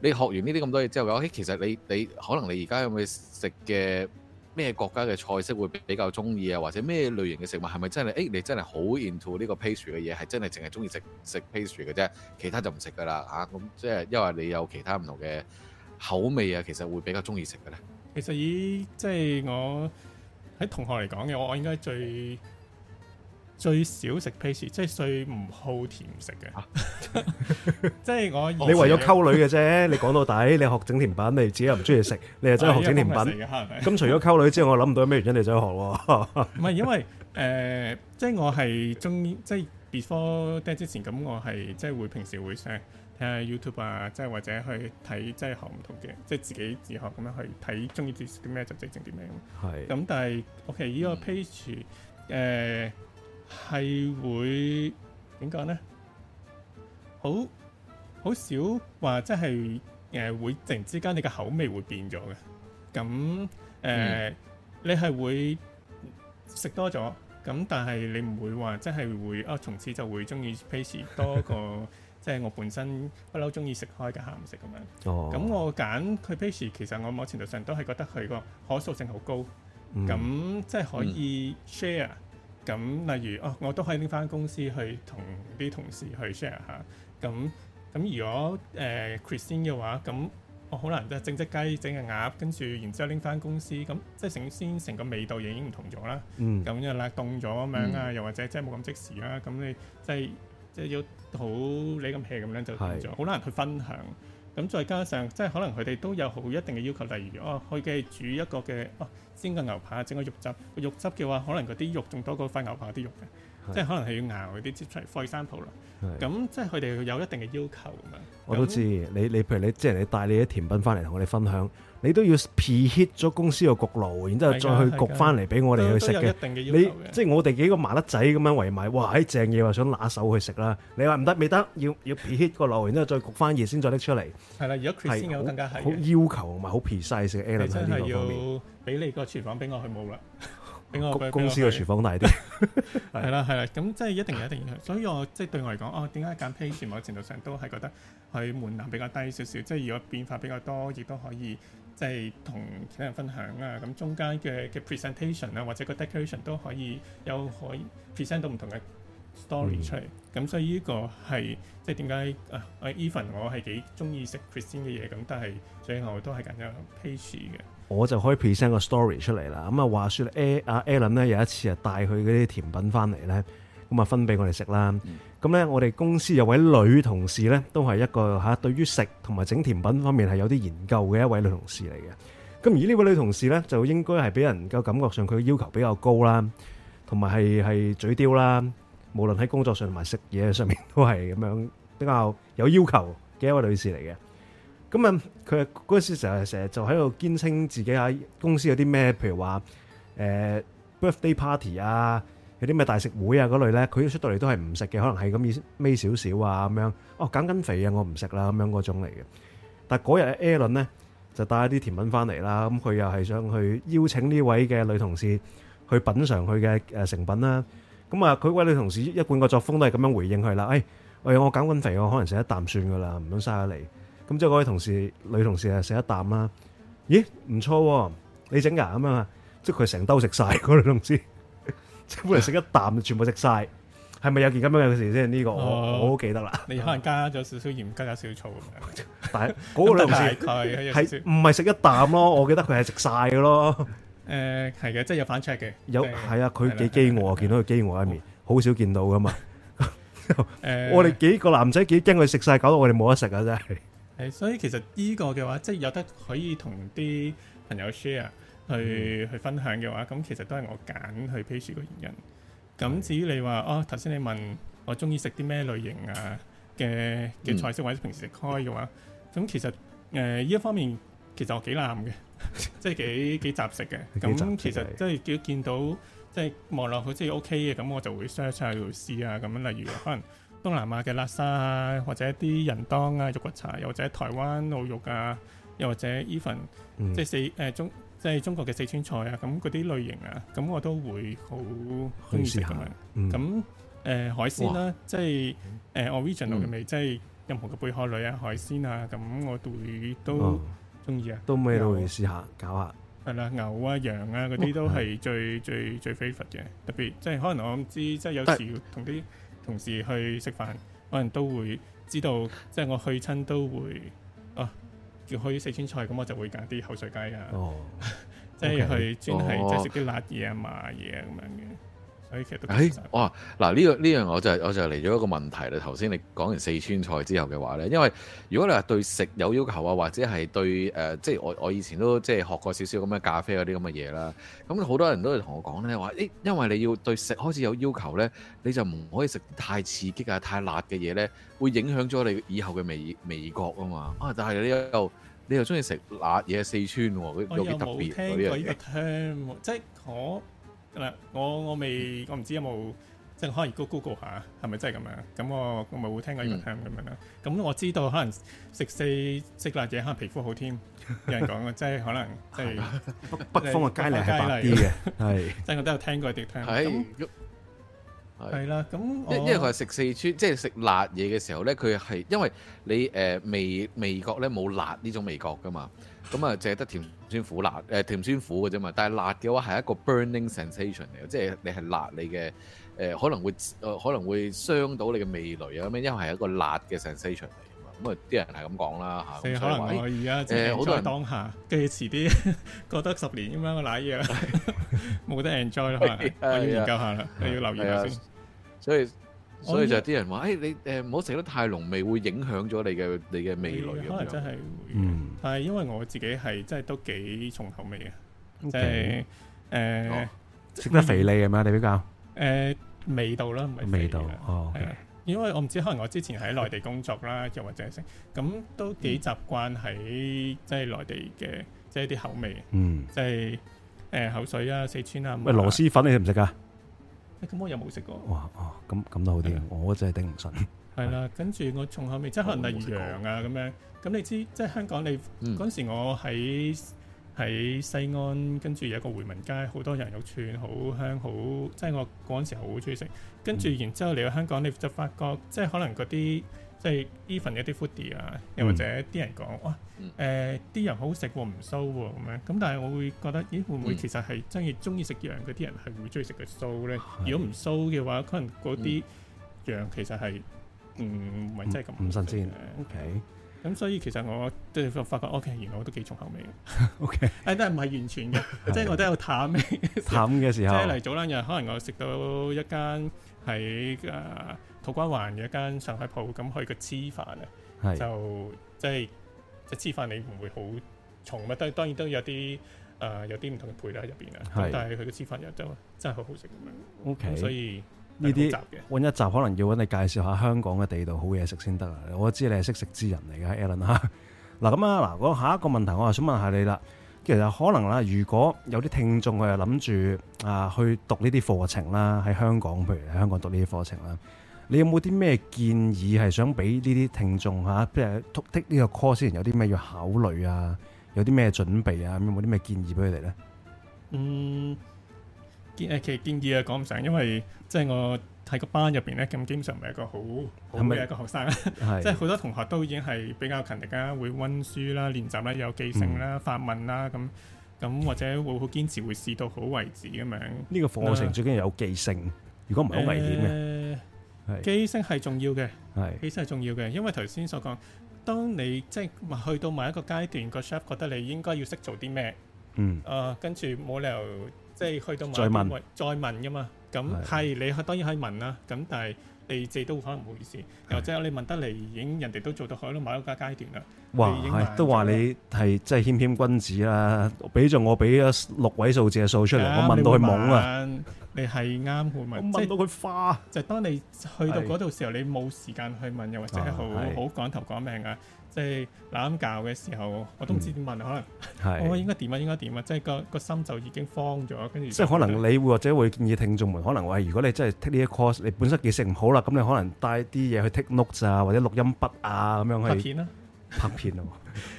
你學完呢啲咁多嘢之後咧，其實你你，你可能你而家有冇食嘅？咩國家嘅菜式會比較中意啊？或者咩類型嘅食物係咪真係？誒、欸，你真係好 into 呢個 pastry 嘅嘢，係真係淨係中意食食 pastry 嘅啫，其他就唔食噶啦嚇。咁即係因為你有其他唔同嘅口味啊，其實會比較中意食嘅咧。其實以即係、就是、我喺同學嚟講嘅，我應該最。最少食 pastry，即係最唔好甜食嘅。啊、 即係我現 你為咗溝女嘅啫， 你講到底，你學整甜品，你自己又唔中意食，你又真係學整甜品。咁除咗溝女之外，我諗唔到咩原因你走去學。唔係因為誒，即係我係中意，即係 before 即之前咁，我係即係會平時會上睇下 YouTube 啊，即係或者去睇即係學唔同嘅，即係自己自學咁樣去睇中意食啲咩就整整啲咩。係是。咁、嗯、但係，OK 呢個 pastry 誒、呃。係會點講咧？好好少話，即係誒，會突然之間你嘅口味會變咗嘅。咁誒，呃嗯、你係會食多咗，咁但係你唔會話即係會啊，從此就會中意 pastry 多過即係、 就是、我本身不嬲中意食開嘅鹹食咁樣。哦，咁我揀佢 pastry，其實我某程度上都係覺得佢個可塑性好高，咁即係可以 share、嗯。咁例如哦，我都可以拎翻公司去同啲同事去 share 下。咁、嗯、咁、嗯、如果誒、呃、Christine 嘅話，咁我好難即係整隻雞整隻鴨，跟住然之後拎翻公司，咁、嗯嗯、即係成先成個味道已經唔同咗啦。嗯。咁又冷凍咗咁樣啊，嗯、又或者即係冇咁即時啦。咁你即係即係要好你咁 hea 咁樣就變咗，好難去分享。咁再加上，即係可能佢哋都有好一定嘅要求，例如哦，去嘅煮一個嘅哦，煎個牛扒，整個肉汁，個肉汁嘅話，可能佢啲肉仲多過塊牛扒啲肉嘅。即係可能係要熬嗰啲接出嚟 for example 啦。咁即係佢哋有一定嘅要求咁樣。我都知，你你譬如你即係你帶你啲甜品翻嚟同我哋分享，你都要 preheat 咗公司個焗爐，然之後再去焗翻嚟俾我哋去食嘅。一定嘅要求。你即係我哋幾個麻甩仔咁樣圍埋，哇！唉，正嘢話想拿手去食啦。你話唔得，未得，要要 preheat 個爐，然之後再焗翻嘢先再拎出嚟。係啦，如果 preheat 先嘅，更加係。好要求同埋好皮細嘅嘢。你真係要俾你個廚房俾我去冇啦。我公司嘅廚房大啲， 係啦，係啦，咁即係一定係一定要去。所以我即係、就是、對我嚟講，哦點解揀 pastry？某程度上都係覺得佢門檻比較低少少，即、就、係、是、如果變化比較多，亦都可以即係同其他人分享啊。咁中間嘅嘅 presentation 啊，或者個 decoration 都可以有可以 present 到唔同嘅 story 出嚟。咁、嗯、所以呢個係即係點解啊？我 even 我係幾中意食 present 嘅嘢，咁但係最後我都係揀咗 pastry 嘅。我就可以 present 個 story 出嚟啦。咁啊，話説誒，阿 Alan 咧有一次啊，帶佢嗰啲甜品翻嚟咧，咁啊，分俾我哋食啦。咁咧，我哋公司有位女同事咧，都係一個嚇對於食同埋整甜品方面係有啲研究嘅一位女同事嚟嘅。咁而呢位女同事咧，就應該係俾人嘅感覺上，佢嘅要求比較高啦，同埋係係嘴刁啦。無論喺工作上同埋食嘢上面都係咁樣比較有要求嘅一位女士嚟嘅。咁啊！佢嗰陣時成日成日就喺度堅稱自己喺公司有啲咩，譬如話誒 birthday party 啊，有啲咩大食會啊嗰類咧，佢出到嚟都係唔食嘅，可能係咁意眯少少啊，咁樣哦減緊肥啊，我唔食啦，咁樣嗰種嚟嘅。但嗰日阿 Alan 咧就帶一啲甜品翻嚟啦，咁佢又係想去邀請呢位嘅女同事去品嚐佢嘅誒成品啦。咁啊，佢位女同事一半個作風都係咁樣回應佢啦，誒、哎、誒我減緊肥，我可能食一啖算噶啦，唔好嘥咗嚟。咁即係嗰位同事，女同事係食一啖啦。咦，唔錯喎，你整㗎咁啊？即係佢成兜食曬嗰女同事，即係本嚟食一啖，全部食曬。係咪有件咁樣嘅事先？呢個我我好記得啦。你可能加咗少少鹽，加咗少少醋咁。但係嗰個女同事係唔係食一啖咯？我記得佢係食曬嘅咯。誒係嘅，即係有反 check 嘅。有係啊，佢幾飢餓啊！見到佢飢餓一面，好少見到噶嘛。誒，我哋幾個男仔幾驚佢食曬，搞到我哋冇得食啊！真係。所以其實呢個嘅話，即、就、係、是、有得可以同啲朋友 share 去、嗯、去分享嘅話，咁其實都係我揀去 Page 嘅原因。咁至於你話是哦，頭先你問我中意食啲咩類型啊嘅嘅菜式或者平時食開嘅話，咁、嗯、其實誒呢、呃、一方面其實我幾濫嘅，即係幾幾雜食嘅。咁其實即係見到即係望落去即 OK 嘅，咁我就會 search 下嘅試啊，咁樣例如，例如可能。東南亞嘅辣沙啊，或者啲人當啊，肉骨茶，又或者台灣牛肉啊，又或者 even 即係四誒中即係中國嘅四川菜啊，咁嗰啲類型啊，咁我都會好中意食噶。咁誒海鮮啦，即係誒 original 嘅味，即係任何嘅貝殼類啊、海鮮啊，咁我都會都中意啊，都未落去試下搞下。係啦，牛啊、羊啊嗰啲都係最最最 favorite 嘅，特別即係可能我唔知，即係有時同啲。同事去食飯，可能都會知道，即係我去親都會啊，要去四川菜咁，我就會揀啲口水雞啊，即係、哦、 去專係即係食啲辣嘢啊、麻嘢啊咁樣嘅。欸、哇！嗱、呢個，呢樣呢樣我就係、係、我就嚟咗一個問題啦。頭先你講完四川菜之後嘅話咧，因為如果你話對食有要求啊，或者係對誒、呃，即係我我以前都即係學過少少咁嘅咖啡嗰啲咁嘅嘢啦。咁、嗯、好多人都會同我講咧，話誒、欸，因為你要對食開始有要求咧，你就唔可以食太刺激啊、太辣嘅嘢咧，會影響咗你以後嘅味味覺啊嘛。啊，但係你又你又中意食辣嘢四川喎，有幾特別嗰啲啊？即係我。我我未，我唔知有冇，即係可，可以 go google 下，係咪真係咁樣？咁我我咪會聽過呢個 term 咁、erm 嗯、樣啦。咁我知道可能食四食辣嘢，可能皮膚好添，有人講嘅， 即係可能即係北方嘅街靚露係白啲嘅，係真 我都有聽過啲 term。係啦，咁因因為佢係食四川，即係食辣嘢嘅時候咧，佢係因為你誒味味覺咧冇辣呢種味覺噶嘛，咁啊淨係得甜酸苦辣誒甜酸苦嘅啫嘛。但係辣嘅話係一個 burning sensation 嚟嘅，即係你係辣你嘅誒可能會可能會傷到你嘅味蕾啊咁樣，因為係一個辣嘅 sensation 嚟㗎嘛。咁啊啲人係咁講啦嚇，所以可能可以啊，誒好多人當下記遲啲過得十年咁樣個辣嘢，冇得 enjoy 啦，我要研究下啦，要留意下先。所以所以就啲人話，誒你誒唔好食得太濃味，會影響咗你嘅你嘅味蕾嘅。可能真係，嗯。但係因為我自己係真係都幾重口味嘅，即係誒食得肥膩啊嘛？你比較誒味道啦，味道哦。係。因為我唔知，可能我之前喺內地工作啦，又或者係食咁都幾習慣喺即係內地嘅即係啲口味，嗯，即係誒口水啊，四川啊。喂，螺螄粉你食唔食噶？咁、哎、我又冇食過。哇哦，咁咁都好啲，的我真係頂唔順。係啦，跟住我從後面即係可能例如羊啊咁樣，咁你知即係香港你嗰陣、嗯、時我喺喺西安，跟住有一個回民街，好多羊肉串，好香好，即係我嗰陣時好中意食。跟住然之後嚟到香港，你就發覺即係可能嗰啲。即係 even 一啲 foodie 啊，又或者啲人講哇，誒啲羊好食喎，唔酥喎咁樣。咁但係我會覺得，咦會唔會其實係真係中意食羊嗰啲人係會中意食佢酥咧？的如果唔酥嘅話，可能嗰啲羊其實係唔係真係咁唔新鮮？OK、嗯。咁所以其實我對、嗯、發覺，OK 原來我都幾重口味 OK。但都係唔係完全嘅，即係我都有淡味。的淡嘅時候， 即係嚟早兩日，可能我食到一間。喺啊土瓜灣有一間上海鋪咁，佢個黐飯咧就即係即黐飯，你、就、唔、是、會好重啊？當然當然都有啲誒、呃、有啲唔同嘅配料喺入邊啊，是但係佢嘅黐飯又都真係好好食咁樣。O okay , K，所以呢啲集嘅，揾一集可能要揾你介紹下香港嘅地道好嘢食先得啊！我知你係識食之人嚟㗎，Alan 啊，嗱咁啊嗱，我、啊啊、下一個問題我係想問下你啦。 其實可能啦，如果有啲聽眾佢係諗住啊去讀呢啲課程啦，喺香港，譬如喺香港讀呢啲課程啦，你有冇啲咩建議係想俾呢啲聽眾吓，即係 take 呢個 course 之前有啲咩要考慮啊，有啲咩準備啊，有冇啲咩建議俾佢哋咧？嗯，建誒，其實建議啊講唔成，因為即係我。喺個班入邊咧，咁經常唔係一個好好嘅一個學生，即係好多同學都已經係比較勤力啦，會温書啦、練習啦、有記性啦、發問啦咁，咁或者會好堅持，會試到好為止咁樣。呢個課程最緊要有記性，如果唔係好危險嘅。記性係重要嘅，記性係重要嘅，因為頭先所講，當你即係話去到某一個階段，個 chef 覺得你應該要識做啲咩，嗯，啊，跟住冇理由即係去到某啲位再問㗎嘛。咁係你當然可以問啦，咁但係你自己都可能唔好意思，又或者你問得嚟已經人哋都做到海到某一個階段啦。哇，都話你係真係謙謙君子啦，俾咗，我俾咗六位數字嘅數出嚟，我問到佢懵啊，你係啱會，我問到佢花，就當你去到嗰度時候，你冇時間去問，又或者係好好趕頭趕命啊！即係嗱咁教嘅時候，我都唔知點問，可能我應該點啊？應該點啊？即係個個心就已經慌咗，跟住即係可能你或者會建議聽眾們，可能話，如果你真係 take 呢啲 course，你本身記性唔好啦，咁你可能帶啲嘢去 take notes 啊，或者錄音筆啊咁樣去拍片啦，拍片咯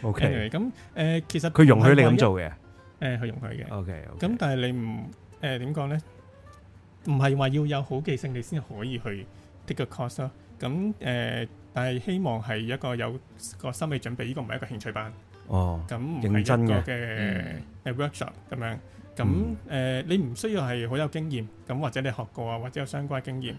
，OK。咁誒其實佢容許你咁做嘅，誒佢容許嘅，OK。咁但係你唔誒點講咧？唔係話要有好記性你先可以去 take 個 course 咯。咁誒。但係希望係一個有個心理準備，呢個唔係一個興趣班哦，咁唔係一個嘅 workshop 咁樣。咁誒、嗯呃，你唔需要係好有經驗，咁或者你學過啊，或者有相關經驗。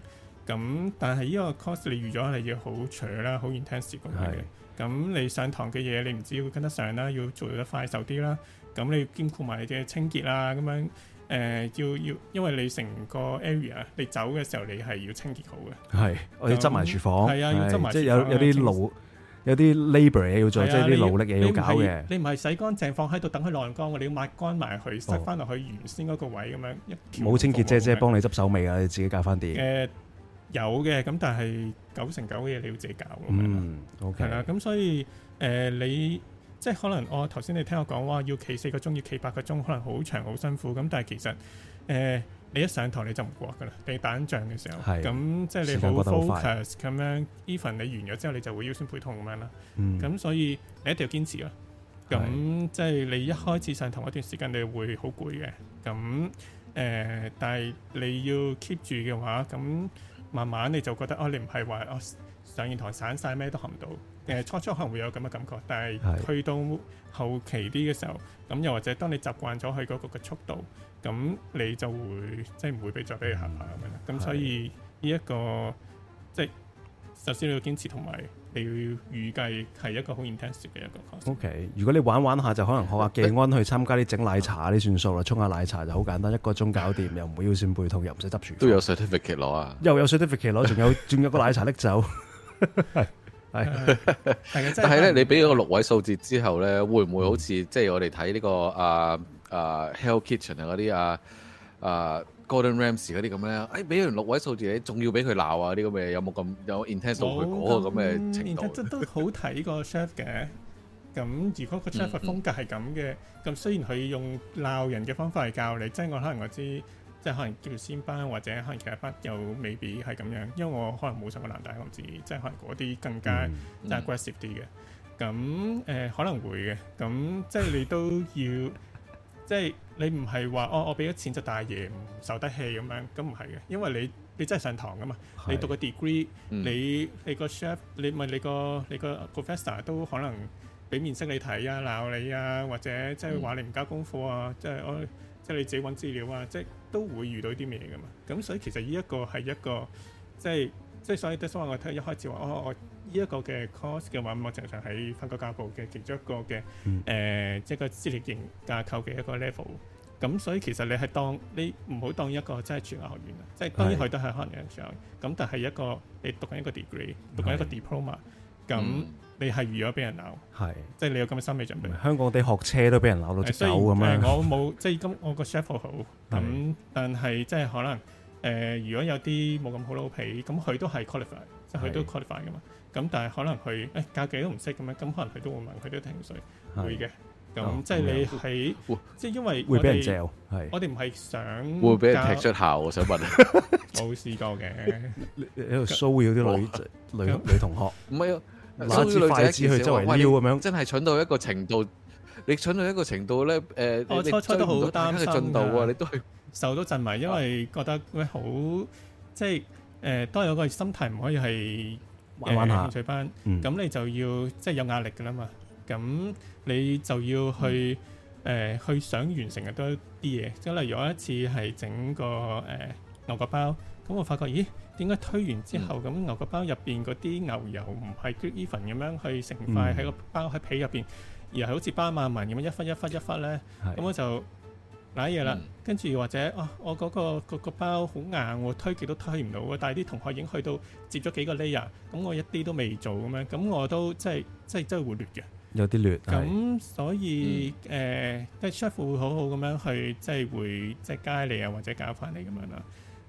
咁但係呢個 course 你預咗你要好除啦，好 intense 咁是樣嘅。咁你上堂嘅嘢你唔止要跟得上啦，要做得快手啲啦。咁你要兼顧埋你嘅清潔啦，咁樣。誒要要，因為你成個 area，你走嘅時候你係要清潔好嘅。係，我要執埋廚房。係啊，要執埋，即係有有啲勞，有啲 labor 嘢要做，有啲勞力嘢要搞嘅。你唔係洗乾淨放喺度等佢晾乾嘅，你要抹乾埋佢，塞翻落去原先嗰個位咁樣。冇清潔姐姐幫你執手尾啊，你自己搞翻啲。誒有嘅，咁但係九成九嘅嘢你要自己搞。嗯，OK。係啦，咁所以誒你。即係可能我頭先你聽我講話要企四個鐘，要企八個鐘，可能好長好辛苦咁。但係其實誒、呃，你一上堂你就唔覺噶啦，你打緊仗嘅時候，咁是即係你好 focus 咁樣。Even 你完咗之後，你就會腰酸背痛咁樣啦。咁、嗯、所以你一定要堅持啦。咁是即係你一開始上堂一段時間，你會好攰嘅。咁誒、呃，但係你要 keep 住嘅話，咁慢慢你就覺得哦，你唔係話哦上完台散晒咩都行唔到。初初可能會有咁嘅感覺，但係去到後期啲嘅時候，咁是又或者當你習慣咗佢嗰個嘅速度，咁你就會即係唔會俾再俾你嚇嚇咁樣，咁所以呢、這、一個即係是首先你要堅持，同埋你要預計係一個好 intensive 嘅一個 course。OK，如果你玩玩下就可能學下技安去參加啲整奶茶啲算數啦，沖 下奶茶就好簡單，一個鐘搞掂，又唔會腰酸背痛，又唔使執住。都有 certificate 攞啊！又有 certificate 攞，仲有仲有，有個奶茶拎走。係， 但係咧，你俾咗個六位數字之後咧，會唔會好似、嗯、即係我哋睇呢個啊啊 Hell Kitchen 啊嗰啲啊啊 Gordon Rams 嗰啲咁咧？誒，俾、哎、完六位數字，你仲要俾佢鬧啊？呢、那個咁嘅有冇咁有 intense 到佢嗰個咁嘅程度？ 都好睇呢個 chef 嘅。咁如果個 chef 嘅風格係咁嘅，咁、嗯嗯、雖然佢用鬧人嘅方法嚟教你，即、就、真、是、我可能我知。即係可能叫做先班或者可能其他班又未必係咁樣，因為我可能冇上過南大，我唔知。即係可能嗰啲更加 aggressive 啲嘅，咁誒可能會嘅。咁即係你都要，即係你唔係話哦，我俾咗錢就大爺唔受得氣咁樣，咁唔係嘅。因為你你真係上堂噶嘛，你讀個 degree，你你個 chef，你咪你個你個 professor 都可能俾面色你睇啊，鬧你啊，或者即係話你唔交功課啊，即係我。即係你自己揾資料啊，即係都會遇到啲咩嘅嘛。咁所以其實呢一個係一個即係即係所以，即係所以我睇一開始話哦，我呢一個嘅 course 嘅話，咁我正常常喺分個教部嘅其中一個嘅誒、呃，即係個資歷型架構嘅一個 level。咁所以其實你係當你唔好當一個真係全校學院啊，即係當然佢都係可能有人校，咁但係一個你讀緊一個 degree，讀緊一個 diploma，咁是。那嗯你係如果俾人鬧，係即係你有咁嘅心理準備。香港地學車都俾人鬧到狗咁樣！我冇即係今我個 chef 好咁，但係即係可能誒，如果有啲冇咁好老皮，咁佢都係 qualify，即係佢都 qualify 噶嘛。咁但係可能佢誒教技都唔識咁樣，咁可能佢都會問佢都停水會嘅。咁即係你喺即係因為會俾人掉，我哋唔係想會俾人踢出校。我想問，冇試過嘅你喺度騷擾啲女女女同學，唔係啊！一次去周圍撩咁樣，真係蠢到一個程度。你蠢到一個程度咧，誒，初初都好擔心進度啊，你都係受到震迷，因為覺得咩好，即係誒，都有個心態唔可以係玩玩下興趣班，咁你就要即係有壓力噶啦嘛。咁你就要去誒，去想完成多啲嘢。即係例如我一次係整個誒牛角包，咁我發覺，咦？點解推完之後咁牛角包入邊嗰啲牛油唔係 even 咁樣去成塊喺個包喺皮入邊，而係好似斑馬紋咁樣一忽一忽一忽咧？咁我就瀨嘢啦。跟住或者啊，我嗰個個個包好硬喎，我推極都推唔到喎。但係啲同學已經去到接咗幾個 layer，咁我一啲都未做咁樣，咁我都即係即係真係會劣嘅。有啲劣。咁所以誒，啲 chef 會好好咁樣去即係會即係解你啊，或者教翻你咁樣啦。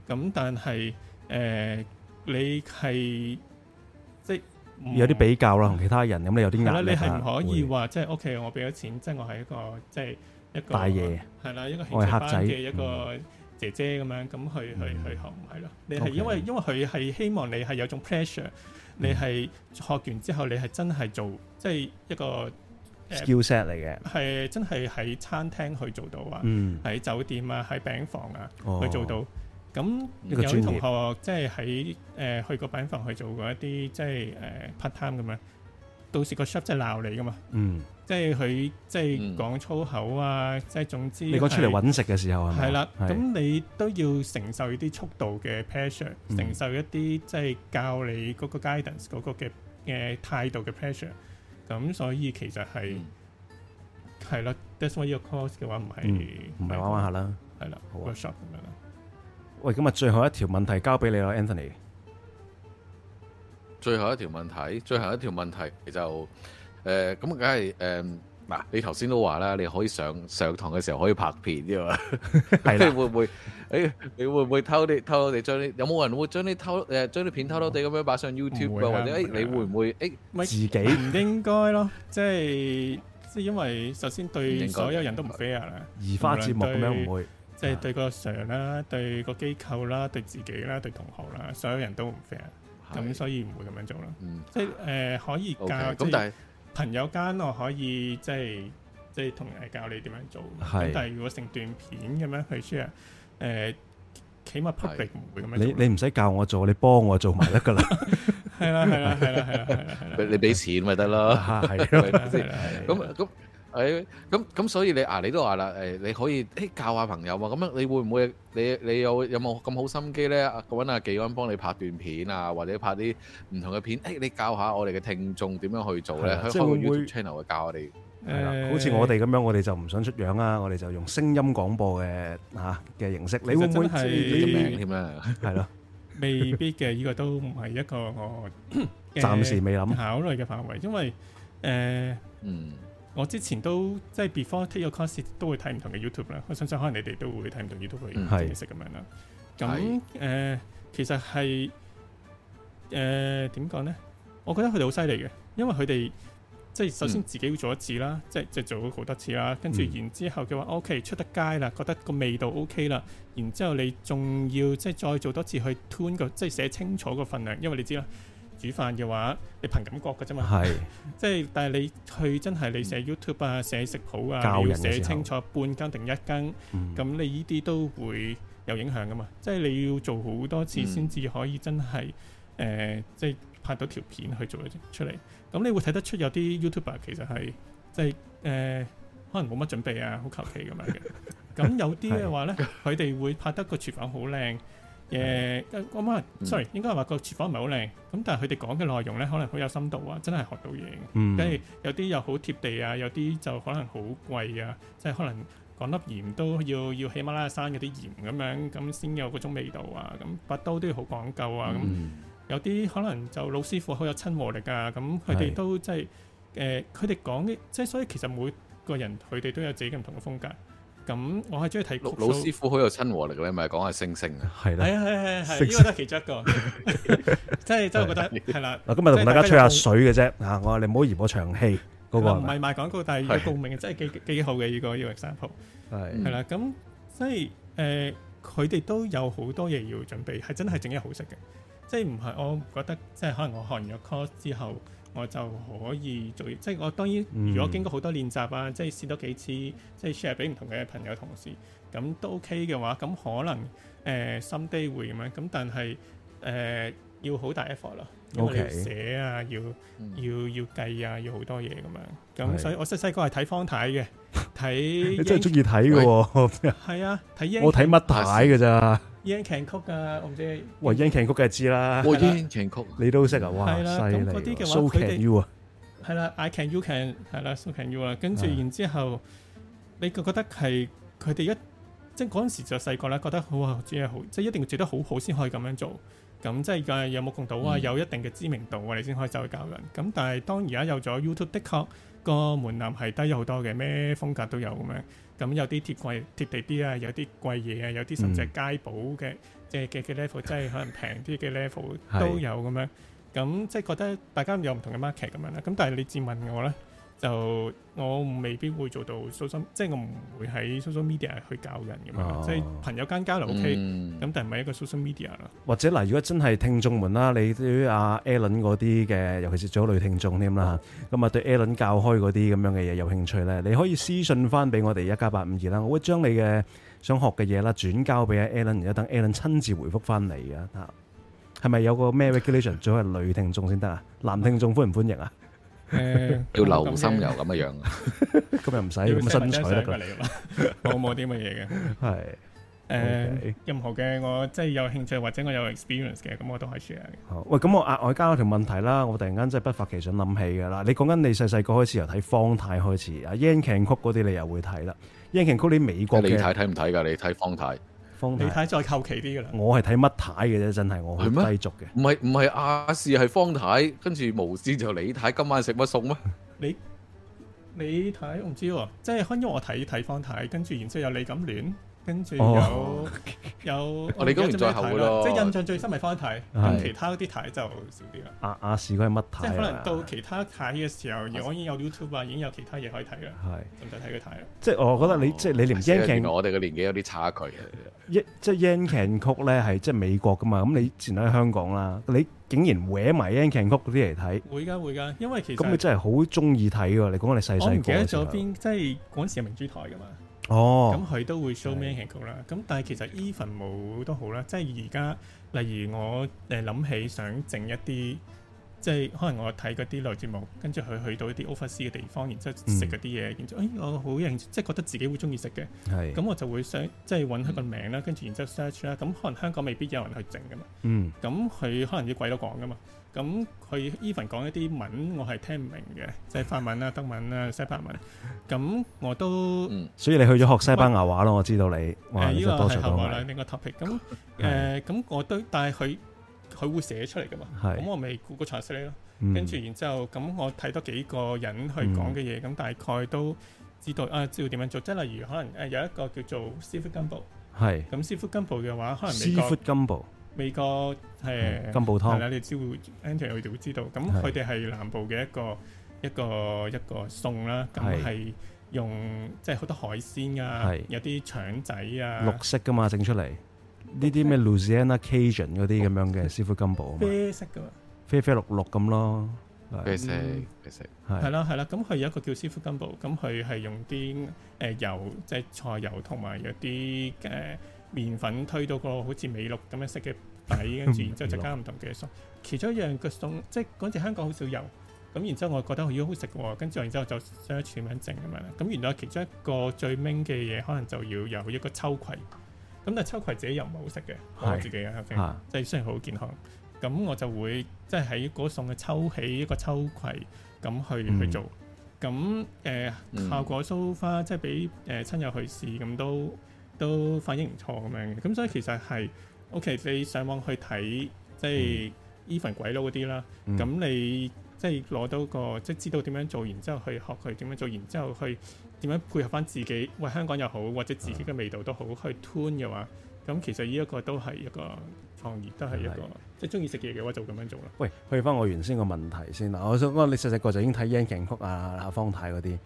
咁但係。誒，你係即係有啲比較啦，同其他人咁，你有啲壓力啦。你係唔可以話即係 OK，我俾咗錢，即係我係一個即係一個大爺，係啦，一個客仔嘅一個姐姐咁樣，咁去去去學買咯。你係因為因為佢係希望你係有種 pressure，你係學完之後你係真係做即係一個 skill set 嚟嘅，係真係喺餐廳去做到啊，喺酒店啊，喺餅房啊去做到。咁有啲同學即係喺誒去個板房去做過一啲即係誒 part time 咁樣，到時個 shop 即係鬧你噶嘛，嗯，即係佢即係講粗口啊，即係總之你講出嚟揾食嘅時候啊，係啦，咁你都要承受一啲速度嘅 pressure，承受一啲即係教你嗰個 guidance 嗰個嘅嘅態度嘅 pressure，咁所以其實係係啦，that's why 呢個 course 嘅話唔係唔係玩玩下啦，係啦，個 shop 咁樣啦。喂，咁啊，最後一條問題交俾你咯，Anthony。最後一條問題，最後一條問題就誒，咁啊，梗係誒，嗱，你頭先都話啦，你可以上上堂嘅時候可以拍片嘅嘛？係啦，會唔會？誒，你會唔會偷啲偷？你將啲有冇人會將啲偷誒，將啲片偷偷地咁樣擺上 YouTube 啊？或者誒，你會唔會誒？自己唔應該咯，即係即係，因為首先對所有人都唔 fair 啦，移花接木咁樣唔會。對 ir, 對個 sir 啦，對個機構啦，對自己啦，對同學啦，所有人都唔 fair，咁所以唔會咁樣做啦。即係誒可以教，okay, 但即係朋友間我可以即係即係同人教你點樣做。咁的但係如果成段片咁樣去 share，誒起碼 public 唔會咁樣做。的你你唔使教我做，你幫我做埋得㗎啦。係啦係啦係啦係啦，你你俾錢咪得咯嚇。咁 咁。 是 誒咁咁，所以你啊，你都話啦，誒你可以誒教下朋友嘛？咁樣你會唔會你你有有冇咁好心機咧？揾阿技安幫你拍段片啊，或者拍啲唔同嘅片？誒，你教下我哋嘅聽眾點樣去做咧？即係會唔會 channel 去教我哋？誒，好似我哋咁樣，我哋就唔想出樣啊，我哋就用聲音廣播嘅嚇嘅形式。你會唔會？真係呢個名添啊？係咯，未必嘅，呢個都唔係一個我暫時未諗考慮嘅範圍，因為誒嗯。我之前都即係 before take a course 都會睇唔同嘅 YouTube 啦，我相信可能你哋都會睇唔同 YouTube 嘅嘢食咁樣啦。咁誒其實係誒點講咧？我覺得佢哋好犀利嘅，因為佢哋即係首先自己要做一次啦、嗯，即係即係做好多次啦，跟住然之後嘅話、嗯、OK 出得街啦，覺得個味道 OK 啦，然之後你仲要即係再做多次去 tune 個即係寫清楚個份量，因為你知啦。煮飯嘅話，你憑感覺嘅啫嘛。係是，即係但係你去真係你寫 YouTube 啊，嗯、寫食譜啊，你要寫清楚半羹定一羹，咁、嗯、你呢啲都會有影響噶嘛。即、就、係、是、你要做好多次先至可以真係，誒、嗯，即係、呃就是、拍到條片去做一出嚟。咁你會睇得出有啲 YouTuber 其實係即係誒，可能冇乜準備啊，好求其咁樣嘅。咁 有啲嘅話咧，佢哋 會拍得個廚房好靚。誒，我唔係，sorry，應該係話個廚房唔係好靚。咁但係佢哋講嘅內容咧，可能好有深度啊，真係學到嘢嘅。跟住、mm. 有啲又好貼地啊，有啲就可能好貴啊，即係可能講粒鹽都要要喜馬拉雅山嗰啲鹽咁樣，咁先有嗰種味道啊。咁把刀都要好講究啊。咁、mm. 有啲可能就老師傅好有親和力啊。咁佢哋都、即係是呃、即係誒，佢哋講嘅即係所以其實每個人佢哋都有自己唔同嘅風格。咁我係中意睇老師傅好有親和力你，咪講下星星啊，係啦，係係係係，呢個都係其中一個，即係真係覺得係啦。嗱咁咪同大家吹下水嘅啫吓，我話你唔好嫌我長氣嗰個，唔係賣廣告，但係有共鳴嘅，真係幾幾好嘅。呢個呢個 example 係係啦，咁所以誒，佢哋都有好多嘢要準備，係真係整嘢好食嘅，即係唔係我覺得，即係可能我學完咗 course 之後。我就可以做，即係我當然，如果經過好多練習啊，mm hmm. 即係試多幾次，即係 share 俾唔同嘅朋友同事，咁都 OK 嘅話，咁可能誒 some day 會咁樣，咁、呃、但係誒、呃、要好大 effort 咯。我嚟寫啊，要要要計啊，要好多嘢咁樣。咁所以我細細個係睇方太嘅，睇。你真係中意睇嘅喎。係啊，睇 Yan。我睇乜太嘅咋？Yan can cook 啊，我唔知。喂，Yan can cook 梗係知啦。我 Yan can cook。你都識啊？哇，犀利！咁嗰啲嘅話，佢哋係啦，I can you can 係啦，so can you 啊？跟住然之後，你覺覺得係佢哋一即係嗰陣時就細個咧，覺得哇，做嘢好，即係一定要做得好好先可以咁樣做。咁即係嘅有冇共到啊？嗯、有一定嘅知名度我哋先可以走去搞人。咁但係當而家有咗 YouTube，的確個門檻係低咗好多嘅，咩風格都有咁樣。咁有啲貼貴貼地啲啊，有啲貴嘢啊，有啲甚至係街寶嘅，即係嘅嘅 level，即係可能平啲嘅 level 都有咁樣。咁即係覺得大家有唔同嘅 market 咁樣啦。咁但係你自問我咧？就我未必會做到 social 即係我唔會喺 social media 去教人咁樣，哦、即係朋友間交流 OK，咁、嗯、但係唔係一個 social media 啦。或者嗱，如果真係聽眾們啦，你對於阿 Alan 嗰啲嘅，尤其是做女聽眾添啦，咁啊對 Alan 教開嗰啲咁樣嘅嘢有興趣咧，你可以私信翻俾我哋一加八五二啦，52, 我會將你嘅想學嘅嘢啦轉交俾阿 Alan，然後等 Alan 親自回覆翻你嘅吓。係咪有個咩 regulation 最好係女聽眾先得啊？男聽眾歡唔歡迎啊？叫流心油咁嘅樣，咁又唔使咁身材得噶啦。有冇啲乜嘢嘅？係，誒，任何嘅我即係有興趣或者我有 experience 嘅，咁我都可以 share。喂，咁我額外加一條問題啦，我突然間真係不發奇想諗起噶啦。你講緊你細細個開始由睇方太開始，啊，音樂曲嗰啲你又會睇啦，音樂曲你美國嘅，你睇睇唔睇噶？你睇方太。李太再求其啲噶啦，我係睇乜太嘅啫，真係我係低俗嘅。唔係唔係，阿視係方太，跟住無線就李太。今晚食乜餸啊？你你睇我唔知喎，即係因為我睇睇方太，跟住然之後有李錦聯，跟住有。有有做咩睇咯？即係印象最深咪翻去睇，咁其他啲睇就少啲啦。亞亞視嗰係乜睇？即可能到其他睇嘅時候，我已經有 YouTube 啊，已經有其他嘢可以睇嘅，係唔使睇佢睇啦。即係我覺得你即係你連 Yan Can 我哋嘅年紀有啲差距。嘅。即係 Yan Can Cook 咧係即係美國㗎嘛？咁你前兩喺香港啦，你竟然搲埋 Yan Can Cook 嗰啲嚟睇？會㗎會㗎，因為其實咁你真係好中意睇㗎。你講我哋細細個我唔記得咗邊，即係嗰陣時明珠台㗎嘛。哦，咁佢都會 show 咩 angle 啦，咁的但係其實 even 冇都好啦，即係而家，例如我誒諗、呃、起想整一啲。即係可能我睇嗰啲內節目，跟住佢去到一啲 overseas 嘅地方，然之後食嗰啲嘢，然之後，哎，我好認，即係覺得自己會中意食嘅。係。咁我就會想即係揾一個名啦，跟住然之後 search 啦。咁可能香港未必有人去整㗎嘛。嗯。咁佢可能要貴多講㗎嘛。咁佢 even 講一啲文，我係聽唔明嘅，即係法文啦、德文啦、西班牙文。咁我都。所以你去咗學西班牙話咯？我知道你。係呢個係後面另一個 topic。咁誒，咁我都，但係佢。佢會寫出嚟噶嘛？咁我咪估個詳細咯。跟住然之後，咁我睇多幾個人去講嘅嘢，咁大概都知道啊，知道點樣做。即係例如可能誒有一個叫做 Seafood Gumbo，係咁 Seafood Gumbo 嘅話，可能 Seafood Gumbo 美國係金寶湯。係啦，你知會 Andrew 佢哋會知道。咁佢哋係南部嘅一個一個一個餸啦。咁係用即係好多海鮮啊，有啲腸仔啊，綠色噶嘛整出嚟。呢啲咩 Louisiana Cajun 嗰啲咁樣嘅師傅金堡啊嘛，啡色噶嘛，啡啡綠綠咁咯，啡色啡色，係啦係啦。咁佢有一個叫師傅金堡，咁佢係用啲誒油，即係菜油同埋有啲誒麵粉，推到個好似美碌咁樣色嘅底，跟住然之後就加唔同嘅餸。其中一樣嘅餸，即係嗰陣時香港好少有，咁然之後我覺得好，好食嘅喎，跟住然之後就想存緊證咁樣啦。咁原來其中一個最 main 嘅嘢，可能就要有一個秋葵。咁但係秋葵自己又唔係好食嘅，是我自己又黑嘅，okay? 啊、即係雖然好健康，咁我就會即係喺嗰餸嘅抽起一個秋葵，咁去、嗯、去做，咁誒效果蘇、so、花，即係俾誒親友去試，咁都都反應唔錯咁樣嘅，咁所以其實係 OK，你上網去睇即係 even、嗯、鬼佬嗰啲啦，咁你。嗯即係攞到個，即係知道點樣做，然之後去學佢點樣做，然之後去點樣配合翻自己，喂、哎、香港又好，或者自己嘅味道都好去 tune 嘅話，咁其實呢一個都係一個行業，都係一個即係中意食嘢嘅話就咁樣做啦。喂，去翻我原先個問題先啦，我想問你細細個就已經睇 Yan Can Cook 啊，阿方太嗰啲。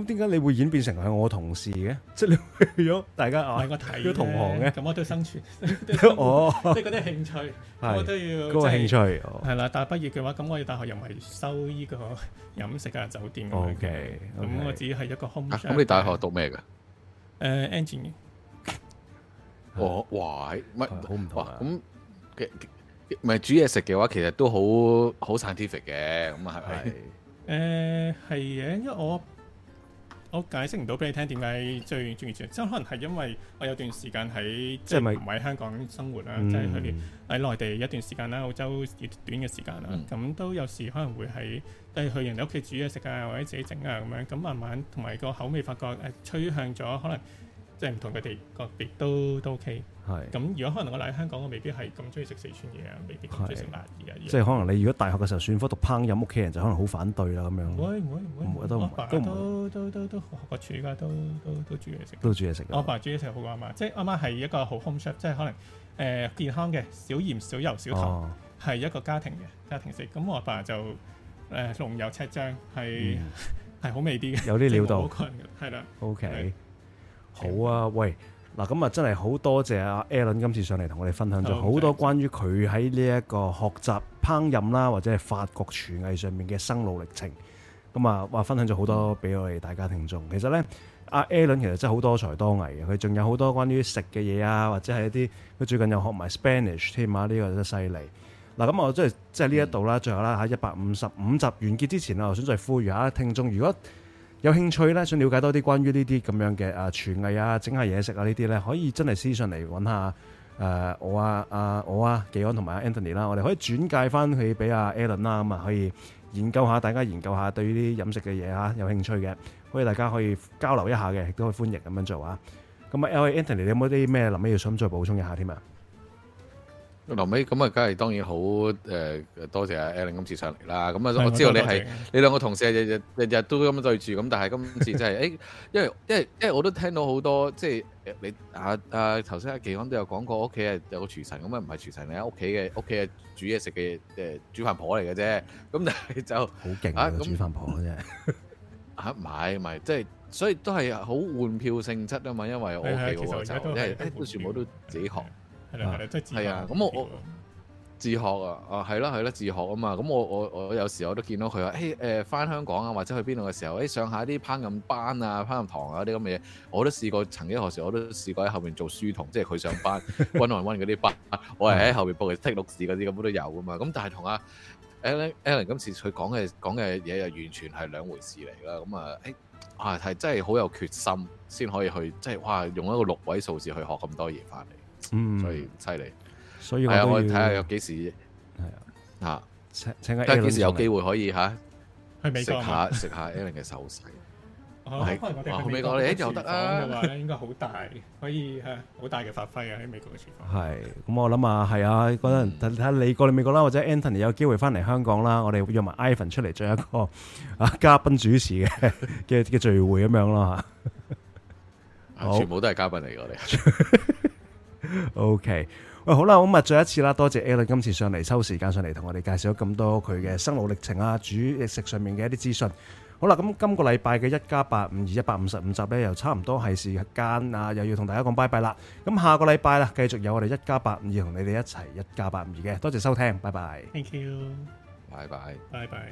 咁點解你會演變成係我同事嘅？即係你去咗大家我睇咗同行嘅，咁我都生存哦，即係嗰啲興趣，我都要嗰個興趣係啦。大學畢業嘅話，咁我哋大學又唔係收呢個飲食啊、酒店嘅。O K，咁我只係一個空。咁你大學讀咩㗎？誒，engine。我哇，乜好唔同啊？咁唔係煮嘢食嘅話，其實都好好 scientific 嘅。咁啊，係咪？誒，係嘅，因為我。我解釋唔到俾你聽點解最中意煮，即可能係因為我有段時間喺即係唔喺香港生活啦，即係喺內地一段時間啦，澳洲短嘅時間啦，咁、嗯、都有時可能會喺，都、就、係、是、去人哋屋企煮嘢食啊，或者自己整啊咁樣，咁慢慢同埋個口味發覺誒趨向咗，可能即係唔同佢哋個別都都 OK。係，咁如果可能我嚟香港，我未必係咁中意食四川嘢啊，未必中意食辣嘢。即係可能你如果大學嘅時候選科讀烹飪，屋企人就可能好反對啦咁樣。唔會都唔都唔都都都學個廚家都都都煮嘢食。都煮嘢食。我爸煮嘢食好啱嘛，即係啱啱係一個好 home chef，即係可能誒健康嘅，少鹽少油少糖，係一個家庭嘅家庭食。咁我爸就誒濃油赤醬係係好味啲嘅，有啲料到，係啦。OK，好啊，喂。嗱，咁啊，真係好多謝阿 Alan 今次上嚟同我哋分享咗好多關於佢喺呢一個學習烹飪啦，或者係法國廚藝上面嘅生路歷程。咁啊，話分享咗好多俾我哋大家聽眾。其實呢阿 Alan 其實真係好多才多藝嘅，佢仲有好多關於食嘅嘢啊，或者係一啲佢最近又學埋 Spanish 添啊，呢個真係犀利。嗱，咁我即係即係呢一度啦，最後啦，喺一百五十五集完結之前，我想再呼籲下聽眾，如果有興趣咧，想了解多啲關於呢啲咁樣嘅啊廚藝啊整下嘢食啊呢啲咧，可以真係私信嚟揾下誒、呃、我啊啊我啊紀安同埋 Anthony 啦，我哋可以轉介翻去俾阿 Alan 啦，咁啊可以研究下，大家研究下對於啲飲食嘅嘢嚇有興趣嘅，可以大家可以交流一下嘅，亦都可以歡迎咁樣做啊。咁啊，Alan、啊、Anthony，你有冇啲咩諗咩要想再補充一下添啊？落尾咁啊，梗係當然好誒，多謝阿 Alan 今次上嚟啦。咁啊，我知道你係你兩個同事日日日日都咁樣對住，咁但係今次真係誒，因為因為因為我都聽到好多即係你啊啊頭先阿琪講都有講過，屋企係有個廚神，咁啊唔係廚神，你喺屋企嘅屋企係煮嘢食嘅誒煮飯婆嚟嘅啫。咁但係就好勁嘅煮飯婆啫。嚇唔係唔係，即係所以都係好換票性質啊嘛，因為我屋企學習，因為誒都全部都自己學。係係啊，咁、嗯、我我自學啊，啊係咯係咯，自學啊嘛。咁、嗯、我我我有時我都見到佢話，誒、哎、誒，翻、呃、香港啊，或者去邊度嘅時候，誒、哎、上下啲烹飪班啊、烹飪堂啊啲咁嘅嘢，我都試過。曾經學時，我都試過喺後面做書童，即係佢上班，温下温嗰啲班， 我係喺後面幫佢剔錄字嗰啲，咁都 有啊嘛。咁但係同阿 Alan Alan 今次佢講嘅講嘅嘢又完全係兩回事嚟啦。咁、嗯、啊，誒啊係真係好有決心先可以去，即係哇！用一個六位數字去學咁多嘢翻嚟。嗯，所以犀利，所以係我睇下有幾時係啊，吓請下，睇下幾時有機會可以吓去美國食下食下 Alan 嘅壽司。係，去美國咧，又得啊，應該好大，可以好大嘅發揮啊！喺美國嘅廚房係。咁我諗啊，係啊，嗰陣睇下你過嚟美國啦，或者 Anthony 有機會翻嚟香港啦，我哋約埋 Evan 出嚟做一個啊嘉賓主持嘅嘅嘅聚會咁樣咯吓。好，全部都係嘉賓嚟噶你。O K，喂，okay, 好啦，咁啊，再一次啦，多謝 Alan，今次上嚟抽時間上嚟同我哋介紹咁多佢嘅生路歷程啊，煮食上面嘅一啲資訊。好啦，咁今個禮拜嘅一加八五二一百五十五集呢，又差唔多係時間啊，又要同大家講拜拜啦。咁下個禮拜啦，繼續有我哋一加八五二同你哋一齊一加八五二嘅，多謝收聽，拜拜，Thank you，拜拜，拜拜。